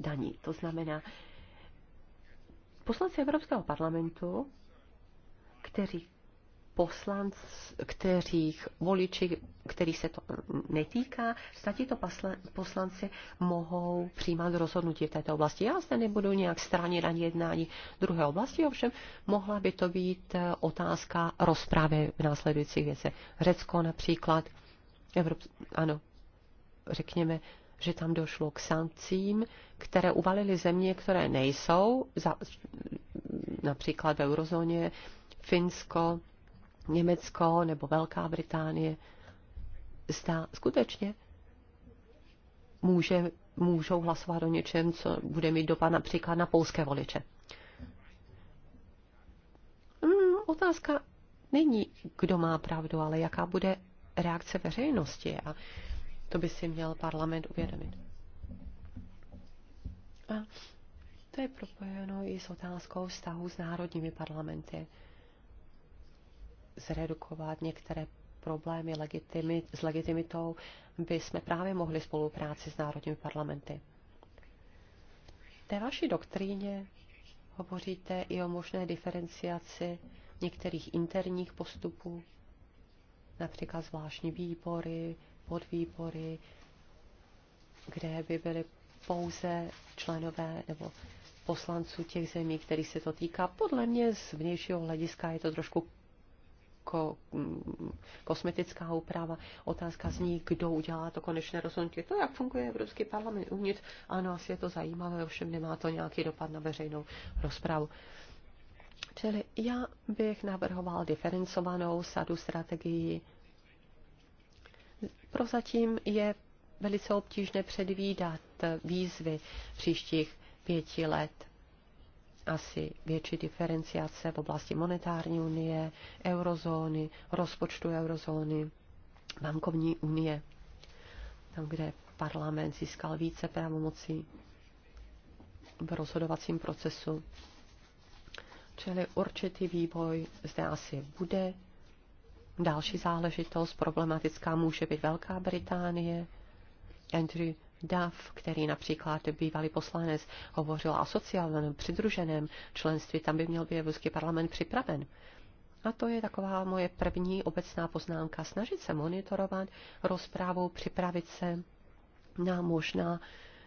daní. To znamená, poslanci Evropského parlamentu, kteří poslanc, kterých voliči, který se to netýká, snad to poslanci mohou přijímat rozhodnutí v této oblasti. Já zde nebudu nějak stranit ani jednání druhé oblasti, ovšem mohla by to být eh, otázka rozprávy v následujících věcech. Řecko například, Evrop... ano, řekněme, že tam došlo k sankcím, které uvalily země, které nejsou, za, například v eurozóně, Finsko, Německo nebo Velká Británie, zda skutečně může, můžou hlasovat o něčem, co bude mít dopad například na polské voliče. Hmm, otázka není, kdo má pravdu, ale jaká bude reakce veřejnosti. A to by si měl parlament uvědomit. A to je propojeno i s otázkou vztahu s národními parlamenty zredukovat některé problémy legitimit, s legitimitou, by jsme právě mohli spolupráci s národními parlamenty. V té vaší doktríně hovoříte i o možné diferenciaci některých interních postupů, například zvláštní výbory, podvýbory, kde by byly pouze členové nebo poslanců těch zemí, který se to týká. Podle mě z vnějšího hlediska je to trošku jako kosmetická úprava. Otázka zní, kdo udělá to konečné rozhodnutí. To, jak funguje Evropský parlament uvnitř, ano, asi je to zajímavé, ovšem nemá to nějaký dopad na veřejnou rozpravu. Čili já bych navrhoval diferencovanou sadu strategií. Prozatím je velice obtížné předvídat výzvy příštích pěti let asi větší diferenciace v oblasti monetární unie, eurozóny, rozpočtu eurozóny, bankovní unie, tam, kde parlament získal více pravomocí v rozhodovacím procesu. Čili určitý vývoj zde asi bude. Další záležitost problematická může být Velká Británie. Andrew DAF, který například bývalý poslanec hovořil o sociálním přidruženém členství, tam by měl být Evropský parlament připraven. A to je taková moje první obecná poznámka. Snažit se monitorovat rozprávu, připravit se na možná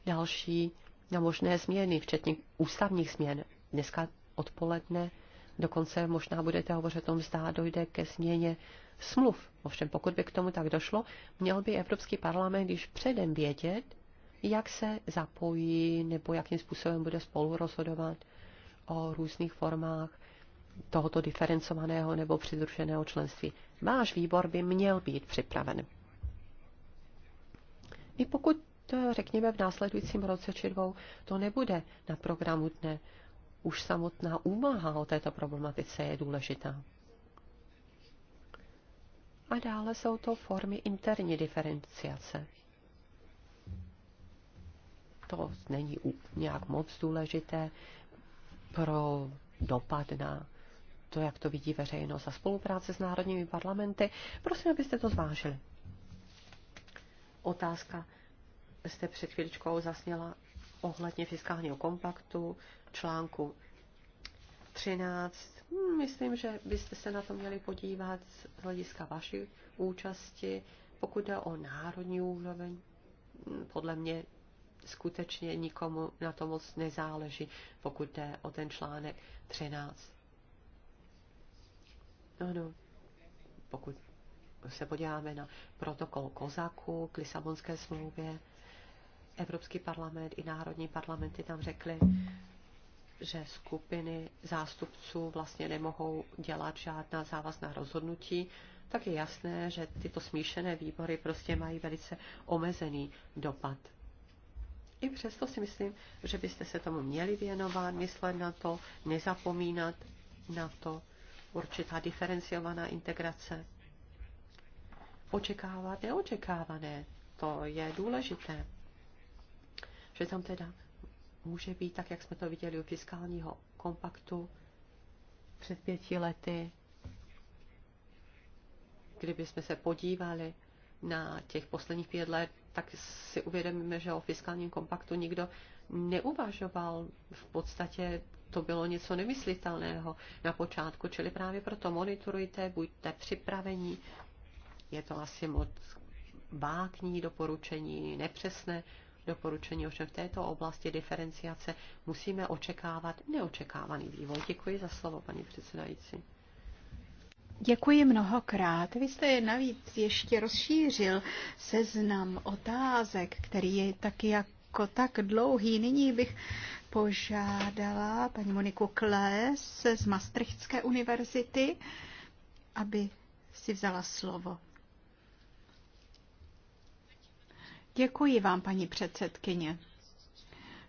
další, na možné změny, včetně ústavních změn. Dneska odpoledne dokonce možná budete hovořit o tom, zda dojde ke změně smluv. Ovšem, pokud by k tomu tak došlo, měl by Evropský parlament již předem vědět, jak se zapojí nebo jakým způsobem bude spolu rozhodovat o různých formách tohoto diferencovaného nebo přidruženého členství. Váš výbor by měl být připraven. I pokud, eh, řekněme, v následujícím roce či dvou to nebude na programu dne, už samotná úmaha o této problematice je důležitá. A dále jsou to formy interní diferenciace to není nějak moc důležité pro dopad na to, jak to vidí veřejnost a spolupráce s národními parlamenty. Prosím, abyste to zvážili. Otázka jste před chvíličkou zasněla ohledně fiskálního kompaktu, článku 13. Hmm, myslím, že byste se na to měli podívat z hlediska vaší účasti. Pokud jde o národní úroveň, hmm, podle mě skutečně nikomu na to moc nezáleží, pokud jde o ten článek 13. Ano, pokud se podíváme na protokol Kozaku k Lisabonské smlouvě, Evropský parlament i národní parlamenty tam řekly, že skupiny zástupců vlastně nemohou dělat žádná závazná rozhodnutí, tak je jasné, že tyto smíšené výbory prostě mají velice omezený dopad i přesto si myslím, že byste se tomu měli věnovat, myslet na to, nezapomínat na to, určitá diferenciovaná integrace. Očekávat neočekávané, to je důležité. Že tam teda může být, tak jak jsme to viděli u fiskálního kompaktu před pěti lety, kdyby jsme se podívali na těch posledních pět let, tak si uvědomíme, že o fiskálním kompaktu nikdo neuvažoval. V podstatě to bylo něco nemyslitelného na počátku, čili právě proto monitorujte, buďte připraveni. Je to asi moc vákní doporučení, nepřesné doporučení, ovšem v této oblasti diferenciace musíme očekávat neočekávaný vývoj. Děkuji za slovo, paní předsedající. Děkuji mnohokrát. Vy jste navíc ještě rozšířil seznam otázek, který je taky jako tak dlouhý. Nyní bych požádala paní Moniku Kles z Maastrichtské univerzity, aby si vzala slovo. Děkuji vám, paní předsedkyně.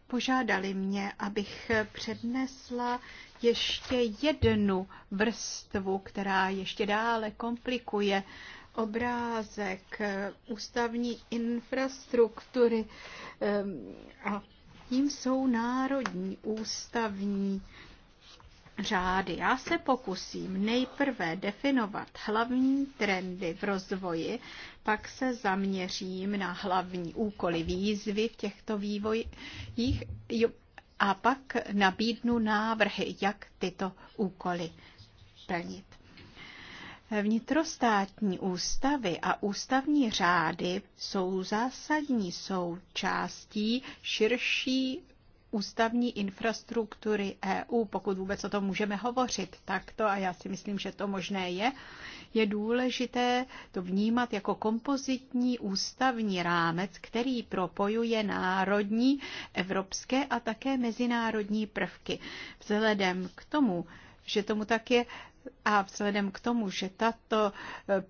Požádali mě, abych přednesla ještě jednu vrstvu, která ještě dále komplikuje obrázek ústavní infrastruktury ehm, a tím jsou národní ústavní řády. Já se pokusím nejprve definovat hlavní trendy v rozvoji, pak se zaměřím na hlavní úkoly výzvy v těchto vývojích, a pak nabídnu návrhy, jak tyto úkoly plnit. Vnitrostátní ústavy a ústavní řády jsou zásadní součástí širší ústavní infrastruktury EU, pokud vůbec o tom můžeme hovořit takto, a já si myslím, že to možné je, je důležité to vnímat jako kompozitní ústavní rámec, který propojuje národní, evropské a také mezinárodní prvky. Vzhledem k tomu, že tomu tak je, a vzhledem k tomu, že tato eh,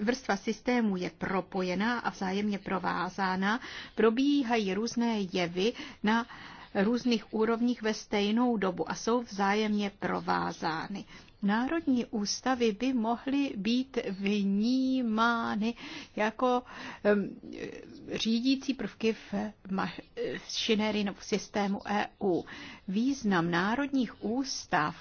vrstva systému je propojená a vzájemně provázána, probíhají různé jevy na různých úrovních ve stejnou dobu a jsou vzájemně provázány. Národní ústavy by mohly být vnímány jako řídící prvky v mašinérii nebo v systému EU. Význam národních ústav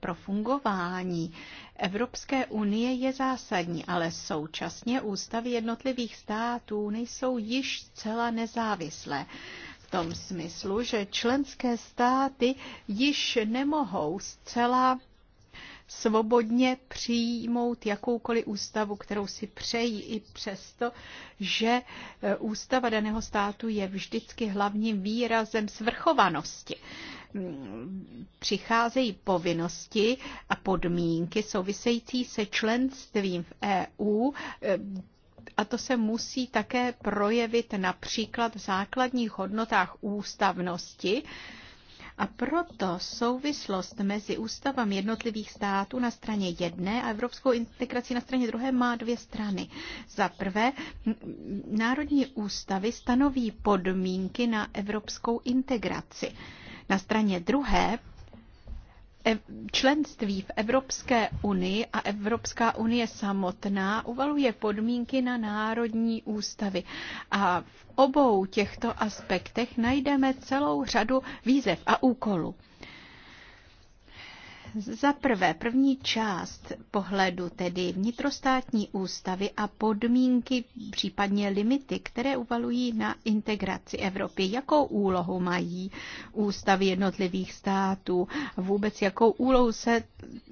pro fungování Evropské unie je zásadní, ale současně ústavy jednotlivých států nejsou již zcela nezávislé. V tom smyslu, že členské státy již nemohou zcela svobodně přijmout jakoukoliv ústavu, kterou si přejí, i přesto, že e, ústava daného státu je vždycky hlavním výrazem svrchovanosti mm, přicházejí povinnosti a podmínky související se členstvím v EU. E, a to se musí také projevit například v základních hodnotách ústavnosti, a proto souvislost mezi ústavami jednotlivých států na straně jedné a evropskou integrací na straně druhé má dvě strany. Za prvé, národní ústavy stanoví podmínky na evropskou integraci. Na straně druhé Členství v Evropské unii a Evropská unie samotná uvaluje podmínky na národní ústavy. A v obou těchto aspektech najdeme celou řadu výzev a úkolů. Za prvé, první část pohledu, tedy vnitrostátní ústavy a podmínky, případně limity, které uvalují na integraci Evropy. Jakou úlohu mají ústavy jednotlivých států? Vůbec jakou úlohu se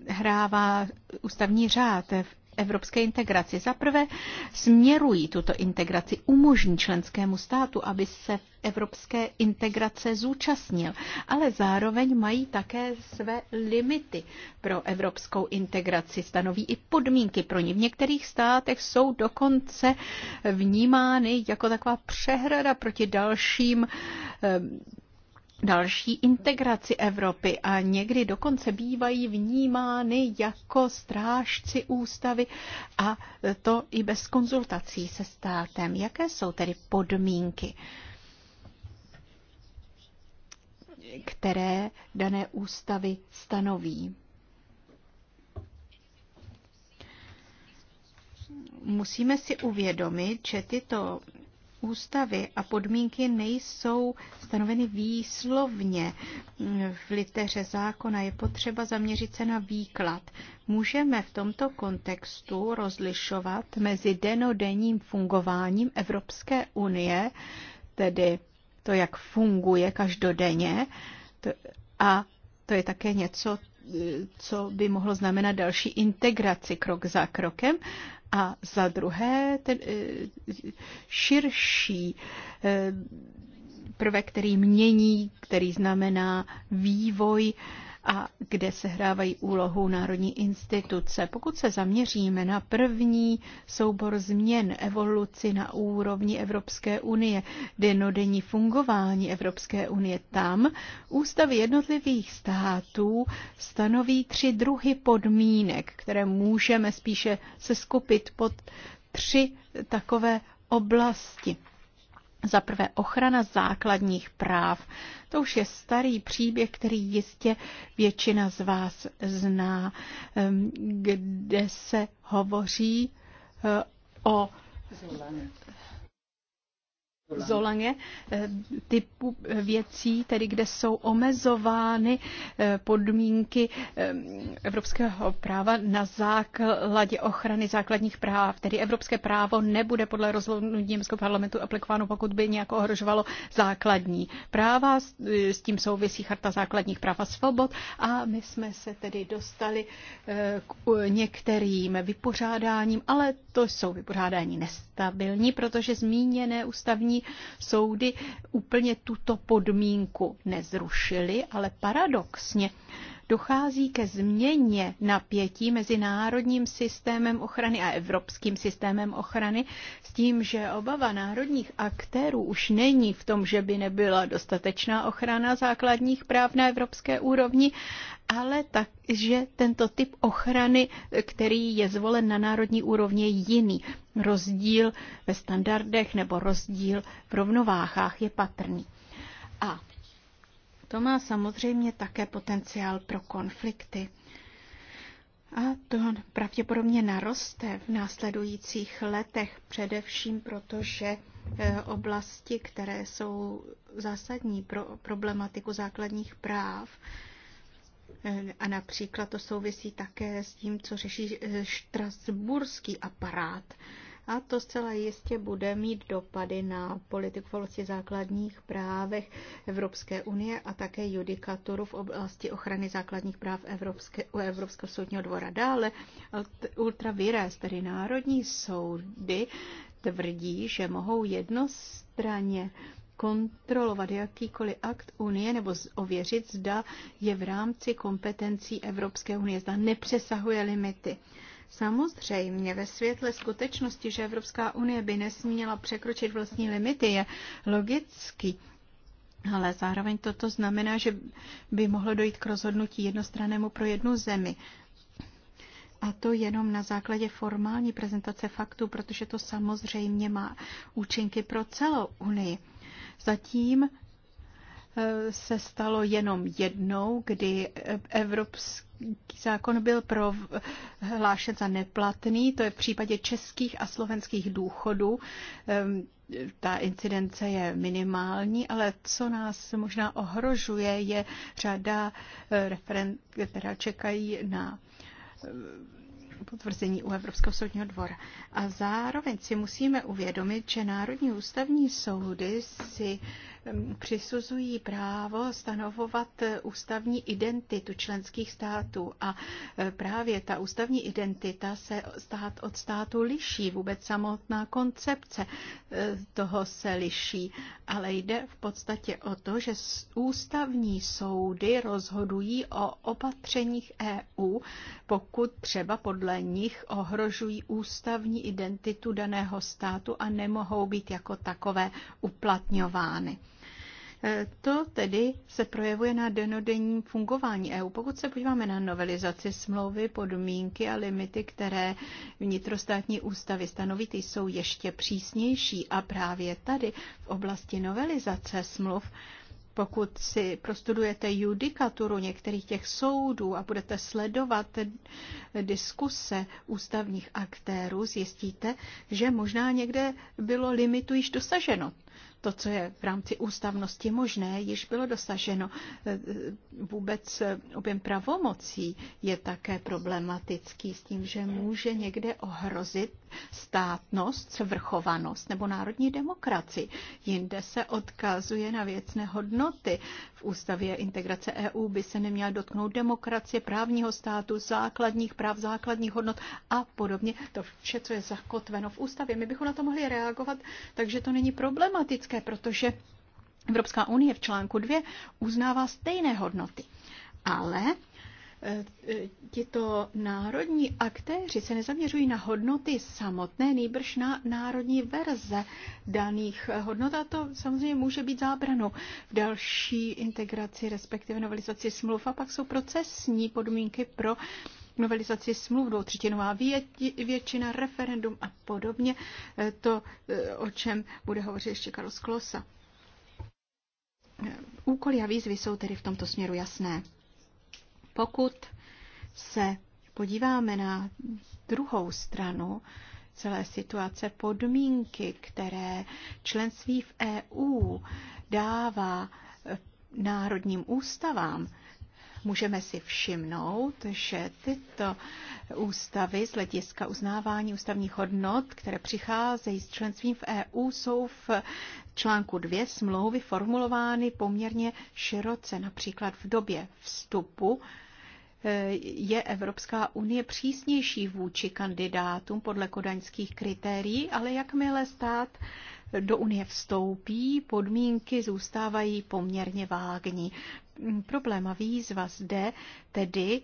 hrává ústavní řád v evropské integraci. Za prvé směrují tuto integraci, umožní členskému státu, aby se v evropské integrace zúčastnil, ale zároveň mají také své limity pro evropskou integraci, stanoví i podmínky pro ní. V některých státech jsou dokonce vnímány jako taková přehrada proti dalším eh, další integraci Evropy a někdy dokonce bývají vnímány jako strážci ústavy a to i bez konzultací se státem. Jaké jsou tedy podmínky, které dané ústavy stanoví? Musíme si uvědomit, že tyto ústavy a podmínky nejsou stanoveny výslovně v liteře zákona. Je potřeba zaměřit se na výklad. Můžeme v tomto kontextu rozlišovat mezi denodenním fungováním Evropské unie, tedy to, jak funguje každodenně, a to je také něco, co by mohlo znamenat další integraci krok za krokem a za druhé, ten eh, širší eh, prvek, který mění, který znamená vývoj a kde se hrávají úlohu národní instituce. Pokud se zaměříme na první soubor změn evoluci na úrovni Evropské unie, denodenní fungování Evropské unie tam, ústavy jednotlivých států stanoví tři druhy podmínek, které můžeme spíše se skupit pod tři takové oblasti. Za prvé ochrana základních práv. To už je starý příběh, který jistě většina z vás zná, ehm, kde se hovoří eh, o Zolaně eh, typu eh, věcí, tedy kde jsou omezovány eh, podmínky evropského práva na základě ochrany základních práv. Tedy evropské právo nebude podle rozhodnutí Německého parlamentu aplikováno, pokud by nějak ohrožovalo základní práva. S tím souvisí charta základních práv a svobod. A my jsme se tedy dostali k některým vypořádáním, ale to jsou vypořádání nestabilní, protože zmíněné ústavní soudy úplně tuto podmínku nezrušily, ale paradoxně dochází ke změně napětí mezi národním systémem ochrany a evropským systémem ochrany s tím, že obava národních aktérů už není v tom, že by nebyla dostatečná ochrana základních práv na evropské úrovni, ale tak, že tento typ ochrany, který je zvolen na národní úrovni, je jiný. Rozdíl ve standardech nebo rozdíl v rovnováhách je patrný. A to má samozřejmě také potenciál pro konflikty. A to pravděpodobně naroste v následujících letech, především protože eh, oblasti, které jsou zásadní pro problematiku základních práv, eh, a například to souvisí také s tím, co řeší eh, štrasburský aparát, a to zcela jistě bude mít dopady na politiku v oblasti základních právech Evropské unie a také judikaturu v oblasti ochrany základních práv Evropské, u Evropského soudního dvora. Dále ultra tedy národní soudy, tvrdí, že mohou jednostranně kontrolovat jakýkoliv akt Unie nebo ověřit, zda je v rámci kompetencí Evropské unie, zda nepřesahuje limity. Samozřejmě ve světle skutečnosti, že Evropská unie by nesměla překročit vlastní limity, je logický, ale zároveň toto znamená, že by mohlo dojít k rozhodnutí jednostrannému pro jednu zemi. A to jenom na základě formální prezentace faktů, protože to samozřejmě má účinky pro celou Unii. Zatím se stalo jenom jednou, kdy evropský zákon byl prohlášen za neplatný, to je v případě českých a slovenských důchodů. Ehm, ta incidence je minimální, ale co nás možná ohrožuje, je řada eh, referen, která čekají na eh, potvrzení u Evropského soudního dvora. A zároveň si musíme uvědomit, že Národní ústavní soudy si Ehm, přisuzují právo stanovovat eh, ústavní identitu členských států a eh, právě ta ústavní identita se stát od státu liší, vůbec samotná koncepce eh, toho se liší, ale jde v podstatě o to, že ústavní soudy rozhodují o opatřeních EU, pokud třeba podle nich ohrožují ústavní identitu daného státu a nemohou být jako takové uplatňovány. Eh, to tedy se projevuje na denodenním fungování EU. Pokud se podíváme na novelizaci smlouvy, podmínky a limity, které vnitrostátní ústavy stanoví, ty jsou ještě přísnější a právě tady v oblasti novelizace smluv pokud si prostudujete judikaturu některých těch soudů a budete sledovat diskuse ústavních aktérů, zjistíte, že možná někde bylo limitu již dosaženo. To, co je v rámci ústavnosti možné, již bylo dosaženo. E, e, vůbec e, objem pravomocí je také problematický s tím, že může někde ohrozit státnost, svrchovanost nebo národní demokracii. Jinde se odkazuje na věcné hodnoty. V ústavě integrace EU by se neměla dotknout demokracie, právního státu, základních práv, základních hodnot a podobně. To vše, co je zakotveno v ústavě. My bychom na to mohli reagovat, takže to není problematické problematické, protože Evropská unie v článku 2 uznává stejné hodnoty. Ale e, e, tito národní aktéři se nezaměřují na hodnoty samotné, nýbrž na národní verze daných hodnot a to samozřejmě může být zábranou v další integraci, respektive novelizaci smluv a pak jsou procesní podmínky pro novelizaci smluv, dvoutřetinová většina, referendum a podobně. E, to, e, o čem bude hovořit ještě Karol Sklosa. E, úkoly a výzvy jsou tedy v tomto směru jasné. Pokud se podíváme na druhou stranu celé situace, podmínky, které členství v EU dává národním ústavám, Můžeme si všimnout, že tyto ústavy z hlediska uznávání ústavních hodnot, které přicházejí s členstvím v EU, jsou v článku 2 smlouvy formulovány poměrně široce, například v době vstupu Eh, je Evropská unie přísnější vůči kandidátům podle kodaňských kritérií, ale jakmile stát do Unie vstoupí, podmínky zůstávají poměrně vágní. Mm, problém a výzva zde tedy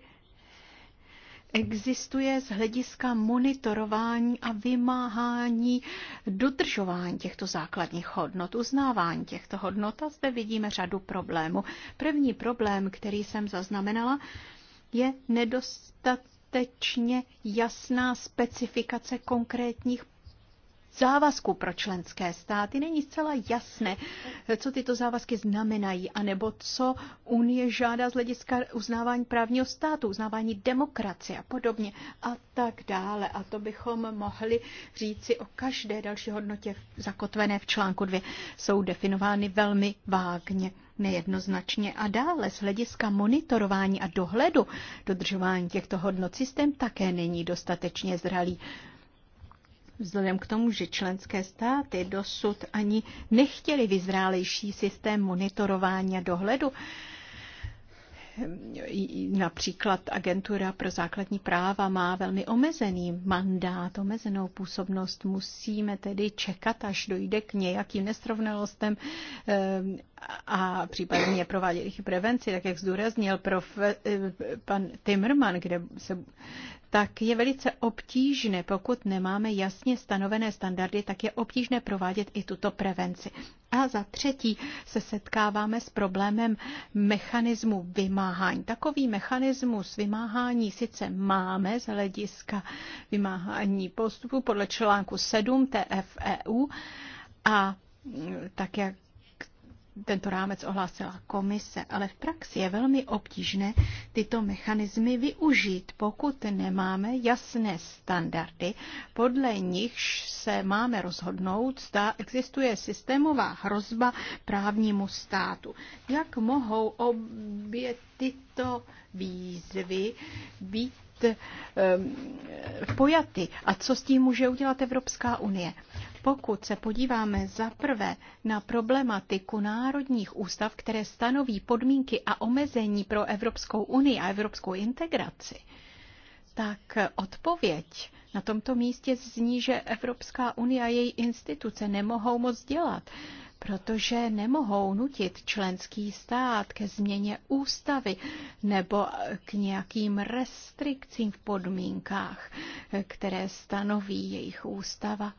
existuje z hlediska monitorování a vymáhání dodržování těchto základních hodnot, uznávání těchto hodnot a zde vidíme řadu problémů. První problém, který jsem zaznamenala, je nedostatečně jasná specifikace konkrétních závazků pro členské státy. Není zcela jasné, co tyto závazky znamenají, anebo co Unie žádá z hlediska uznávání právního státu, uznávání demokracie a podobně a tak dále. A to bychom mohli říci o každé další hodnotě zakotvené v článku 2. Jsou definovány velmi vágně nejednoznačně a dále z hlediska monitorování a dohledu dodržování těchto hodnot systém také není dostatečně zralý. Vzhledem k tomu, že členské státy dosud ani nechtěli vyzrálejší systém monitorování a dohledu, Například agentura pro základní práva má velmi omezený mandát, omezenou působnost. Musíme tedy čekat, až dojde k nějakým nesrovnalostem eh, a případně provádět jejich prevenci, tak jak zdůraznil prof, eh, pan Timmerman, kde se tak je velice obtížné, pokud nemáme jasně stanovené standardy, tak je obtížné provádět i tuto prevenci. A za třetí se setkáváme s problémem mechanismu vymáhání. Takový mechanismus vymáhání sice máme z hlediska vymáhání postupu podle článku 7 TFEU a tak, jak tento rámec ohlásila komise, ale v praxi je velmi obtížné tyto mechanismy využít, pokud nemáme jasné standardy, podle nichž se máme rozhodnout, zda existuje systémová hrozba právnímu státu. Jak mohou obě tyto výzvy být ehm, pojaty a co s tím může udělat Evropská unie? Pokud se podíváme zaprvé na problematiku národních ústav, které stanoví podmínky a omezení pro Evropskou unii a evropskou integraci, tak odpověď na tomto místě zní, že Evropská unie a její instituce nemohou moc dělat, protože nemohou nutit členský stát ke změně ústavy nebo k nějakým restrikcím v podmínkách, které stanoví jejich ústava.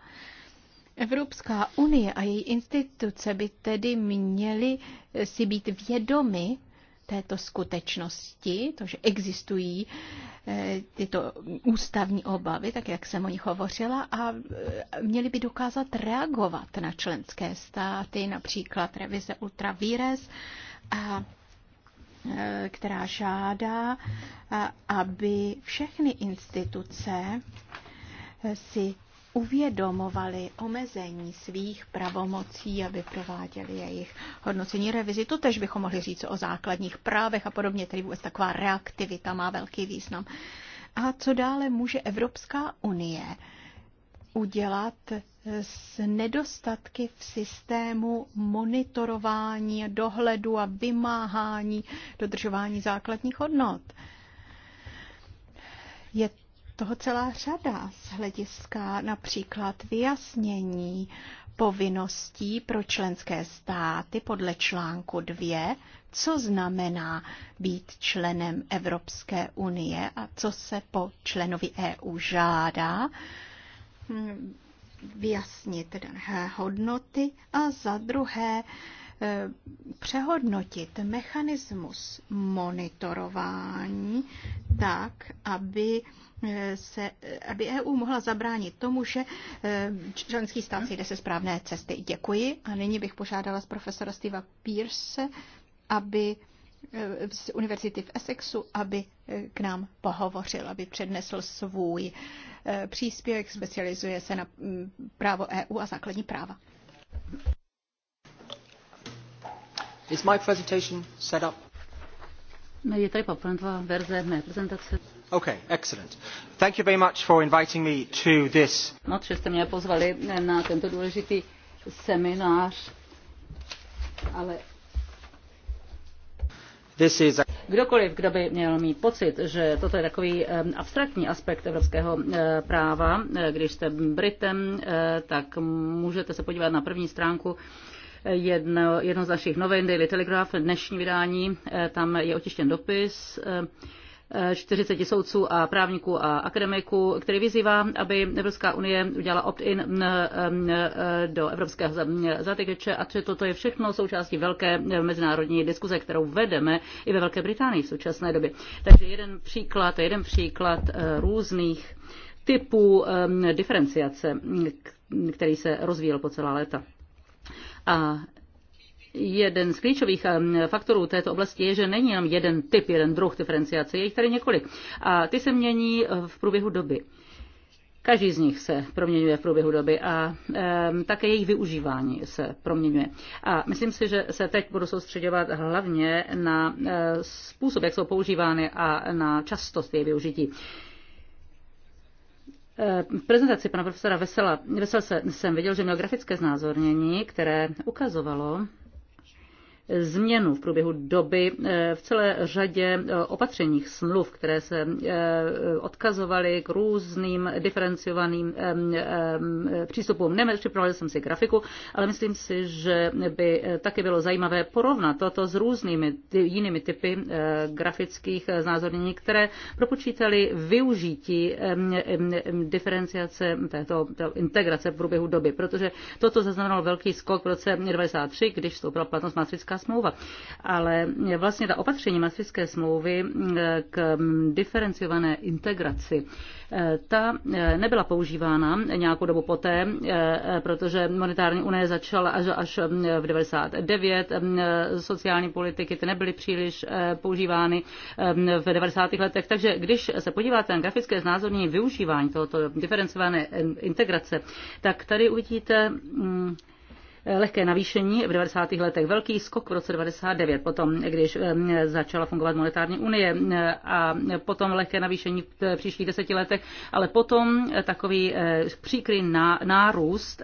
Evropská unie a její instituce by tedy měly si být vědomy této skutečnosti, to, že existují eh, tyto ústavní obavy, tak jak jsem o nich hovořila, a eh, měli by dokázat reagovat na členské státy, například revize ultravires, a, eh, která žádá, aby všechny instituce si uvědomovali omezení svých pravomocí, aby prováděli jejich hodnocení revizi. To tež bychom mohli říct o základních právech a podobně, tedy vůbec taková reaktivita má velký význam. A co dále může Evropská unie udělat s nedostatky v systému monitorování, dohledu a vymáhání dodržování základních hodnot? Je toho celá řada z hlediska například vyjasnění povinností pro členské státy podle článku 2, co znamená být členem Evropské unie a co se po členovi EU žádá, hmm, vyjasnit hodnoty a za druhé eh, přehodnotit mechanismus monitorování tak, aby Eh, se, eh, aby EU mohla zabránit tomu, že eh, členský stát jde se správné cesty. Děkuji. A nyní bych požádala z profesora Steva Pierce, aby z univerzity v Essexu, aby k nám pohovořil, aby přednesl svůj příspěvek, specializuje se na mm, právo EU a základní práva. Is my presentation set up? Je tady poprvé verze mé prezentace. Moc, že no, jste mě pozvali na tento důležitý seminář, ale Kdokoliv, kdo by měl mít pocit, že toto je takový abstraktní aspekt evropského práva, e, když jste Britem, e, tak můžete se podívat na první stránku e, jedno, jedno z našich novin Daily Telegraph, dnešní vydání, tam je otištěn dopis 40 soudců a právníků a akademiků, který vyzývá, aby Evropská unie udělala opt-in mm, mm, do evropského zatykače a že toto je všechno součástí velké mezinárodní diskuze, kterou vedeme i ve Velké Británii v současné době. Takže jeden příklad, jeden příklad eh, různých typů eh, diferenciace, který se rozvíjel po celá léta. A jeden z klíčových eh, faktorů této oblasti je, že není jenom jeden typ, jeden druh diferenciace, je jich tady několik. A ty se mění eh, v průběhu doby. Každý z nich se proměňuje v průběhu doby a e, také jejich využívání se proměňuje. A myslím si, že se teď budu soustředovat hlavně na e, způsob, jak jsou používány a na častost jejich využití. V prezentaci pana profesora Vesela, Vesel se, jsem viděl, že měl grafické znázornění, které ukazovalo, změnu v průběhu doby eh, v celé řadě eh, opatřeních smluv, které se eh, odkazovaly k různým diferenciovaným přístupům. Nepřipravil jsem si grafiku, ale myslím si, že by taky bylo zajímavé porovnat toto s různými jinými typy grafických znázornění, které propočítali využití diferenciace této integrace v průběhu doby, protože toto zaznamenalo velký skok v roce 1993, když vstoupila platnost matrická Maastrichtská smlouva. Ale vlastně ta opatření Maastrichtské smlouvy eh, k diferenciované integraci, eh, ta eh, nebyla používána nějakou dobu poté, protože monetární unie začala až, až v 99, sociální politiky ty nebyly příliš používány v 90. letech, takže když se podíváte na grafické znázornění využívání tohoto diferencované integrace, tak tady uvidíte mm, Eh, lehké navýšení v 90. letech, velký skok v roce 99, potom, když eh, začala fungovat monetární unie eh, a potom lehké navýšení v příštích deseti letech, ale potom takový příkry na nárůst,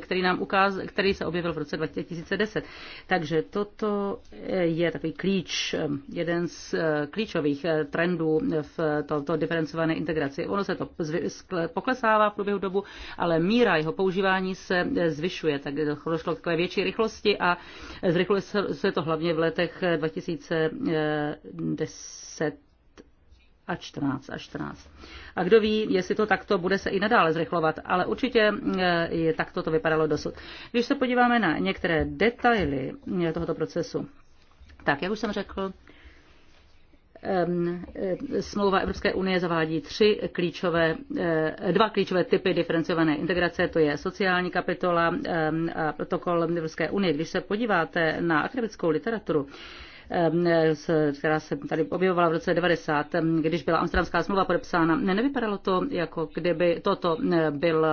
který nám ukáz, který se objevil v roce 2010. Takže toto je takový klíč, jeden z klíčových trendů v tomto diferencované integraci. Ono se to poklesává v průběhu dobu, ale míra jeho používání se zvyšuje, tak došlo k takové větší rychlosti a zrychluje se to hlavně v letech 2010 a 14 a 14. A kdo ví, jestli to takto bude se i nadále zrychlovat, ale určitě eh, je, takto to vypadalo dosud. Když se podíváme na některé detaily eh, tohoto procesu, tak jak už jsem řekl, E, smlouva Evropské unie zavádí tři klíčové, e, dva klíčové typy diferencované integrace, to je sociální kapitola a protokol Evropské unie. Když se podíváte na akademickou literaturu, Ehm, která se tady objevovala v roce 90, ehm, když byla Amsterdamská smlouva podepsána. Nevypadalo to, jako kdyby toto ehm, byl,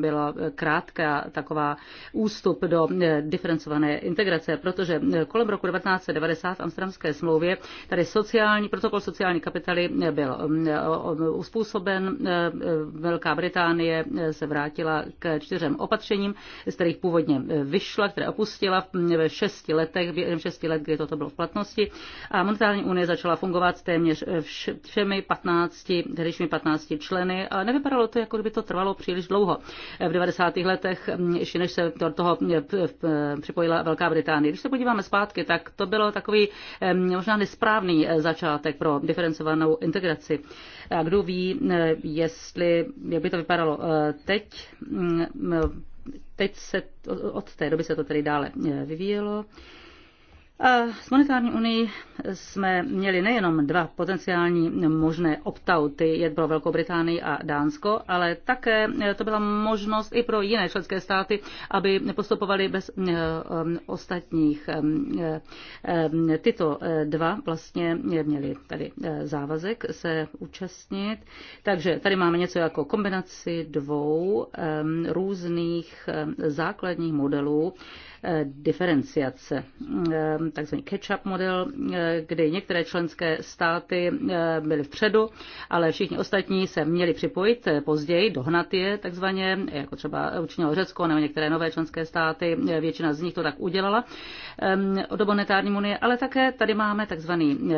byla krátká taková ústup do diferencované integrace, protože kolem roku 1990 v Amsterdamské smlouvě tady sociální, protokol sociální kapitaly byl uspůsoben. Velká Británie se vrátila k čtyřem opatřením, z kterých původně vyšla, které opustila ve šesti letech, během šesti let, kdy toto bylo v platnosti platnosti a monetární unie začala fungovat téměř eh, všemi 15, tehdejšími 15 členy a nevypadalo to, jako kdyby to trvalo příliš dlouho. Eh, v 90. letech, hm, ještě než se do toho eh, připojila Velká Británie. Když se podíváme zpátky, tak to bylo takový ehm, možná nesprávný začátek pro diferencovanou integraci. A kdo ví, jestli, jak by to vypadalo teď, hm, teď se, od té doby se to tedy dále vyvíjelo. S monetární unii jsme měli nejenom dva potenciální možné optauty, outy pro Velkou Británii a Dánsko, ale také to byla možnost i pro jiné členské státy, aby postupovali bez eh, eh, ostatních. Eh, tyto dva vlastně měli tady závazek se účastnit. Takže tady máme něco jako kombinaci dvou různých základních modelů Eh, diferenciace, eh, takzvaný catch-up model, eh, kdy některé členské státy byly vpředu, ale všichni ostatní se měli připojit později, dohnat je takzvaně, jako třeba učinilo Řecko nebo některé nové členské státy, většina z nich to tak udělala ehm, do monetární unie, ale také tady máme takzvaný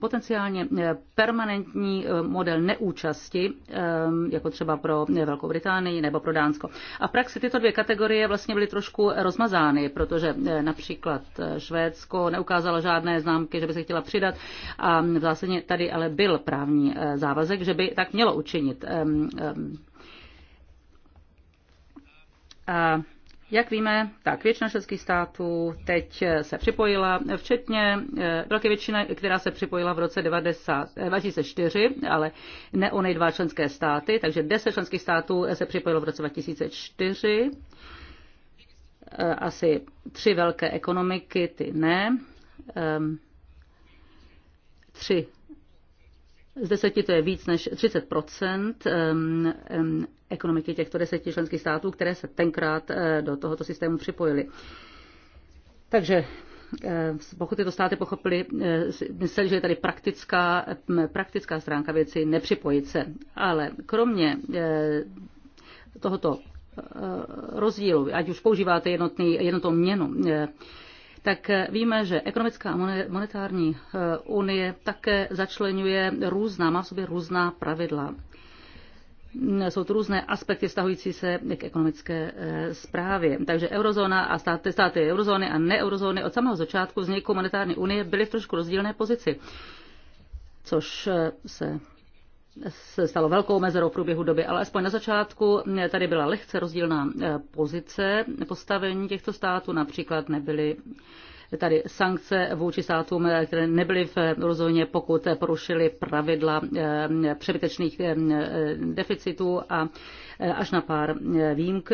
potenciálně permanentní model neúčasti, ehm, jako třeba pro Velkou Británii nebo pro Dánsko. A v praxi tyto dvě kategorie vlastně byly trošku rozmazané zakázány, protože eh, například eh, Švédsko neukázalo žádné známky, že by se chtěla přidat a v zásadě tady ale byl právní eh, závazek, že by tak mělo učinit. A jak víme, tak většina českých států teď se připojila, včetně velké většina, která se připojila v roce 90, 2004, ale ne ony dva členské státy, takže 10 členských států se připojilo v roce 2004 Eh, asi tři velké ekonomiky, ty ne. Ehm, tři z deseti to je víc než 30 ehm, ehm, ekonomiky těchto deseti členských států, které se tenkrát eh, do tohoto systému připojily. Takže eh, pokud tyto státy pochopili, mysleli, že je tady praktická, praktická stránka věci nepřipojit se. Ale kromě tohoto Eh, rozdílu, ať už používáte jednotný, jednotnou měnu, eh, tak eh, víme, že ekonomická a monetární unie také začlenuje různá, má v sobě různá pravidla. Mm, jsou to různé aspekty stahující se k ekonomické zprávě. Takže eurozóna a státy, státy eurozóny a neeurozóny od samého začátku vzniku monetární unie byly v trošku rozdílné pozici, což se se stalo velkou mezerou v průběhu doby, ale aspoň na začátku tady byla lehce rozdílná eh, pozice postavení těchto států, například nebyly tady sankce vůči státům, eh, které nebyly v rozhodně, pokud porušili pravidla eh, přebytečných deficitů a až na pár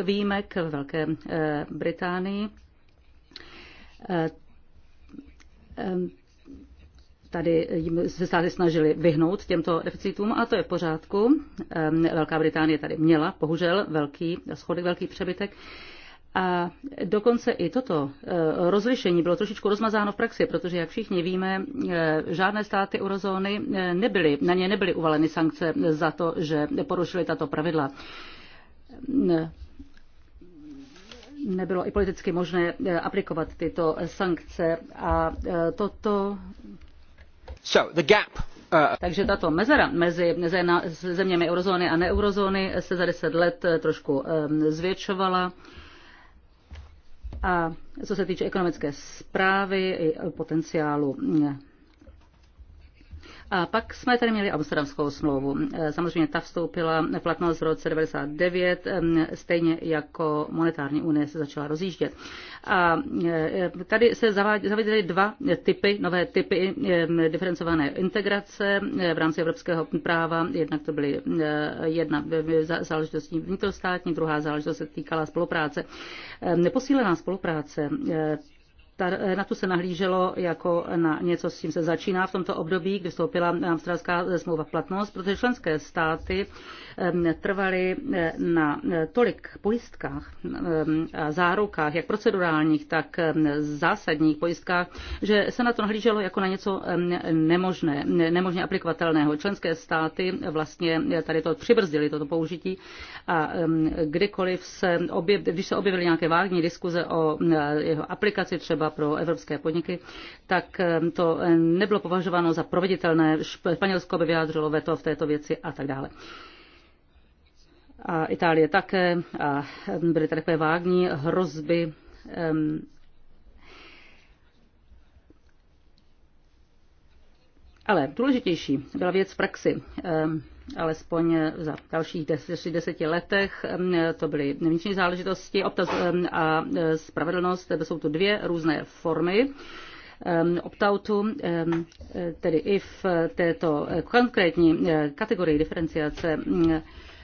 výjimek v Velké Británii tady se státy snažili vyhnout těmto deficitům a to je v pořádku. Velká Británie tady měla bohužel velký schodek, velký přebytek. A dokonce i toto eh, rozlišení bylo trošičku rozmazáno v praxi, protože, jak všichni víme, eh, žádné státy eurozóny eh, nebyly, na ně nebyly uvaleny sankce za to, že porušili tato pravidla nebylo i politicky možné aplikovat tyto sankce a toto Uh, Takže tato mezera mezi zeměmi eurozóny a neeurozóny se za deset let eh, trošku ehm, zvětšovala. A co se týče ekonomické zprávy i potenciálu eh, a pak jsme tady měli Amsterdamskou smlouvu. E, samozřejmě ta vstoupila v platnost v roce 1999, e, stejně jako monetární unie se začala rozjíždět. A e, tady se zavedly dva typy, nové typy diferencované integrace v rámci evropského práva. Jednak to byly jedna záležitostní vnitrostátní, druhá záležitost se týkala spolupráce. Neposílená spolupráce, Eh, na tu se nahlíželo jako na něco, s čím se začíná v tomto období, kdy vstoupila amstralská smlouva v platnost, protože členské státy trvali na tolik pojistkách a zárukách, jak procedurálních, tak zásadních pojistkách, že se na to nahlíželo jako na něco nemožné, nemožně aplikovatelného. Členské státy vlastně tady to přibrzdili, toto použití a kdykoliv se objev, když se objevily nějaké vágní diskuze o jeho aplikaci třeba pro evropské podniky, tak to nebylo považováno za proveditelné. Španělsko by vyjádřilo veto v této věci a tak dále a Itálie také. A byly tady takové vágní hrozby Ale důležitější byla věc v praxi. Alespoň za dalších deseti, deseti letech to byly vnitřní záležitosti, Optaz a e, spravedlnost. Jsou tu dvě různé formy optautu, tedy i v této konkrétní e, kategorii diferenciace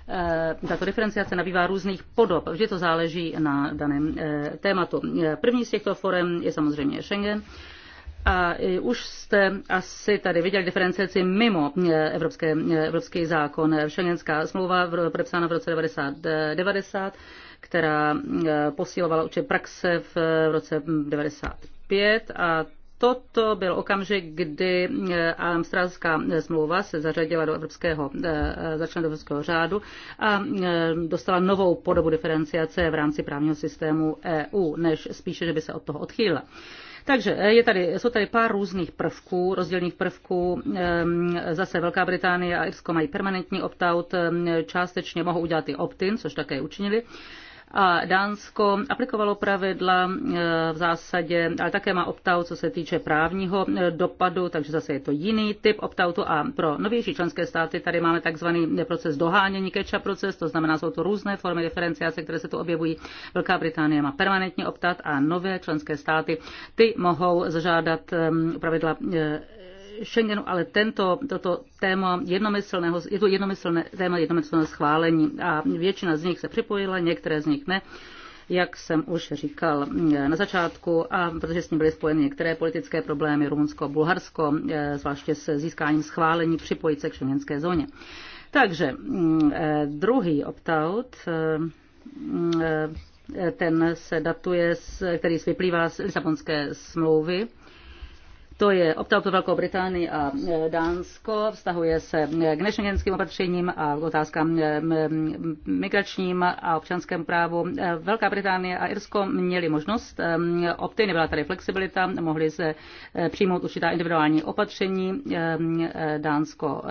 Eh, tato diferenciace nabývá různých podob. Vždy to záleží na daném eh, tématu. Eh, první z těchto forem je samozřejmě Schengen. A už jste asi tady viděli diferenciaci mimo evropské, evropský zákon. Schengenská smlouva podepsána v roce 1990, 90, která posilovala určitě praxe v roce 95 a toto byl okamžik, kdy eh, Amstrádská eh, smlouva se zařadila do evropského, eh, začala do evropského řádu a dostala novou podobu diferenciace v rámci právního systému EU, než spíše, že by se od toho odchýlila. Takže je tady, jsou tady pár různých prvků, rozdílných prvků. Ehm, zase Velká Británie a Irsko mají permanentní opt-out, ehm, částečně mohou udělat i opt-in, což také učinili a Dánsko aplikovalo pravidla e, v zásadě, ale také má optau, co se týče právního e, dopadu, takže zase je to jiný typ optautu a pro novější členské státy tady máme takzvaný proces dohánění, keča proces, to znamená, jsou to různé formy diferenciace, které se tu objevují. Velká Británie má permanentně optat a nové členské státy ty mohou zažádat e, pravidla Schengenu, ale tento, toto téma jednomyslného, je to jednomyslné téma jednomyslného schválení a většina z nich se připojila, některé z nich ne jak jsem už říkal eh, na začátku, a protože s ním byly spojeny některé politické problémy Rumunsko a Bulharsko, eh, zvláště s získáním schválení připojit se k šengenské zóně. Takže mm, eh, druhý opt-out mm, ten se datuje, který vyplývá z Lisabonské smlouvy to je optávka pro Velkou Británii a e, Dánsko, vztahuje se e, k nešengenským opatřením a k otázkám e, migračním a občanském právu. Velká Británie a Irsko měli možnost opty, nebyla tady flexibilita, mohli se přijmout určitá individuální opatření. Dánsko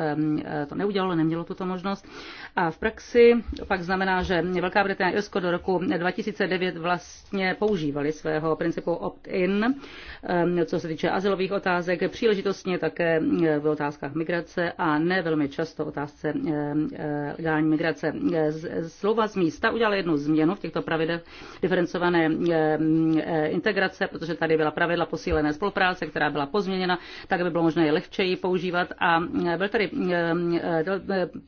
to neudělalo, nemělo tuto možnost. A v praxi to pak znamená, že Velká Británie a Irsko do roku 2009 vlastně používali svého principu opt-in, ehm, co se týče asilových otázek, příležitostně také ehm, v otázkách migrace a ne velmi často otázce ehm, legální migrace. Slova z místa udělala jednu změnu v těchto pravidel diferencované e, integrace, protože tady byla pravidla posílené spolupráce, která byla pozměněna, tak aby bylo možné je lehčeji používat a e, byl tady e,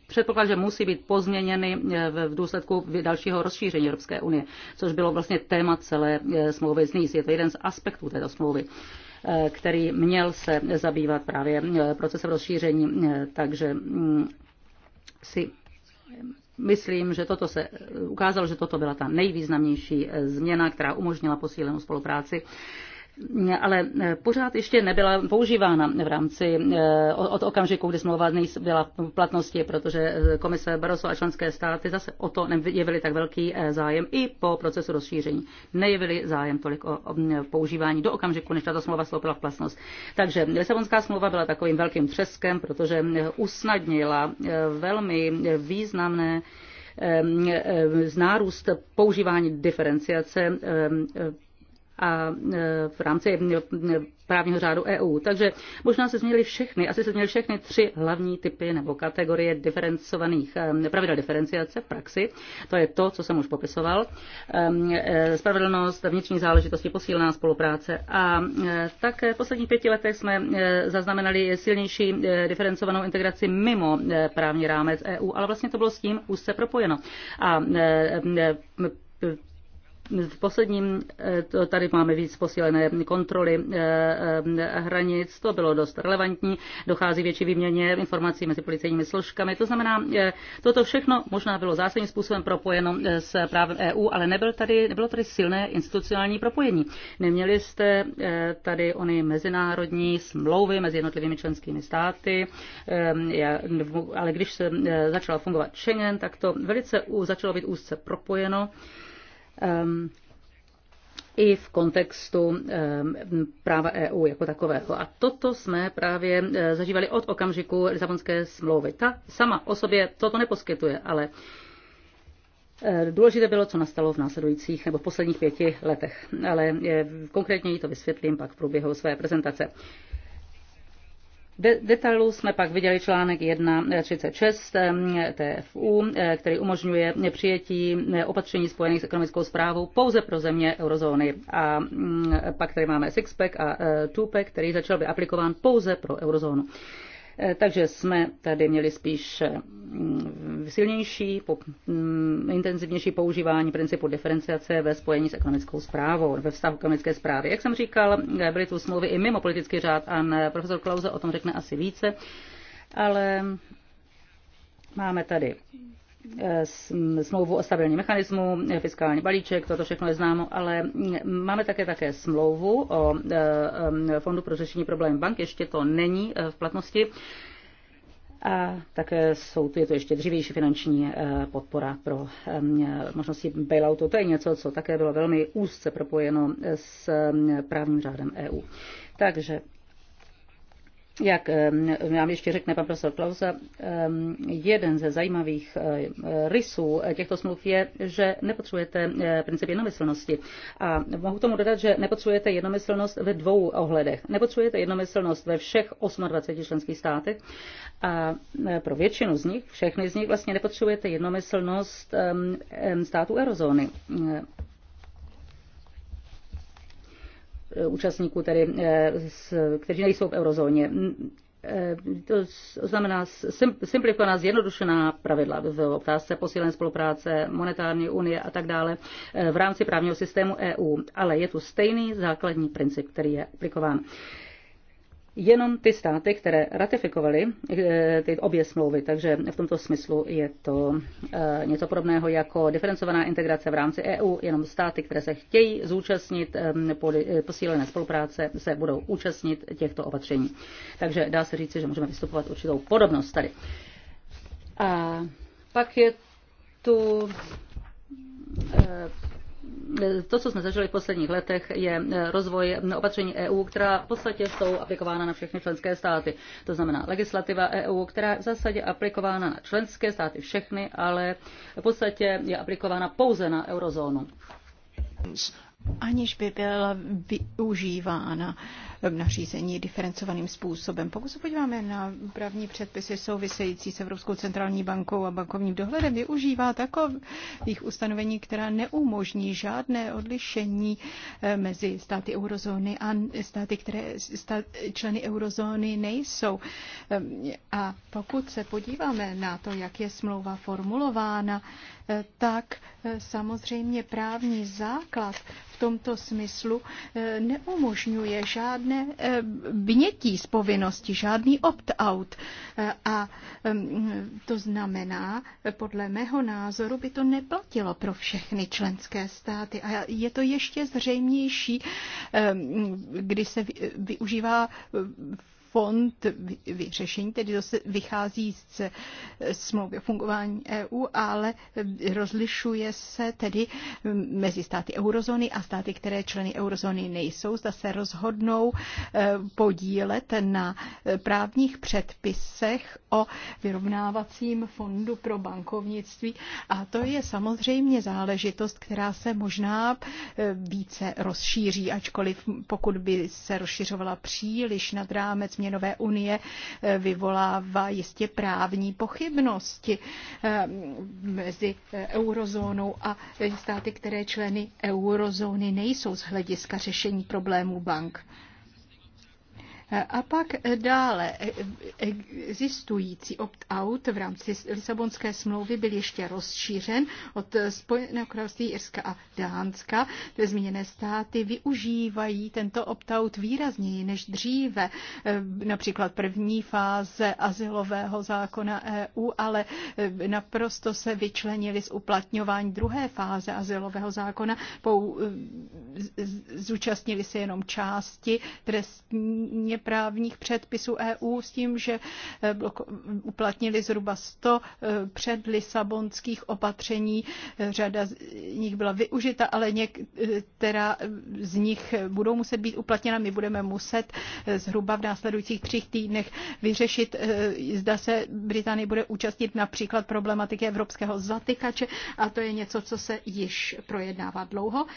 předpoklad, že musí být být pozměněny eh, v důsledku dalšího rozšíření Evropské unie, což bylo vlastně téma celé eh, smlouvy z NIS. Je to jeden z aspektů této smlouvy eh, který měl se zabývat právě procesem rozšíření. Takže mm, si myslím, že toto se ukázalo, že toto byla ta nejvýznamnější změna, která umožnila posílenou spolupráci ale e, pořád ještě nebyla používána v rámci e, od okamžiku, kdy smlouva byla v platnosti, protože e, komise Barroso a členské státy zase o to nejevily tak velký zájem i po procesu rozšíření. Nejevily zájem tolik o používání do okamžiku, než tato smlouva vstoupila v platnost. Takže Lisabonská smlouva byla takovým velkým třeskem, protože usnadnila velmi významné z nárůst používání diferenciace a e, v rámci e, právního řádu EU. Takže možná se změnily všechny, asi se změnily všechny tři hlavní typy nebo kategorie diferencovaných e, pravidel diferenciace v praxi. To je to, co jsem už popisoval. Spravedlnost, vnitřní záležitosti, posílená spolupráce. A tak v posledních pěti letech jsme zaznamenali silnější diferencovanou integraci mimo právní rámec EU, ale vlastně to bylo s tím už se propojeno. A v posledním, eh, to tady máme víc posílené kontroly eh, eh, hranic, to bylo dost relevantní, dochází větší výměně informací mezi policejními složkami. To znamená, toto všechno možná bylo zásadním způsobem propojeno s právem EU, ale nebyl tady, nebylo tady silné institucionální propojení. Neměli jste tady ony mezinárodní smlouvy mezi jednotlivými členskými státy, ale když se začalo fungovat Schengen, tak to velice začalo být úzce propojeno. Ehm, i v kontextu ehm, práva EU jako takového. A toto jsme právě eh, zažívali od okamžiku Lisabonské smlouvy. Ta sama o sobě toto neposkytuje, ale eh, Důležité bylo, co nastalo v následujících nebo v posledních pěti letech, ale eh, konkrétně ji to vysvětlím pak v průběhu své prezentace. Ve detailu jsme pak viděli článek 1.36 TFU, který umožňuje přijetí opatření spojených s ekonomickou zprávou pouze pro země eurozóny. A pak tady máme Sixpack a e, Tupac, který začal být aplikován pouze pro eurozónu. Eh, takže jsme tady měli spíš mm, silnější, mm, intenzivnější používání principu diferenciace ve spojení s ekonomickou zprávou, ve vztahu k ekonomické zprávy. Jak jsem říkal, eh, byly tu smlouvy i mimo politický řád a eh, profesor Klauze o tom řekne asi více, ale máme tady Eh, smlouvu o stabilním mechanismu, fiskální balíček, toto všechno je známo, ale máme také také smlouvu o eh, Fondu pro řešení problémů bank, ještě to není eh, v platnosti. A také jsou tu, je to ještě dřívější finanční podpora pro možnosti bailoutu. To je něco, co také bylo velmi úzce propojeno s právním řádem EU. Takže jak eh, nám ještě řekne pan profesor Klausa, eh, jeden ze zajímavých eh, rysů těchto smluv je, že nepotřebujete princip jednomyslnosti. A mohu tomu dodat, že nepotřebujete jednomyslnost ve dvou ohledech. Nepotřebujete jednomyslnost ve všech 28 členských státech a pro většinu z nich, všechny z nich, vlastně nepotřebujete jednomyslnost států eurozóny Eh, účastníků, tedy, eh, kteří nejsou v eurozóně. Mm, eh, to znamená simplifikovaná, zjednodušená pravidla v otázce posílené spolupráce, monetární unie a tak dále v rámci právního systému EU. Ale je tu stejný základní princip, který je aplikován jenom ty státy, které ratifikovaly eh, ty obě smlouvy. Takže v tomto smyslu je to eh, něco podobného jako diferencovaná integrace v rámci EU. Jenom státy, které se chtějí zúčastnit ehm, eh, posílené spolupráce, se budou účastnit těchto opatření. Takže dá se říci, že můžeme vystupovat určitou podobnost tady. A pak je tu to, co jsme zažili v posledních letech, je rozvoj opatření EU, která v podstatě jsou aplikována na všechny členské státy. To znamená legislativa EU, která je v zásadě aplikována na členské státy všechny, ale v podstatě je aplikována pouze na eurozónu. Aniž by byla využívána nařízení diferencovaným způsobem. Pokud se podíváme na právní předpisy související s Evropskou centrální bankou a bankovním dohledem, využívá takových ustanovení, která neumožní žádné odlišení eh, mezi státy eurozóny a státy, které stát, členy eurozóny nejsou. Eh, a pokud se podíváme na to, jak je smlouva formulována, eh, tak samozřejmě právní základ v tomto smyslu neumožňuje žádné žádné eh, bnětí z povinnosti, žádný opt-out. Eh, a to znamená, podle mého názoru by to neplatilo pro všechny členské státy. A je to ještě zřejmější, kdy se využívá fond vyřešení, tedy zase vychází z smlouvy o fungování EU, ale rozlišuje se tedy mezi státy eurozóny a státy, které členy eurozóny nejsou. Zda se rozhodnou e, podílet na právních předpisech o vyrovnávacím fondu pro bankovnictví. A to je samozřejmě záležitost, která se možná e, více rozšíří, ačkoliv pokud by se rozšiřovala příliš nad rámec měnové unie eh, vyvolává jistě právní pochybnosti eh, mezi eh, eurozónou a státy, které členy eurozóny nejsou z hlediska řešení problémů bank. A pak dále e, e, existující opt-out v rámci Lisabonské smlouvy byl ještě rozšířen od Spojeného království Irska a Dánska. Ty zmíněné státy využívají tento opt-out výrazněji než dříve, e, například první fáze asilového zákona EU, ale naprosto se vyčlenili z uplatňování druhé fáze asilového zákona. Pou, zúčastnili se jenom části trestně ústavně právních předpisů EU s tím, že eh, uplatnili zhruba 100 eh, před Lisabonských opatření. Řada z nich byla využita, ale některá eh, z nich budou muset být uplatněna. My budeme muset zhruba v následujících třích týdnech vyřešit, zda se Británie bude účastnit například problematiky evropského zatykače a to je něco, co se již projednává dlouho.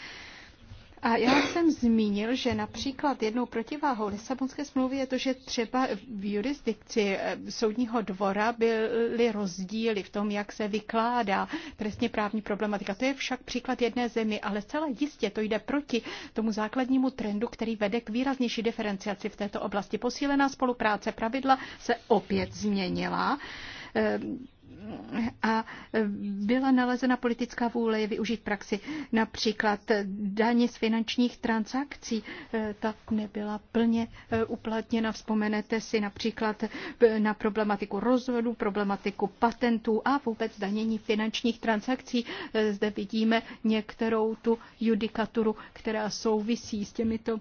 A já jsem zmínil, že například jednou protiváhou Lisabonské smlouvy je to, že třeba v jurisdikci eh, soudního dvora byly rozdíly v tom, jak se vykládá trestně právní problematika. To je však příklad jedné zemi, ale celé jistě to jde proti tomu základnímu trendu, který vede k výraznější diferenciaci v této oblasti. Posílená spolupráce pravidla se opět změnila ehm, a byla nalezena politická vůle je využít praxi. Například daně z finančních transakcí, eh, ta nebyla plně eh, uplatněna. Vzpomenete si například eh, na problematiku rozvodu, problematiku patentů a vůbec danění finančních transakcí. Zde vidíme některou tu judikaturu, která souvisí s těmito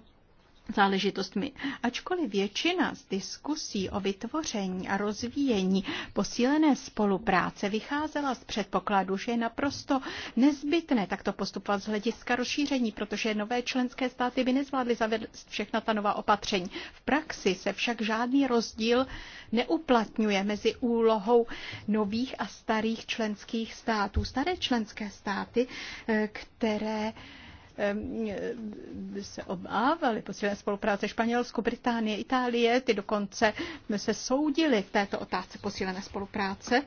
záležitostmi. Ačkoliv většina z diskusí o vytvoření a rozvíjení posílené spolupráce vycházela z předpokladu, že je naprosto nezbytné takto postupovat z hlediska rozšíření, protože nové členské státy by nezvládly zavést všechna ta nová opatření. V praxi se však žádný rozdíl neuplatňuje mezi úlohou nových a starých členských států. Staré členské státy, eh, které Ehm, se obávali posílené spolupráce Španělsku, Británie, Itálie, ty dokonce se soudili v této otázce posílené spolupráce.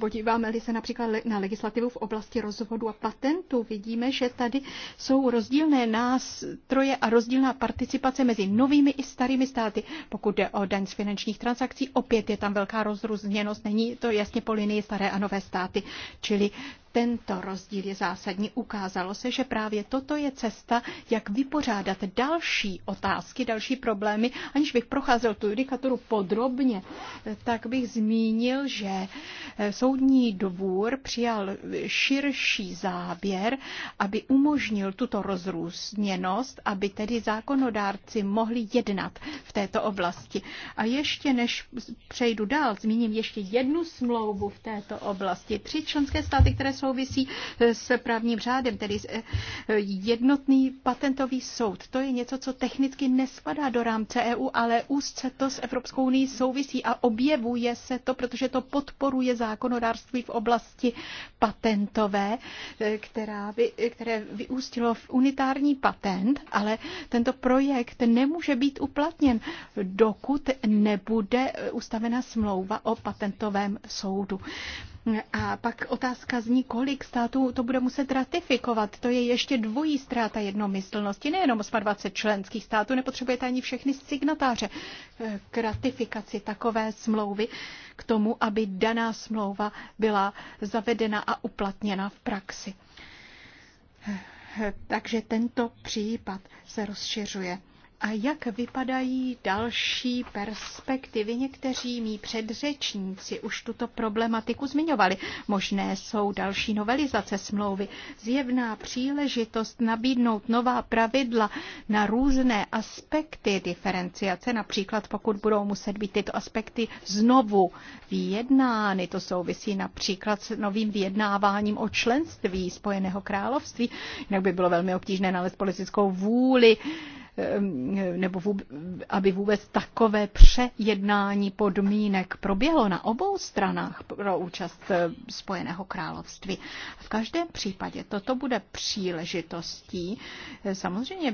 Podíváme-li se například na legislativu v oblasti rozvodu a patentů, vidíme, že tady jsou rozdílné nástroje a rozdílná participace mezi novými i starými státy. Pokud jde o daň z finančních transakcí, opět je tam velká rozrůzněnost, není to jasně po linii staré a nové státy. Čili tento rozdíl je zásadní. Ukázalo se, že právě toto je cesta, jak vypořádat další otázky, další problémy. Aniž bych procházel tu judikaturu podrobně, tak bych zmínil, že eh, soudní dvůr přijal širší záběr, aby umožnil tuto rozrůzněnost, aby tedy zákonodárci mohli jednat v této oblasti. A ještě než přejdu dál, zmíním ještě jednu smlouvu v této oblasti. Tři členské státy, které jsou souvisí s právním řádem, tedy eh, jednotný patentový soud. To je něco, co technicky nespadá do rámce EU, ale úzce to s Evropskou unii souvisí a objevuje se to, protože to podporuje zákonodárství v oblasti patentové, eh, která, eh, které vyústilo v unitární patent, ale tento projekt nemůže být uplatněn, dokud nebude ustavena smlouva o patentovém soudu. A pak otázka zní, kolik států to bude muset ratifikovat. To je ještě dvojí ztráta jednomyslnosti. Nejenom 28 členských států, nepotřebujete ani všechny signatáře k ratifikaci takové smlouvy, k tomu, aby daná smlouva byla zavedena a uplatněna v praxi. Takže tento případ se rozšiřuje. A jak vypadají další perspektivy? Někteří mý předřečníci už tuto problematiku zmiňovali. Možné jsou další novelizace smlouvy, zjevná příležitost nabídnout nová pravidla na různé aspekty diferenciace, například pokud budou muset být tyto aspekty znovu vyjednány. To souvisí například s novým vyjednáváním o členství Spojeného království, jinak by bylo velmi obtížné nalézt politickou vůli Ehm, nebo vůbec, aby vůbec takové přejednání podmínek proběhlo na obou stranách pro účast eh, Spojeného království. V každém případě toto bude příležitostí, eh, samozřejmě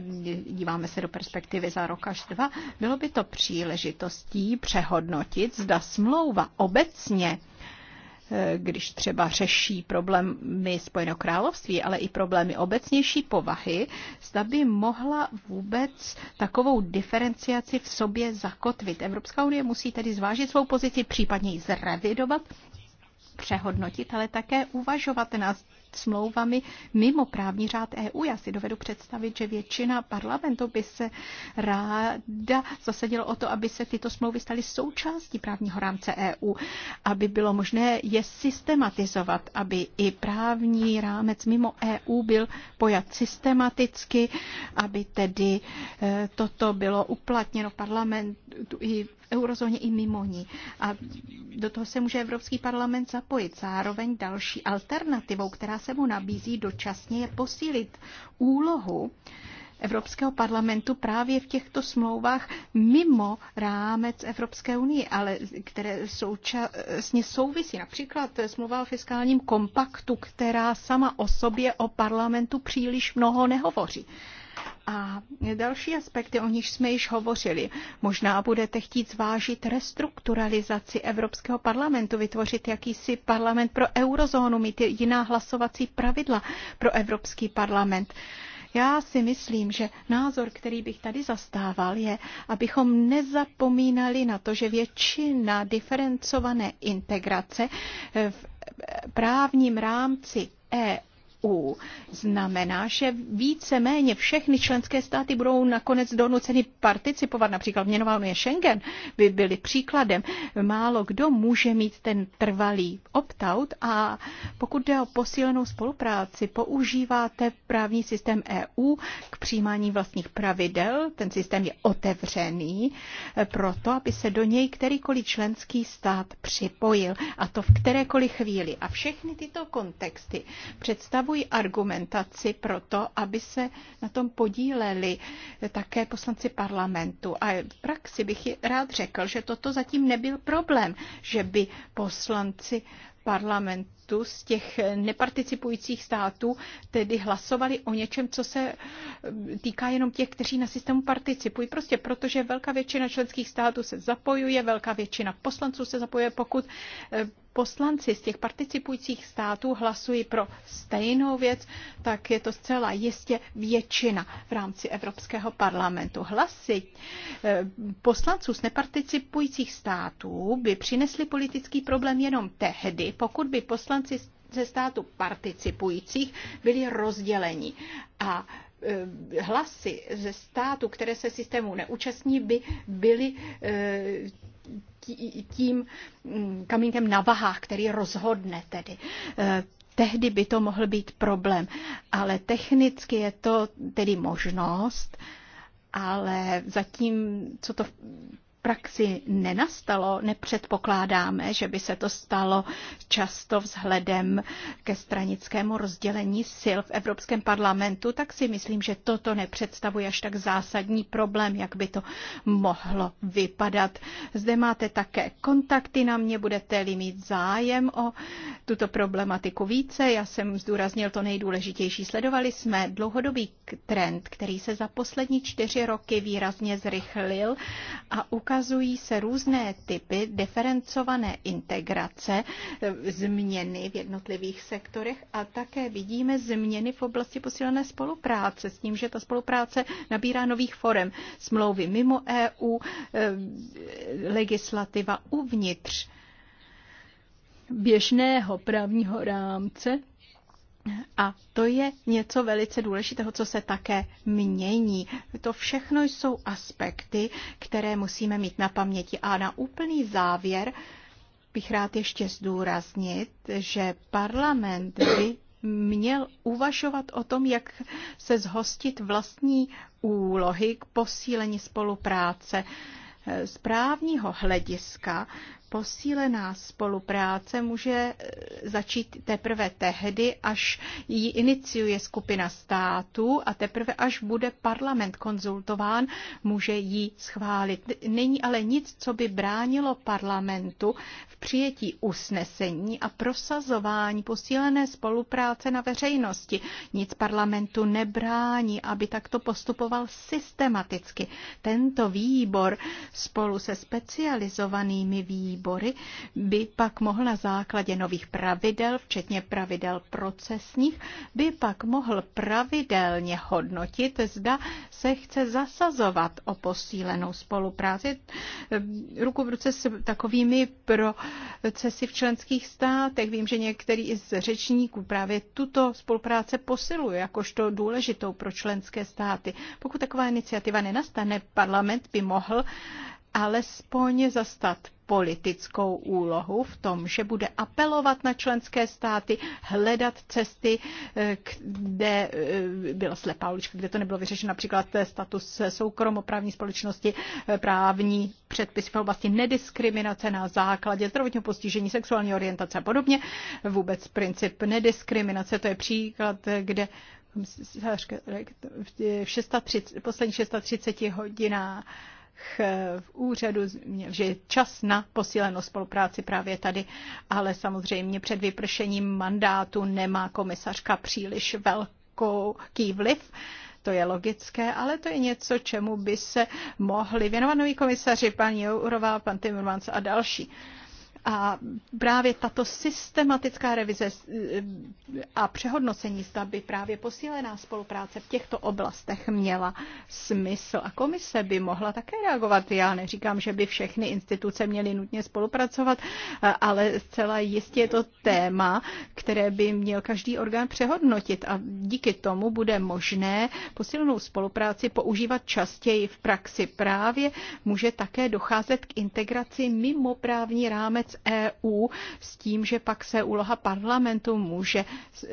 díváme se do perspektivy za rok až dva, bylo by to příležitostí přehodnotit, zda smlouva obecně Eh, když třeba řeší problémy Spojeného království, ale i problémy obecnější povahy, zda by mohla vůbec takovou diferenciaci v sobě zakotvit. Evropská unie musí tedy zvážit svou pozici, případně ji zrevidovat, přehodnotit, ale také uvažovat nad smlouvami mimo právní řád EU. Já si dovedu představit, že většina parlamentu by se ráda zasadila o to, aby se tyto smlouvy staly součástí právního rámce EU, aby bylo možné je systematizovat, aby i právní rámec mimo EU byl pojat systematicky, aby tedy eh, toto bylo uplatněno parlamentu i eurozóně i mimo ní. A do toho se může Evropský parlament zapojit. Zároveň další alternativou, která se mu nabízí dočasně, je posílit úlohu Evropského parlamentu právě v těchto smlouvách mimo rámec Evropské unie, ale které současně souvisí. Například smlouva o fiskálním kompaktu, která sama o sobě o parlamentu příliš mnoho nehovoří. A další aspekty, o níž jsme již hovořili. Možná budete chtít zvážit restrukturalizaci Evropského parlamentu, vytvořit jakýsi parlament pro eurozónu, mít jiná hlasovací pravidla pro Evropský parlament. Já si myslím, že názor, který bych tady zastával, je, abychom nezapomínali na to, že většina diferencované integrace v právním rámci EU EU znamená, že více-méně všechny členské státy budou nakonec donuceny participovat, například měnová unie Schengen by byly příkladem. Málo kdo může mít ten trvalý opt-out a pokud jde o posílenou spolupráci, používáte právní systém EU k přijímání vlastních pravidel. Ten systém je otevřený proto, aby se do něj kterýkoliv členský stát připojil a to v kterékoliv chvíli. A všechny tyto kontexty představují připravují argumentaci pro to, aby se na tom podíleli také poslanci parlamentu. A v praxi bych rád řekl, že toto zatím nebyl problém, že by poslanci parlamentu z těch neparticipujících států tedy hlasovali o něčem, co se týká jenom těch, kteří na systému participují. Prostě protože velká většina členských států se zapojuje, velká většina poslanců se zapojuje, pokud poslanci z těch participujících států hlasují pro stejnou věc, tak je to zcela jistě většina v rámci Evropského parlamentu. Hlasy eh, poslanců z neparticipujících států by přinesly politický problém jenom tehdy, pokud by poslanci ze státu participujících byli rozděleni. A eh, hlasy ze států, které se systému neúčastní, by byly eh, tím mm, kamínkem na vahách, který rozhodne tedy eh, tehdy by to mohl být problém. Ale technicky je to tedy možnost, ale zatím, co to praxi nenastalo, nepředpokládáme, že by se to stalo často vzhledem ke stranickému rozdělení sil v Evropském parlamentu, tak si myslím, že toto nepředstavuje až tak zásadní problém, jak by to mohlo vypadat. Zde máte také kontakty na mě, budete-li mít zájem o tuto problematiku více. Já jsem zdůraznil to nejdůležitější. Sledovali jsme dlouhodobý trend, který se za poslední čtyři roky výrazně zrychlil a ukázal, ukazují se různé typy diferencované integrace, e, změny v jednotlivých sektorech a také vidíme změny v oblasti posílené spolupráce s tím, že ta spolupráce nabírá nových forem. Smlouvy mimo EU, e, legislativa uvnitř běžného právního rámce a to je něco velice důležitého, co se také mění. To všechno jsou aspekty, které musíme mít na paměti. A na úplný závěr bych rád ještě zdůraznit, že parlament by měl uvažovat o tom, jak se zhostit vlastní úlohy k posílení spolupráce. Z právního hlediska Posílená spolupráce může eh, začít teprve tehdy, až ji iniciuje skupina států a teprve až bude parlament konzultován, může ji schválit. Není ale nic, co by bránilo parlamentu v přijetí usnesení a prosazování posílené spolupráce na veřejnosti. Nic parlamentu nebrání, aby takto postupoval systematicky. Tento výbor spolu se specializovanými výbory výbory by pak mohl na základě nových pravidel, včetně pravidel procesních, by pak mohl pravidelně hodnotit, zda se chce zasazovat o posílenou spolupráci eh, ruku v ruce s takovými procesy v členských státech. Vím, že některý z řečníků právě tuto spolupráce posiluje jakožto důležitou pro členské státy. Pokud taková iniciativa nenastane, parlament by mohl alespoň zastat politickou úlohu v tom, že bude apelovat na členské státy, hledat cesty, eh, kde eh, byla slepá ulička, kde to nebylo vyřešeno, například status soukromoprávní společnosti, eh, právní předpisy v oblasti nediskriminace na základě zdravotního postižení, sexuální orientace a podobně. Vůbec princip nediskriminace, to je příklad, kde v 630, posledních 630 hodinách Eh, v úřadu, že je čas na posílenou spolupráci právě tady, ale samozřejmě před vypršením mandátu nemá komisařka příliš velký vliv. To je logické, ale to je něco, čemu by se mohli věnovat noví komisaři, paní Jourová, pan Timmermans a další. A právě tato systematická revize eh, a přehodnocení zda by právě posílená spolupráce v těchto oblastech měla smysl. A komise by mohla také reagovat. Já neříkám, že by všechny instituce měly nutně spolupracovat, eh, ale zcela jistě je to téma, které by měl každý orgán přehodnotit. A díky tomu bude možné posílenou spolupráci používat častěji v praxi. Právě může také docházet k integraci mimo právní rámec rámec EU s tím, že pak se úloha parlamentu může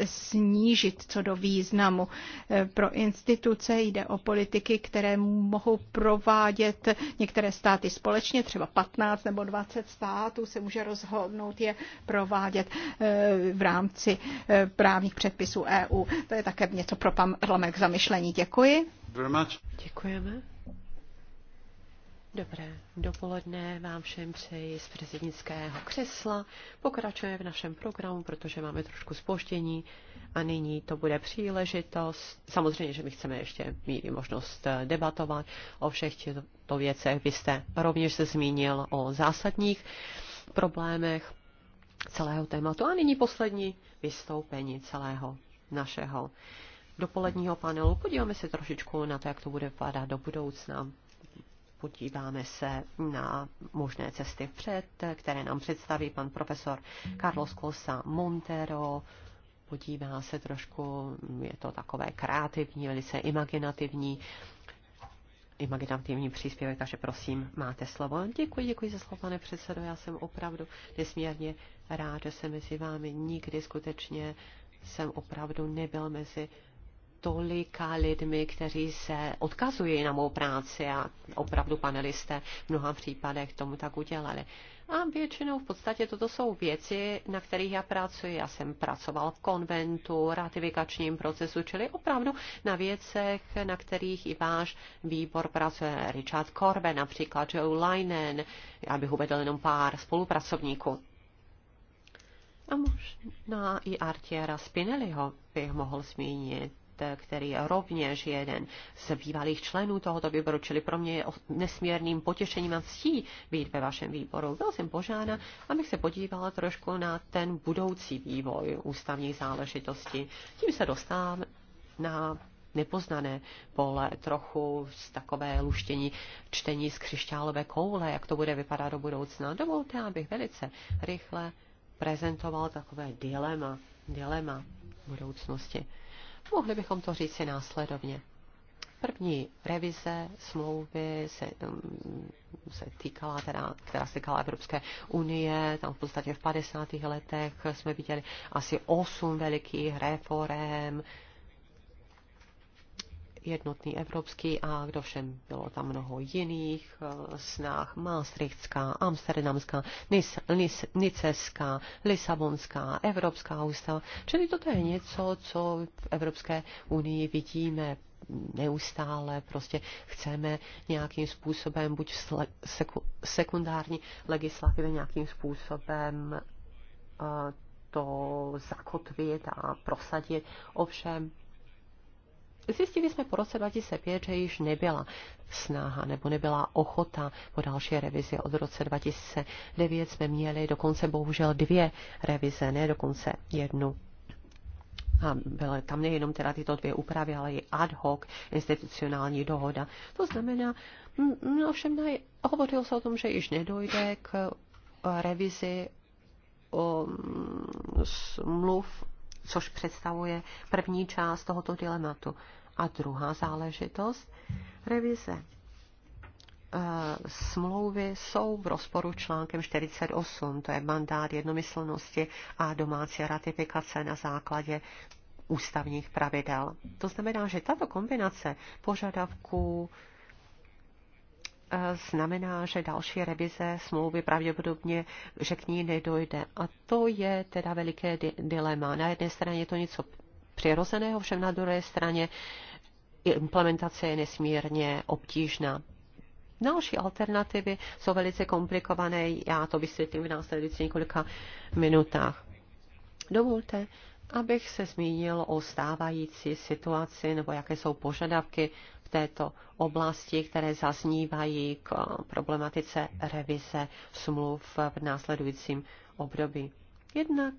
snížit co do významu. E, pro instituce jde o politiky, které mohou provádět některé státy společně, třeba 15 nebo 20 států se může rozhodnout je provádět e, v rámci e, právních předpisů EU. To je také něco pro parlament k zamyšlení. Děkuji. Děkujeme. Dobré dopoledne vám všem přeji z prezidentského křesla. Pokračujeme v našem programu, protože máme trošku spoždění a nyní to bude příležitost. Samozřejmě, že my chceme ještě mít možnost eh, debatovat o všech těchto věcech. Vy jste rovněž se zmínil o zásadních problémech celého tématu. A nyní poslední vystoupení celého našeho dopoledního panelu. Podíváme se trošičku na to, jak to bude vypadat do budoucna podíváme se na možné cesty před, které nám představí pan profesor Carlos Cosa Montero. Podívá se trošku, je to takové kreativní, velice imaginativní imaginativní příspěvek, takže prosím, máte slovo. Děkuji, děkuji za slovo, pane předsedo. Já jsem opravdu nesmírně rád, že jsem mezi vámi nikdy skutečně jsem opravdu nebyl mezi tolika lidmi, kteří se odkazují na mou práci a opravdu panelisté v mnoha případech tomu tak udělali. A většinou v podstatě toto jsou věci, na kterých já pracuji. Já jsem pracoval v konventu, ratifikačním procesu, čili opravdu na věcech, na kterých i váš výbor pracuje. Richard Corbe, například Joe Linen, já bych uvedl jenom pár spolupracovníků. A možná i Artiera Spinelliho bych mohl zmínit který je rovněž jeden z bývalých členů tohoto výboru, čili pro mě je nesmírným potěšením a ctí být ve vašem výboru. Byl jsem požádán, abych se podívala trošku na ten budoucí vývoj ústavních záležitostí. Tím se dostávám na nepoznané pole, trochu z takové luštění čtení z křišťálové koule, jak to bude vypadat do budoucna. Dovolte, abych velice rychle prezentoval takové dilema, dilema budoucnosti. Mohli bychom to říci následovně. První revize smlouvy se, um, se týkala, teda, která se týkala Evropské unie, tam v podstatě v 50. letech jsme viděli asi osm velikých reform, jednotný evropský akt, ovšem bylo tam mnoho jiných eh, snah, Maastrichtská, Amsterdamská, Nis, Nis, Niceská, Lisabonská, Evropská ústava. Čili toto je něco, co v Evropské unii vidíme neustále prostě chceme nějakým způsobem, buď v sekundární legislativě nějakým způsobem eh, to zakotvit a prosadit. Ovšem Zjistili jsme po roce 2005, že již nebyla snaha nebo nebyla ochota po další revizi. Od roce 2009 jsme měli dokonce bohužel dvě revize, ne dokonce jednu. A byly tam nejenom teda tyto dvě úpravy, ale i ad hoc institucionální dohoda. To znamená, no všem naj, hovořilo se o tom, že již nedojde k revizi o, smluv což představuje první část tohoto dilematu. A druhá záležitost, revize eh, smlouvy jsou v rozporu článkem 48, to je mandát jednomyslnosti a domácí ratifikace na základě ústavních pravidel. To znamená, že tato kombinace požadavků Eh, znamená, že další revize smlouvy pravděpodobně, že k ní nedojde. A to je teda veliké dilema. Na jedné straně je to něco přirozeného, všem na druhé straně implementace je nesmírně obtížná. Další alternativy jsou velice komplikované, já to vysvětlím v následujících několika minutách. Dovolte, abych se zmínil o stávající situaci nebo jaké jsou požadavky této oblasti, které zaznívají k problematice revize smluv v následujícím období. Jednak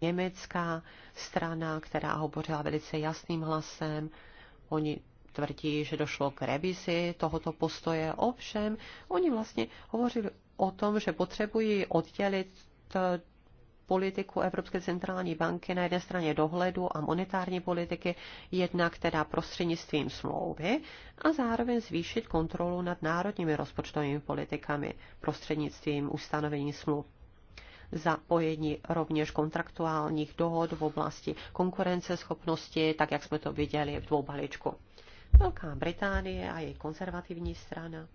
německá strana, která hovořila velice jasným hlasem, oni tvrdí, že došlo k revizi tohoto postoje, ovšem oni vlastně hovořili o tom, že potřebují oddělit politiku Evropské centrální banky, na jedné straně dohledu a monetární politiky, jednak teda prostřednictvím smlouvy a zároveň zvýšit kontrolu nad národními rozpočtovými politikami prostřednictvím ustanovení smluv zapojení rovněž kontraktuálních dohod v oblasti konkurenceschopnosti, tak jak jsme to viděli v dvou balíčku. Velká Británie a její konzervativní strana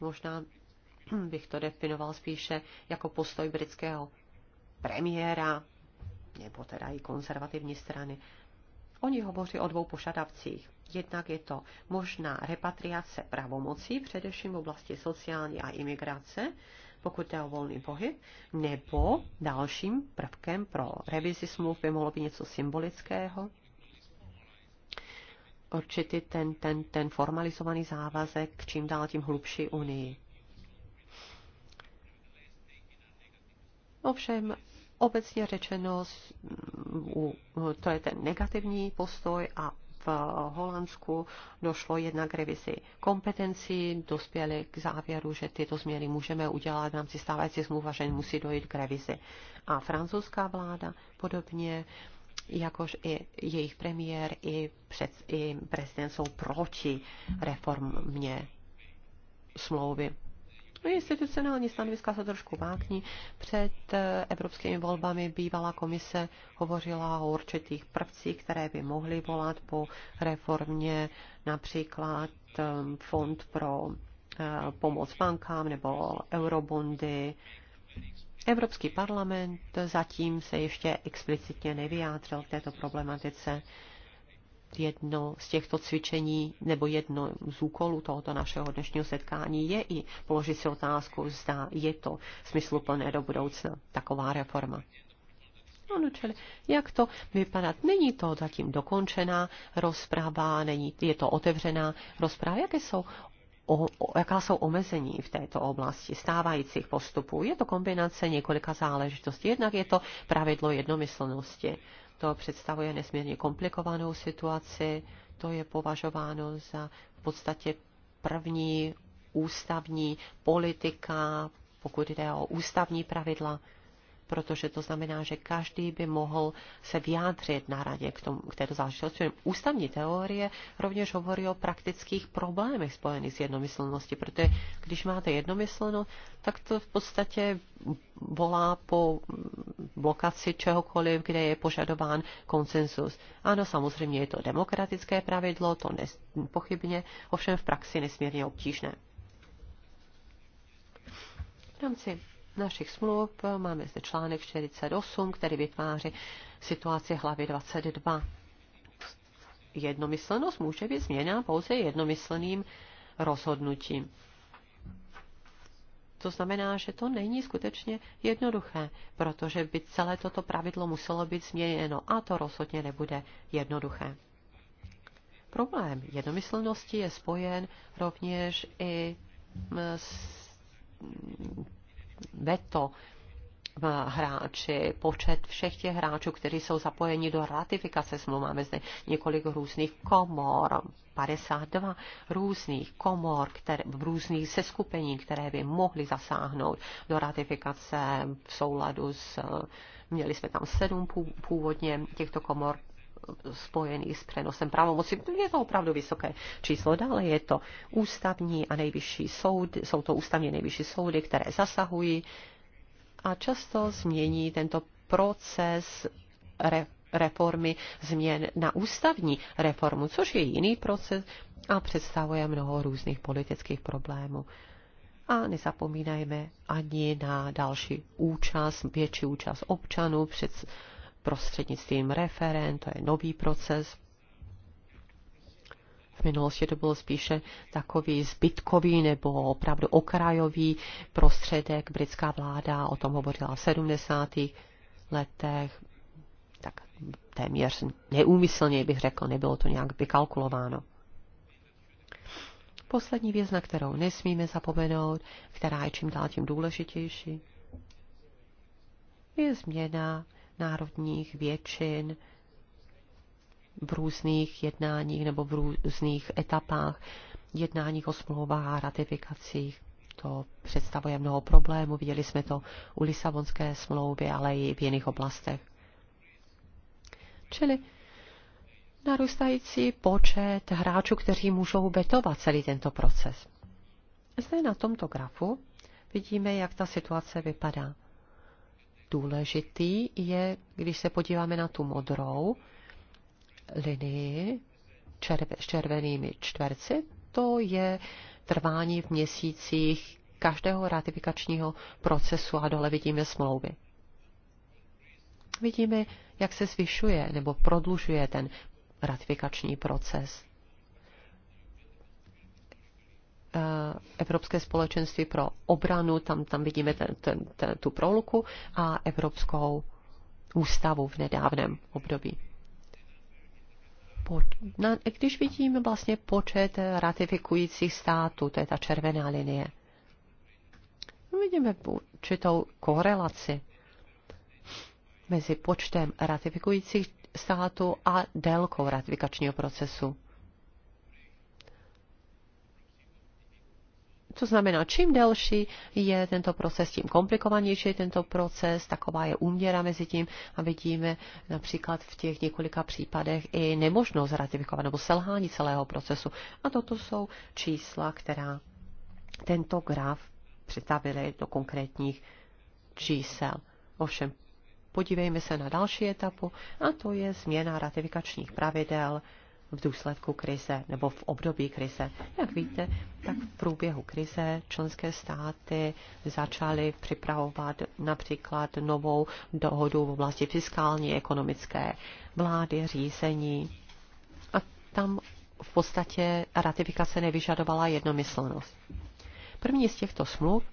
možná bych to definoval spíše jako postoj britského premiéra, nebo teda i konzervativní strany. Oni hovoří o dvou pošadavcích. Jednak je to možná repatriace pravomocí, především v oblasti sociální a imigrace, pokud je o volný pohyb, nebo dalším prvkem pro revizi smluv by mohlo být něco symbolického, určitý ten, ten, ten formalizovaný závazek k čím dál tím hlubší unii. Ovšem, obecně řečeno, to je ten negativní postoj a v Holandsku došlo jedna k revizi kompetencí, dospěli k závěru, že tyto změny můžeme udělat v rámci stávající smluva, že musí dojít k revizi. A francouzská vláda podobně jakož i jejich premiér, i, před, i prezident jsou proti reformě smlouvy. No, institucionální stanoviska se trošku vákní. Před eh, evropskými volbami bývalá komise hovořila o určitých prvcích, které by mohly volat po reformě, například eh, fond pro eh, pomoc bankám nebo eurobondy. Evropský parlament zatím se ještě explicitně nevyjádřil k této problematice jedno z těchto cvičení nebo jedno z úkolů tohoto našeho dnešního setkání je i položit si otázku, zda je to smysluplné do budoucna taková reforma. Ano, no, čili jak to vypadat? Není to zatím dokončená rozprava, není, je to otevřená rozprava. Jaké jsou O, o, jaká jsou omezení v této oblasti stávajících postupů. Je to kombinace několika záležitostí. Jednak je to pravidlo jednomyslnosti. To představuje nesmírně komplikovanou situaci. To je považováno za v podstatě první ústavní politika, pokud jde o ústavní pravidla protože to znamená, že každý by mohl se vyjádřit na radě k, tomu, k této záležitosti. Ústavní teorie rovněž hovorí o praktických problémech spojených s jednomyslností, protože když máte jednomyslnost, tak to v podstatě volá po blokaci čehokoliv, kde je požadován konsensus. Ano, samozřejmě je to demokratické pravidlo, to nepochybně, ovšem v praxi nesmírně obtížné. V rámci našich smluv. Máme zde článek 48, který vytváří situaci hlavy 22. Jednomyslnost může být změněna pouze jednomyslným rozhodnutím. To znamená, že to není skutečně jednoduché, protože by celé toto pravidlo muselo být změněno a to rozhodně nebude jednoduché. Problém jednomyslnosti je spojen rovněž i s veto hráči, počet všech těch hráčů, kteří jsou zapojeni do ratifikace smlouvy. Máme zde několik různých komor, 52 různých komor, které, v různých seskupení, které by mohly zasáhnout do ratifikace v souladu s Měli jsme tam sedm původně těchto komor, Spojený s přenosem pravomoci. Je to opravdu vysoké číslo. Dále je to ústavní a nejvyšší soud, jsou to ústavně nejvyšší soudy, které zasahují a často změní tento proces re, reformy změn na ústavní reformu, což je jiný proces a představuje mnoho různých politických problémů. A nezapomínajme ani na další účast, větší účast občanů, před, prostřednictvím referent, to je nový proces. V minulosti to byl spíše takový zbytkový nebo opravdu okrajový prostředek. Britská vláda o tom hovořila v 70. letech, tak téměř neúmyslně bych řekl, nebylo to nějak vykalkulováno. Poslední věc, na kterou nesmíme zapomenout, která je čím dál tím důležitější, je změna národních většin v různých jednáních nebo v různých etapách jednáních o smlouvách a ratifikacích. To představuje mnoho problémů. Viděli jsme to u Lisabonské smlouvy, ale i v jiných oblastech. Čili narůstající počet hráčů, kteří můžou betovat celý tento proces. Zde na tomto grafu vidíme, jak ta situace vypadá důležitý, je, když se podíváme na tu modrou linii červ, s červenými čtverci, to je trvání v měsících každého ratifikačního procesu a dole vidíme smlouvy. Vidíme, jak se zvyšuje nebo prodlužuje ten ratifikační proces. Eh, Evropské společenství pro obranu, tam, tam vidíme ten, ten, ten, tu proluku, a Evropskou ústavu v nedávném období. Pod, na, když vidíme vlastně počet ratifikujících států, to je ta červená linie, no, vidíme určitou korelaci mezi počtem ratifikujících států a délkou ratifikačního procesu. To znamená, čím delší je tento proces, tím komplikovanější je tento proces, taková je úměra mezi tím a vidíme například v těch několika případech i nemožnost ratifikovat nebo selhání celého procesu. A toto jsou čísla, která tento graf přetavili do konkrétních čísel. Ovšem, podívejme se na další etapu a to je změna ratifikačních pravidel v důsledku krize nebo v období krize. Jak víte, tak v průběhu krize členské státy začaly připravovat například novou dohodu v oblasti fiskální, ekonomické vlády, řízení. A tam v podstatě ratifikace nevyžadovala jednomyslnost. První z těchto smluv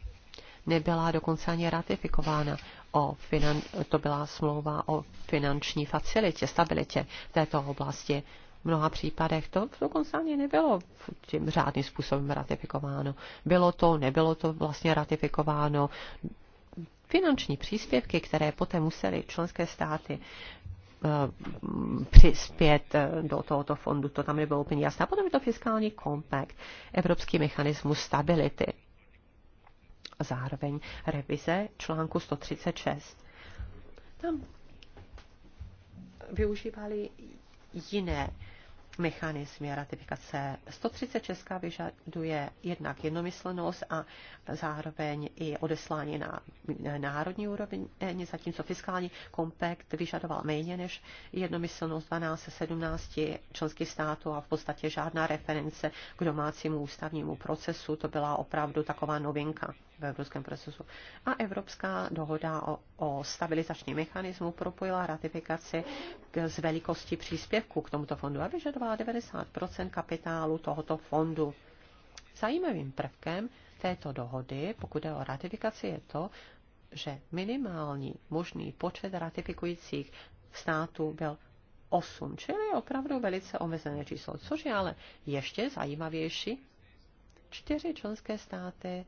nebyla dokonce ani ratifikována. O finan, to byla smlouva o finanční facilitě, stabilitě v této oblasti v mnoha případech to dokonce ani nebylo tím řádným způsobem ratifikováno. Bylo to, nebylo to vlastně ratifikováno. Finanční příspěvky, které poté museli členské státy eh, přispět eh, do tohoto fondu, to tam nebylo úplně jasné. A potom je to fiskální kompakt, evropský mechanismus stability. A zároveň revize článku 136. Tam využívali jiné Mechanismy ratifikace. 130 česká vyžaduje jednak jednomyslenost a zároveň i odeslání na národní úroveň, zatímco fiskální kompakt vyžadoval méně než jednomyslenost 12 17 členských států a v podstatě žádná reference k domácímu ústavnímu procesu. To byla opravdu taková novinka v evropském procesu. A Evropská dohoda o, o stabilizačním mechanismu propojila ratifikaci k, z velikosti příspěvku k tomuto fondu a vyžadovala 90 kapitálu tohoto fondu. Zajímavým prvkem této dohody, pokud je o ratifikaci, je to, že minimální možný počet ratifikujících států byl 8, čili opravdu velice omezené číslo. Což je ale ještě zajímavější, čtyři členské státy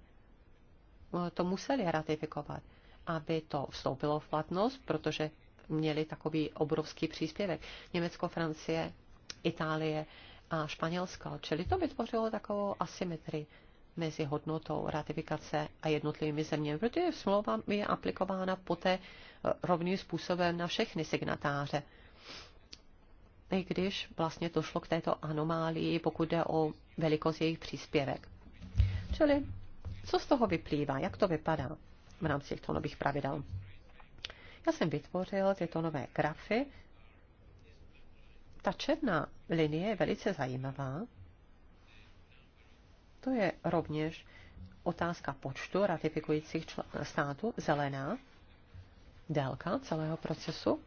to museli ratifikovat, aby to vstoupilo v platnost, protože měli takový obrovský příspěvek. Německo, Francie, Itálie a Španělsko. Čili to by tvořilo takovou asymetrii mezi hodnotou ratifikace a jednotlivými zeměmi, protože smlouva je aplikována poté eh, rovným způsobem na všechny signatáře. I když vlastně to šlo k této anomálii, pokud jde o velikost jejich příspěvek. Čili co z toho vyplývá? Jak to vypadá v rámci těchto nových pravidel? Já jsem vytvořil tyto nové grafy. Ta černá linie je velice zajímavá. To je rovněž otázka počtu ratifikujících států, zelená, délka celého procesu.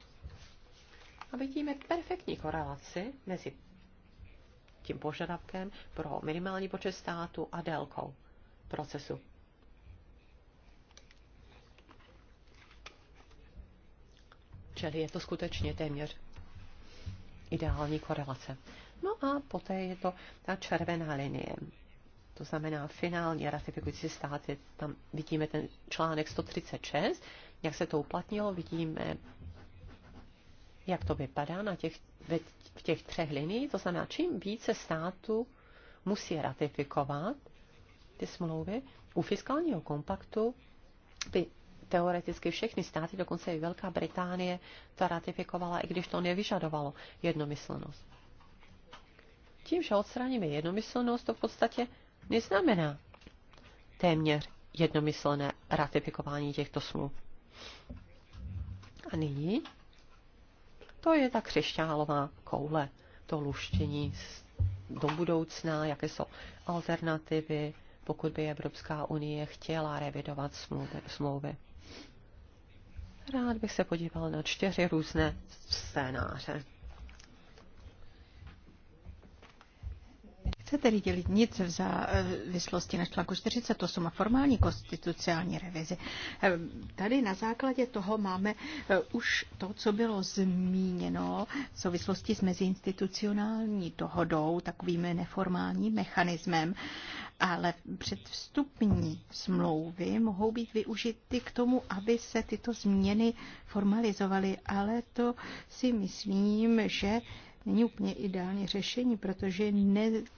A vidíme perfektní korelaci mezi tím požadavkem pro minimální počet států a délkou procesu. Čili je to skutečně téměř ideální korelace. No a poté je to ta červená linie. To znamená finální ratifikující Je Tam vidíme ten článek 136, jak se to uplatnilo, vidíme, jak to vypadá na těch, v těch třech liniích. To znamená, čím více států musí ratifikovat, ty smlouvy. U fiskálního kompaktu by teoreticky všechny státy, dokonce i Velká Británie, to ratifikovala, i když to nevyžadovalo jednomyslnost. Tím, že odstraníme jednomyslnost, to v podstatě neznamená téměř jednomyslné ratifikování těchto smluv. A nyní to je ta křišťálová koule, to luštění do budoucna, jaké jsou alternativy, pokud by Evropská unie chtěla revidovat smlouvy. Rád bych se podíval na čtyři různé scénáře. Chcete-li dělit nic v závislosti na článku 48 a formální konstitucionální revizi? Tady na základě toho máme eh, už to, co bylo zmíněno v souvislosti s meziinstitucionální dohodou, takovým neformálním mechanismem ale předvstupní smlouvy mohou být využity k tomu, aby se tyto změny formalizovaly, ale to si myslím, že není úplně ideální řešení, protože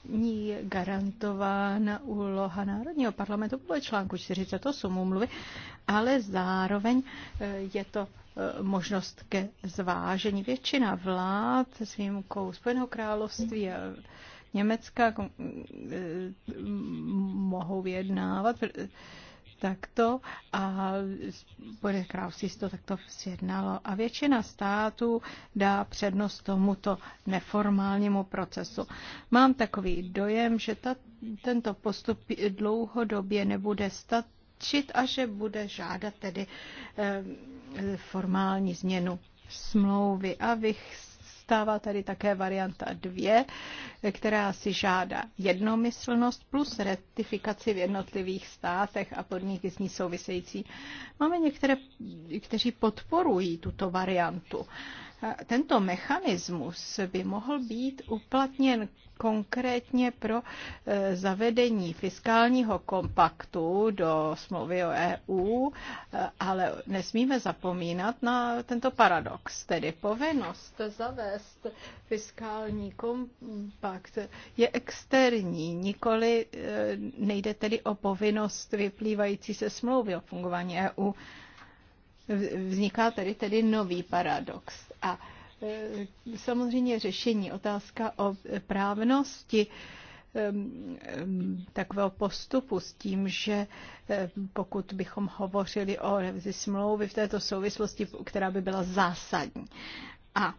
není garantována úloha Národního parlamentu podle článku 48 umluvy, ale zároveň eh, je to eh, možnost ke zvážení. Většina vlád s výjimkou Spojeného království a Německa jako, mohou vyjednávat takto a bude království si to takto sjednalo. A většina států dá přednost tomuto neformálnímu procesu. Mám takový dojem, že ta, tento postup dlouhodobě nebude stačit a že bude žádat tedy eh, formální změnu smlouvy a vych Zůstává tady také varianta 2, která si žádá jednomyslnost plus rectifikaci v jednotlivých státech a podmínky s ní související. Máme některé, kteří podporují tuto variantu. Tento mechanismus by mohl být uplatněn konkrétně pro eh, zavedení fiskálního kompaktu do smlouvy o EU, eh, ale nesmíme zapomínat na tento paradox, tedy povinnost zavést fiskální kompakt je externí, nikoli eh, nejde tedy o povinnost vyplývající se smlouvy o fungování EU. Vzniká tedy tedy nový paradox a e, samozřejmě řešení otázka o právnosti e, e, takového postupu s tím, že pokud bychom hovořili o revizi smlouvy v této souvislosti, která by byla zásadní. A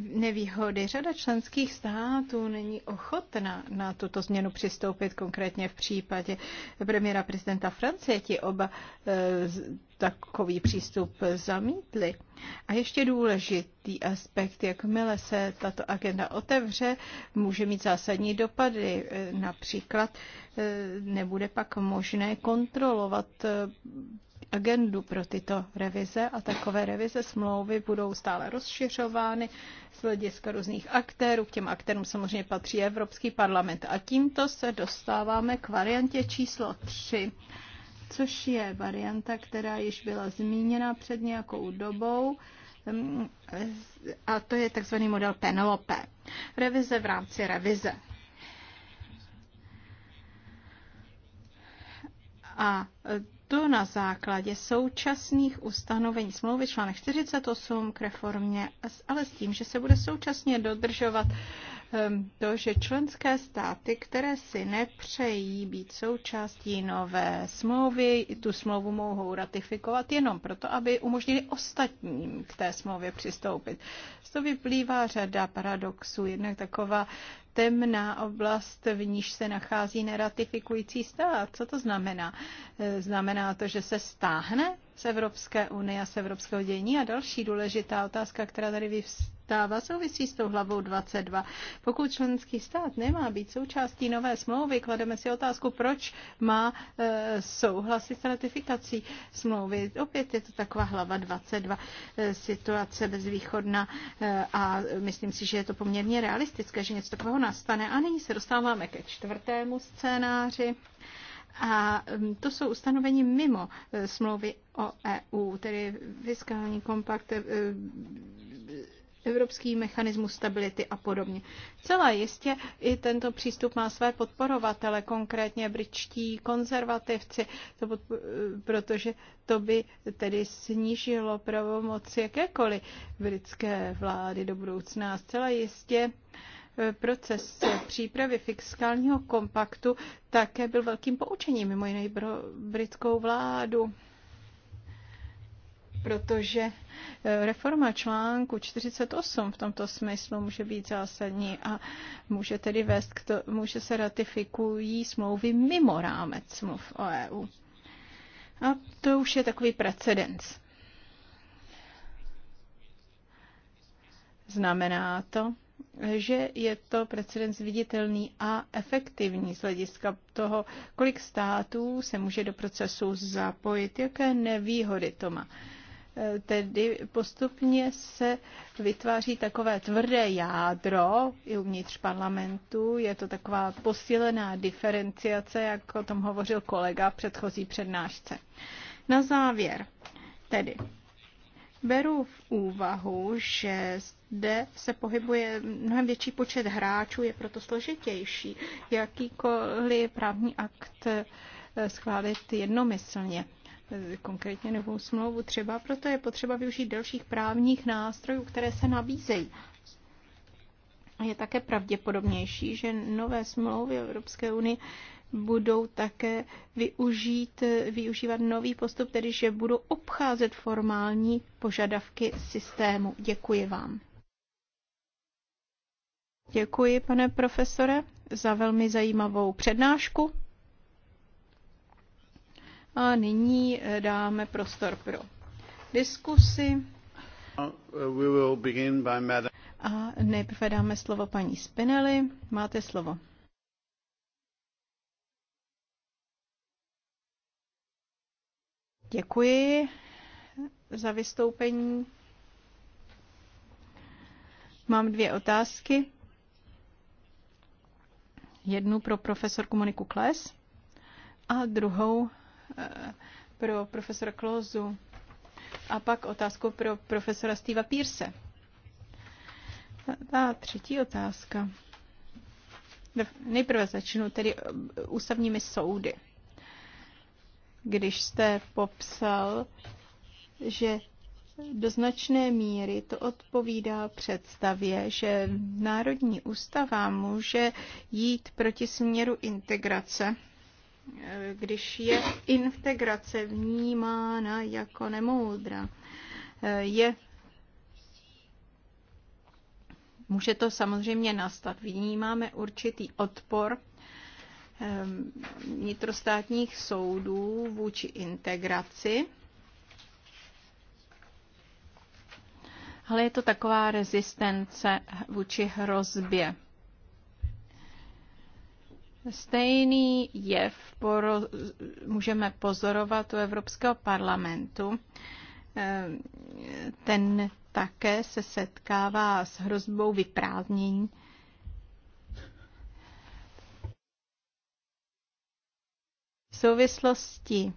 nevýhody. Řada členských států není ochotna na tuto změnu přistoupit, konkrétně v případě premiéra prezidenta Francie. Ti oba e, takový přístup zamítli. A ještě důležitý aspekt, jakmile se tato agenda otevře, může mít zásadní dopady. E, například e, nebude pak možné kontrolovat agendu pro tyto revize a takové revize smlouvy budou stále rozšiřovány z hlediska různých aktérů. K těm aktérům samozřejmě patří Evropský parlament. A tímto se dostáváme k variantě číslo 3, což je varianta, která již byla zmíněna před nějakou dobou a to je takzvaný model Penelope. Revize v rámci revize. A to na základě současných ustanovení smlouvy článek 48 k reformě, ale s tím, že se bude současně dodržovat ehm, to, že členské státy, které si nepřejí být součástí nové smlouvy, tu smlouvu mohou ratifikovat jenom proto, aby umožnili ostatním k té smlouvě přistoupit. Z toho vyplývá řada paradoxů. Jednak taková temná oblast, v níž se nachází neratifikující stát. Co to znamená? E, znamená to, že se stáhne z Evropské unie a z evropského dění? A další důležitá otázka, která tady vyvstává, souvisí s tou hlavou 22. Pokud členský stát nemá být součástí nové smlouvy, klademe si otázku, proč má e, souhlasit s ratifikací smlouvy. Opět je to taková hlava 22, e, situace bezvýchodná e, a myslím si, že je to poměrně realistické, že něco takového nastane. A nyní se dostáváme ke čtvrtému scénáři. A mm, to jsou ustanovení mimo e, smlouvy o EU, tedy fiskální kompakt, e, e, evropský mechanismus stability a podobně. Celá jistě i tento přístup má své podporovatele, konkrétně britští konzervativci, to podpo- protože to by tedy snížilo pravomoc jakékoliv britské vlády do budoucna. Zcela jistě uh, Proces přípravy fiskálního kompaktu také byl velkým poučením mimo jiné pro britskou vládu protože eh, reforma článku 48 v tomto smyslu může být zásadní a může tedy vést k to, může se ratifikují smlouvy mimo rámec smluv o EU. A to už je takový precedens. Znamená to, že je to precedens viditelný a efektivní z hlediska toho, kolik států se může do procesu zapojit, jaké nevýhody to má. E, tedy postupně se vytváří takové tvrdé jádro i uvnitř parlamentu. Je to taková posílená diferenciace, jak o tom hovořil kolega v předchozí přednášce. Na závěr tedy beru v úvahu, že kde se pohybuje mnohem větší počet hráčů, je proto složitější jakýkoliv právní akt eh, schválit jednomyslně eh, konkrétně novou smlouvu třeba, proto je potřeba využít dalších právních nástrojů, které se nabízejí. Je také pravděpodobnější, že nové smlouvy Evropské unie budou také využít, eh, využívat nový postup, tedy že budou obcházet formální požadavky systému. Děkuji vám. Děkuji, pane profesore, za velmi zajímavou přednášku. A nyní eh, dáme prostor pro diskusi. Uh, A nejprve dáme slovo paní Spinelli. Máte slovo. Děkuji za vystoupení. Mám dvě otázky. Jednu pro profesorku Moniku Kles a druhou eh, pro profesora Klozu. A pak otázku pro profesora Steva Pírse. Ta třetí otázka. Nejprve začnu tedy eh, ústavními soudy. Když jste popsal, že do značné míry to odpovídá představě, že Národní ústava může jít proti směru integrace, když je integrace vnímána jako nemoudra. Je Může to samozřejmě nastat. Vnímáme určitý odpor ehm, vnitrostátních soudů vůči integraci ale je to taková rezistence vůči hrozbě. Stejný jev poro- můžeme pozorovat u Evropského parlamentu. Eh, ten také se setkává s hrozbou vyprávnění. V souvislosti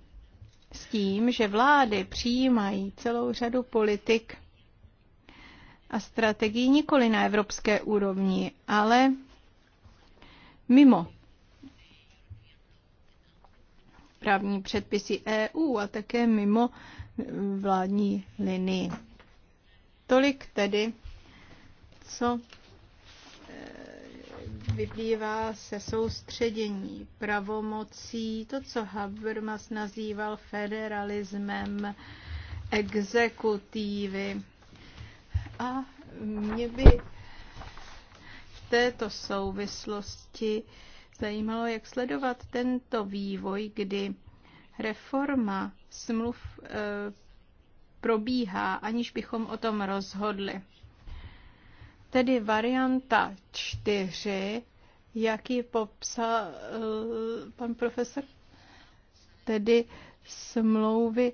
s tím, že vlády přijímají celou řadu politik, a strategií nikoli na evropské úrovni, ale mimo právní předpisy EU a také mimo vládní linii. Tolik tedy, co eh, vyplývá se soustředění pravomocí, to, co Habermas nazýval federalismem exekutívy. A mě by v této souvislosti zajímalo, jak sledovat tento vývoj, kdy reforma smluv e, probíhá, aniž bychom o tom rozhodli. Tedy varianta čtyři, jak ji popsal e, pan profesor, tedy smlouvy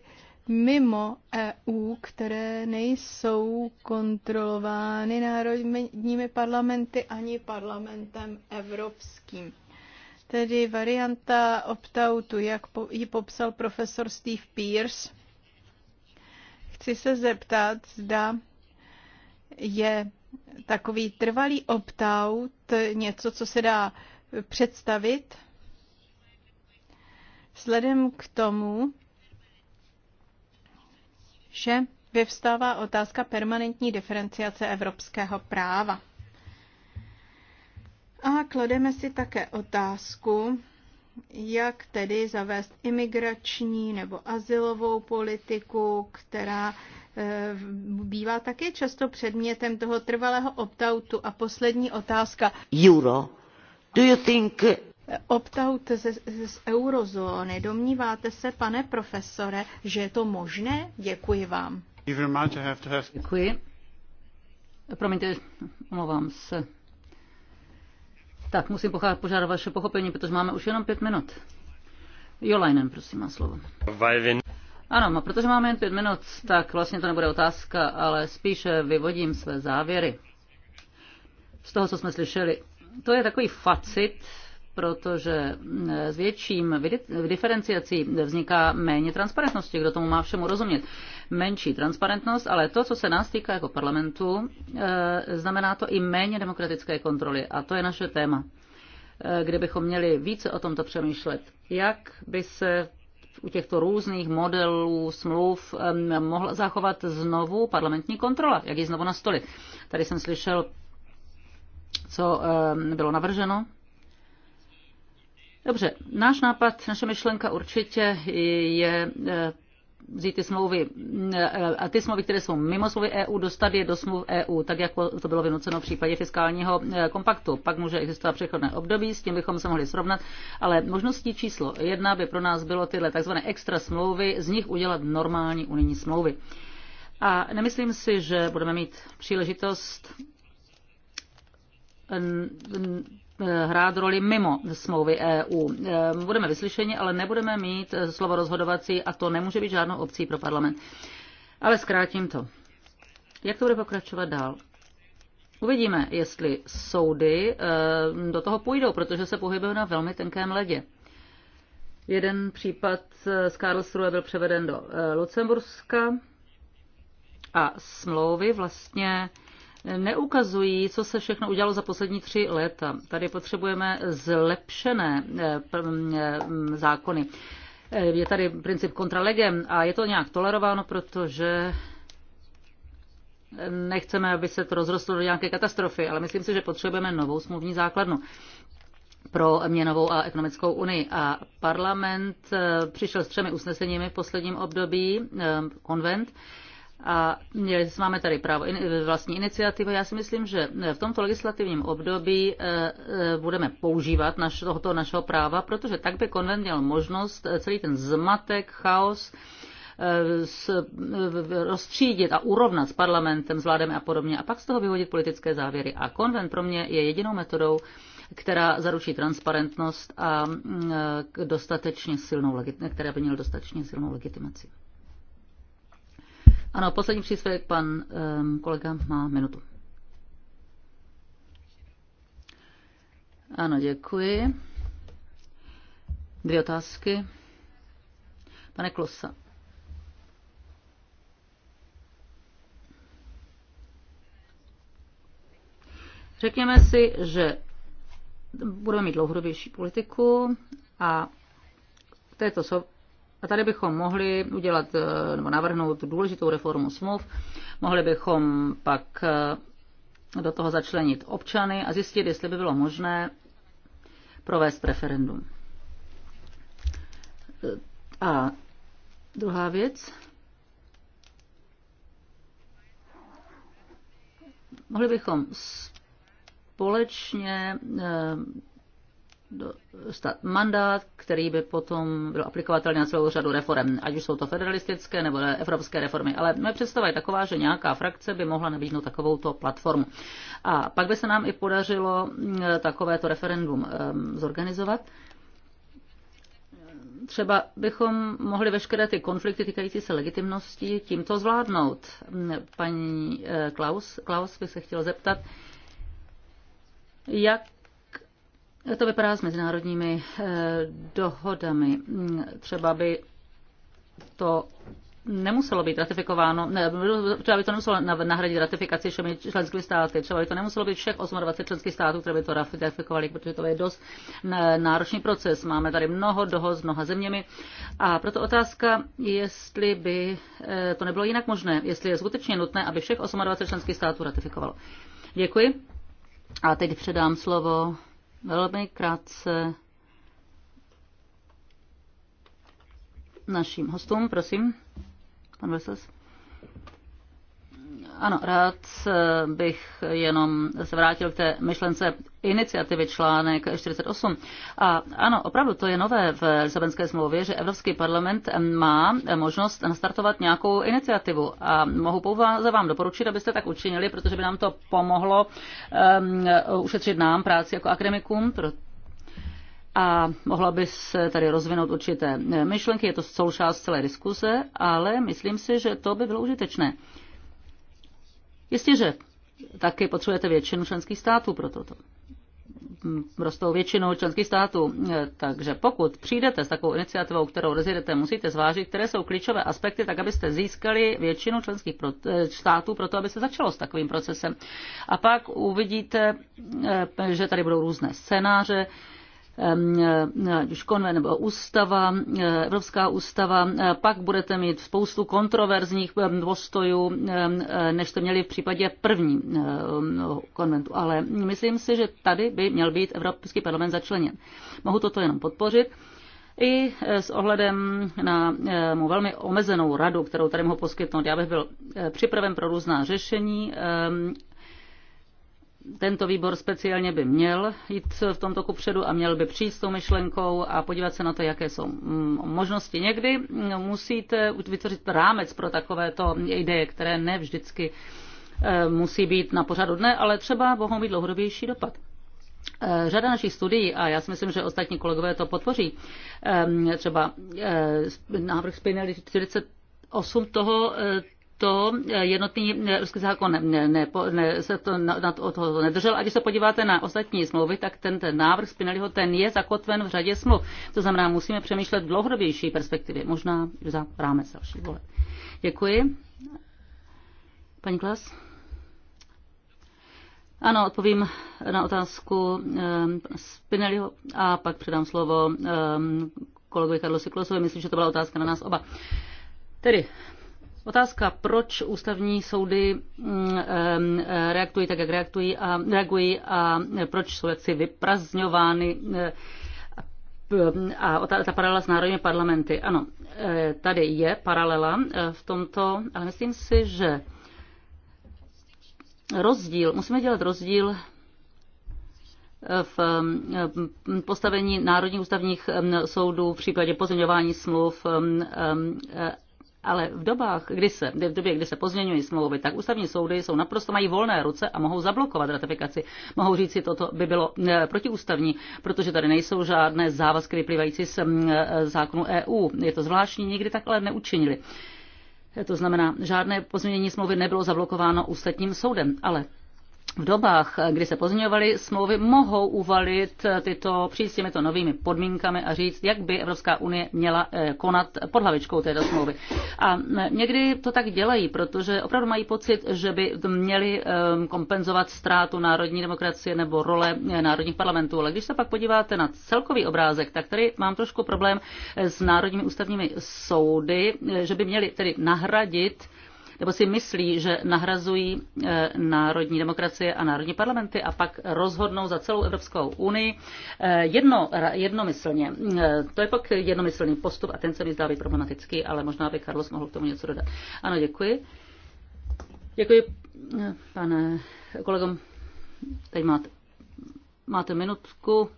mimo EU, které nejsou kontrolovány národními parlamenty ani parlamentem evropským. Tedy varianta opt-outu, jak ji popsal profesor Steve Pierce. Chci se zeptat, zda je takový trvalý opt-out něco, co se dá představit, vzhledem k tomu, že vyvstává otázka permanentní diferenciace evropského práva. A klademe si také otázku, jak tedy zavést imigrační nebo asilovou politiku, která eh, bývá také často předmětem toho trvalého optautu. A poslední otázka. Euro. Do you think opt-out z, z eurozóny. Domníváte se, pane profesore, že je to možné? Děkuji vám. Děkuji. Promiňte, omlouvám se. Tak, musím požádat vaše pochopení, protože máme už jenom pět minut. Jolajnen, prosím, má slovo. Ano, no, protože máme jen pět minut, tak vlastně to nebude otázka, ale spíše vyvodím své závěry z toho, co jsme slyšeli. To je takový facit, protože mm, s větším diferenciací vzniká méně transparentnosti, kdo tomu má všemu rozumět. Menší transparentnost, ale to, co se nás týká jako parlamentu, eh, znamená to i méně demokratické kontroly a to je naše téma eh, kde bychom měli více o tomto přemýšlet. Jak by se u těchto různých modelů smluv eh, mohla zachovat znovu parlamentní kontrola, jak ji znovu nastolit. Tady jsem slyšel, co bylo navrženo Dobře, náš nápad, naše myšlenka určitě je eh, vzít ty smlouvy eh, a ty smlouvy, které jsou mimo smlouvy EU, dostat je do smluv EU, tak jako to bylo vynuceno v případě fiskálního eh, kompaktu. Pak může existovat přechodné období, s tím bychom se mohli srovnat, ale možností číslo jedna by pro nás bylo tyhle tzv. extra smlouvy, z nich udělat normální unijní smlouvy. A nemyslím si, že budeme mít příležitost hrát roli mimo smlouvy EU. Ehm, budeme vyslyšeni, ale nebudeme mít eh, slovo rozhodovací a to nemůže být žádnou opcí pro parlament. Ale zkrátím to. Jak to bude pokračovat dál? Uvidíme, jestli soudy ehm, do toho půjdou, protože se pohybují na velmi tenkém ledě. Jeden případ eh, z Karlsruhe byl převeden do eh, Lucemburska a smlouvy vlastně neukazují, co se všechno udělalo za poslední tři léta. Tady potřebujeme zlepšené eh, mm, eh, zákony. Eh, je tady princip kontralegem a je to nějak tolerováno, protože nechceme, aby se to rozrostlo do nějaké katastrofy, ale myslím si, že potřebujeme novou smluvní základnu pro měnovou a ekonomickou unii. A parlament přišel s třemi usneseními v posledním období, konvent, a měli, máme tady právo in, vlastní iniciativy. Já si myslím, že v tomto legislativním období eh, eh, budeme používat naš, tohoto našeho práva, protože tak by konvent měl možnost eh, celý ten zmatek, chaos rozstřídit a urovnat s parlamentem, s vládem a podobně a pak z toho vyvodit politické závěry. A konvent pro mě je jedinou metodou, která zaručí transparentnost a mm, dostatečně silnou, která by měla dostatečně silnou legitimaci. Ano, poslední příspěvek, pan um, kolega má minutu. Ano, děkuji. Dvě otázky. Pane Klosa. Řekněme si, že budeme mít dlouhodobější politiku a v této a tady bychom mohli udělat eh, nebo navrhnout důležitou reformu smluv. Mohli bychom pak eh, do toho začlenit občany a zjistit, jestli by bylo možné provést referendum. Eh, a druhá věc. Mohli bychom společně dostat mandát, který by potom byl aplikovatelný na celou řadu reform, ať už jsou to federalistické nebo evropské reformy. Ale moje představa je taková, že nějaká frakce by mohla nabídnout takovouto platformu. A pak by se nám i podařilo mm, takovéto referendum ehm, zorganizovat třeba bychom mohli veškeré ty konflikty týkající se legitimnosti tímto zvládnout. Mm, paní eh, Klaus, Klaus by se chtěl zeptat, jak to vypadá s mezinárodními eh, dohodami. Mm, třeba by to nemuselo být ratifikováno, ne, třeba by to nemuselo nahradit ratifikaci všemi členskými státy, třeba by to nemuselo být všech 28 členských států, které by to ratifikovali, protože to je dost eh, náročný proces. Máme tady mnoho dohod s mnoha zeměmi a proto otázka, jestli by eh, to nebylo jinak možné, jestli je skutečně nutné, aby všech 28 členských států ratifikovalo. Děkuji. A teď předám slovo velmi krátce naším hostům, prosím. Pan Vesels. Ano, rád bych jenom se vrátil k té myšlence iniciativy článek 48. A ano, opravdu to je nové v Lisabonské smlouvě, že Evropský parlament má možnost nastartovat nějakou iniciativu. A mohu pouze vám doporučit, abyste tak učinili, protože by nám to pomohlo um, ušetřit nám práci jako akademikům, a mohla by se tady rozvinout určité myšlenky, je to součást celé diskuze, ale myslím si, že to by bylo užitečné že taky potřebujete většinu členských států pro toto prostou většinou členských států. E, takže pokud přijdete s takovou iniciativou, kterou rozjedete, musíte zvážit, které jsou klíčové aspekty, tak abyste získali většinu členských e, států pro to, aby se začalo s takovým procesem. A pak uvidíte, e, že tady budou různé scénáře, ať eh, už konven nebo ústava, eh, Evropská ústava, eh, pak budete mít spoustu kontroverzních dvostojů, než jste měli v případě první konventu. Ale myslím si, že tady by měl být Evropský parlament začleněn. Mohu toto jenom podpořit i s ohledem na mu velmi omezenou radu, kterou tady mohu poskytnout. Já bych byl připraven pro různá řešení tento výbor speciálně by měl jít v tomto kupředu a měl by přijít s tou myšlenkou a podívat se na to, jaké jsou mm, možnosti. Někdy mm, musíte vytvořit rámec pro takovéto ideje, které ne vždycky e, musí být na pořadu dne, ale třeba mohou mít dlouhodobější dopad. E, řada našich studií, a já si myslím, že ostatní kolegové to podpoří, e, třeba návrh Spinelli 48 toho to jednotný ruský zákon ne, ne, ne, se to, na, to, to nedržel. A když se podíváte na ostatní smlouvy, tak ten, ten návrh Spinelliho, ten je zakotven v řadě smluv. To znamená, musíme přemýšlet v dlouhodobější perspektivě, možná za rámec další vole. Děkuji. Paní Klas? Ano, odpovím na otázku ehm, Spinelliho a pak předám slovo ehm, kolegovi Karlo Klosovi. Myslím, že to byla otázka na nás oba. Tedy Otázka, proč ústavní soudy mm, reagují tak, jak reagují a, reagují a proč jsou jaksi vyprazňovány eh, a ta, ta paralela s národními parlamenty. Ano, eh, tady je paralela eh, v tomto, ale myslím si, že rozdíl, musíme dělat rozdíl v postavení národních ústavních soudů v případě pozměňování smluv ale v dobách, kdy se, v době, kdy se pozměňují smlouvy, tak ústavní soudy jsou naprosto mají volné ruce a mohou zablokovat ratifikaci. Mohou říct si, toto by bylo eh, protiústavní, protože tady nejsou žádné závazky vyplývající z mm, eh, zákonu EU. Je to zvláštní, nikdy takhle neučinili. To znamená, žádné pozměnění smlouvy nebylo zablokováno ústavním soudem, ale v dobách, kdy se pozměňovaly smlouvy, mohou uvalit tyto, přijít s těmito novými podmínkami a říct, jak by Evropská unie měla eh, konat pod hlavičkou této smlouvy. A eh, někdy to tak dělají, protože opravdu mají pocit, že by měli eh, kompenzovat ztrátu národní demokracie nebo role národních parlamentů. Ale když se pak podíváte na celkový obrázek, tak tady mám trošku problém s národními ústavními soudy, že by měli tedy nahradit nebo si myslí, že nahrazují eh, národní demokracie a národní parlamenty a pak rozhodnou za celou Evropskou unii eh, jedno, jednomyslně. Eh, to je pak jednomyslný postup a ten se mi zdá být problematický, ale možná by Carlos mohl k tomu něco dodat. Ano, děkuji. Děkuji, pane kolegom. Teď máte, máte minutku.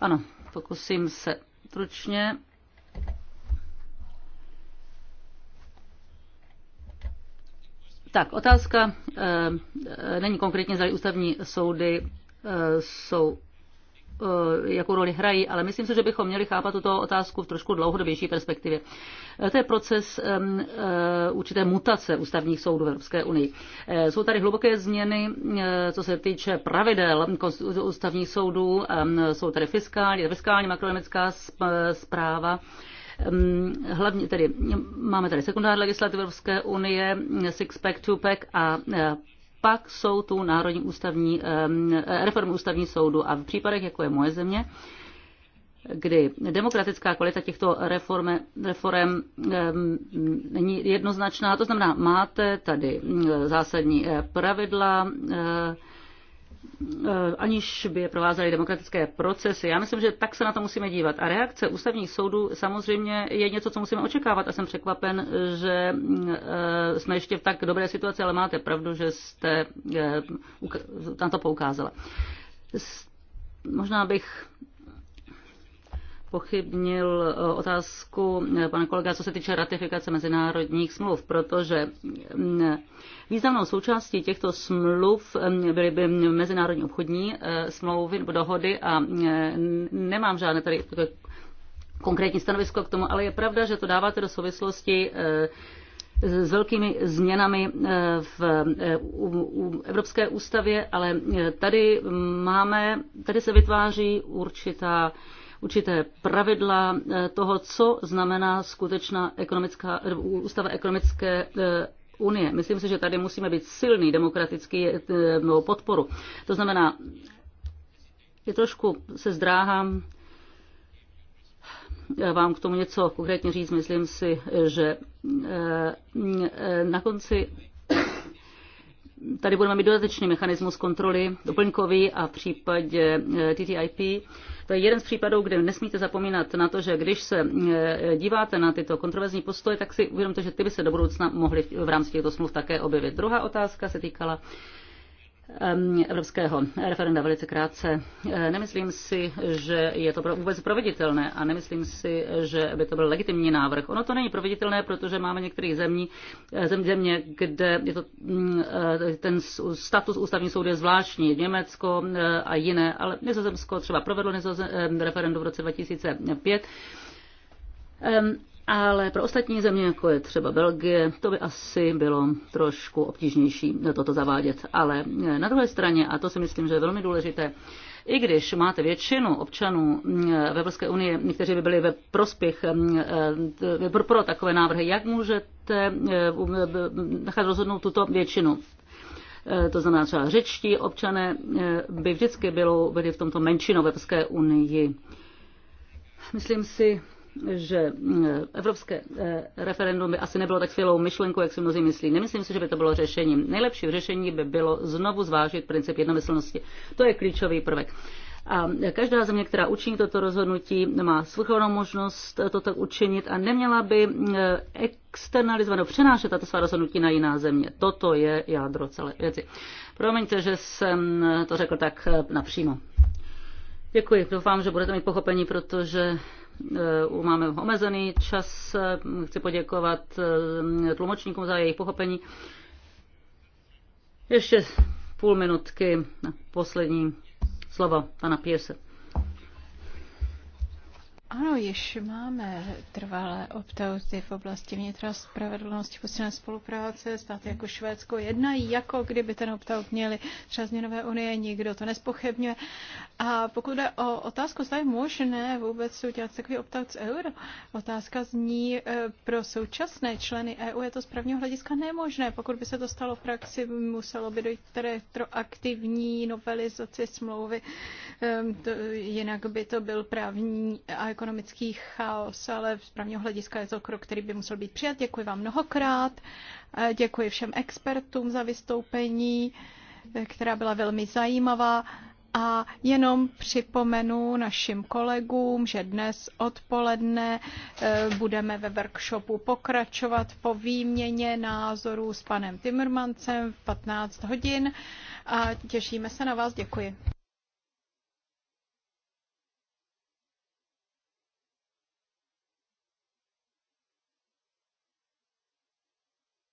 Ano, pokusím se stručně. Tak, otázka eh, není konkrétně, zda ústavní soudy eh, jsou eh, jakou roli hrají, ale myslím si, že bychom měli chápat tuto otázku v trošku dlouhodobější perspektivě. To je proces určité mutace ústavních soudů v Evropské unii. Jsou tady hluboké změny, co se týče pravidel ústavních soudů, jsou tady fiskální, fiskální makroekonomická zpráva Ehm, hlavně tedy máme tady sekundární legislativy Evropské unie, six-pack, two-pack a e, pak jsou tu národní ústavní, ehm, reformy ústavní soudu a v případech, jako je moje země, kdy demokratická kvalita těchto reforme, reform ehm, není jednoznačná. To znamená, máte tady zásadní e, pravidla, e, Eh, aniž by je provázely demokratické procesy. Já myslím, že tak se na to musíme dívat. A reakce ústavních soudů samozřejmě je něco, co musíme očekávat a jsem překvapen, že eh, jsme ještě v tak dobré situaci, ale máte pravdu, že jste eh, na to poukázala. Možná bych pochybnil eh, otázku eh, pana kolega, co se týče ratifikace mezinárodních smluv, protože mm, významnou součástí těchto smluv mm, byly by mezinárodní obchodní eh, smlouvy nebo dohody a mm, nemám žádné tady konkrétní stanovisko k tomu, ale je pravda, že to dáváte do souvislosti s velkými změnami v Evropské ústavě, ale tady máme, tady se vytváří určitá určité pravidla eh, toho, co znamená skutečná ekonomická, eh, ústava ekonomické eh, unie. Myslím si, že tady musíme být silný demokratický podporu. To znamená, je trošku se zdráhám vám k tomu něco konkrétně říct. Myslím si, že na konci Tady budeme mít dodatečný mechanismus kontroly, doplňkový a v případě eh, TTIP. To je jeden z případů, kde nesmíte zapomínat na to, že když se eh, díváte na tyto kontroverzní postoje, tak si uvědomte, že ty by se do budoucna mohly v rámci těchto smluv také objevit. Druhá otázka se týkala evropského referenda velice krátce. Nemyslím si, že je to vůbec proveditelné a nemyslím si, že by to byl legitimní návrh. Ono to není proveditelné, protože máme některých zemí, eh, zem, země, kde je to, mm, eh, ten status ústavní soudu je zvláštní, Německo eh, a jiné, ale Nizozemsko třeba provedlo referendum v roce 2005 ale pro ostatní země, jako je třeba Belgie, to by asi bylo trošku obtížnější toto zavádět. Ale eh, na druhé straně, a to si myslím, že je velmi důležité, i když máte většinu občanů eh, v Evropské unii, kteří by byli ve prospěch eh, pro takové návrhy, jak můžete nechat rozhodnout tuto většinu? to znamená třeba řečtí občané, by vždycky bylo, byli v tomto menšinu v Evropské unii. Myslím si, že mm, evropské eh, referendum by asi nebylo tak skvělou myšlenkou, jak si mnozí myslí. Nemyslím si, že by to bylo řešením. Nejlepší řešení by bylo znovu zvážit princip jednomyslnosti. To je klíčový prvek. A každá země, která učiní toto rozhodnutí, má svrchovanou možnost to tak učinit a neměla by eh, externalizovat přenášet tato svá rozhodnutí na jiná země. Toto je jádro celé věci. Promiňte, že jsem to řekl tak eh, napřímo. Děkuji, doufám, že budete mít pochopení, protože Eh, máme omezený čas. Eh, chci poděkovat eh, tlumočníkům za jejich pochopení. Ještě půl minutky na poslední slovo pana Pierce. Ano, již máme trvalé optauty v oblasti vnitra spravedlnosti, posílené spolupráce, státy jako Švédsko jednají, jako kdyby ten optaut měli třeba změnové unie, nikdo to nespochybňuje. A pokud jde o otázku, zda je možné vůbec udělat takový optaut z euro, otázka zní eh, pro současné členy EU, je to z prvního hlediska nemožné. Pokud by se to stalo v praxi, muselo by dojít k retroaktivní novelizaci smlouvy, ehm, jinak by to byl právní ekonomický chaos, ale z právního hlediska je to krok, který by musel být přijat. Děkuji vám mnohokrát, eh, děkuji všem expertům za vystoupení, eh, která byla velmi zajímavá. A jenom připomenu našim kolegům, že dnes odpoledne eh, budeme ve workshopu pokračovat po výměně názorů s panem Timmermancem v 15 hodin a těšíme se na vás. Děkuji.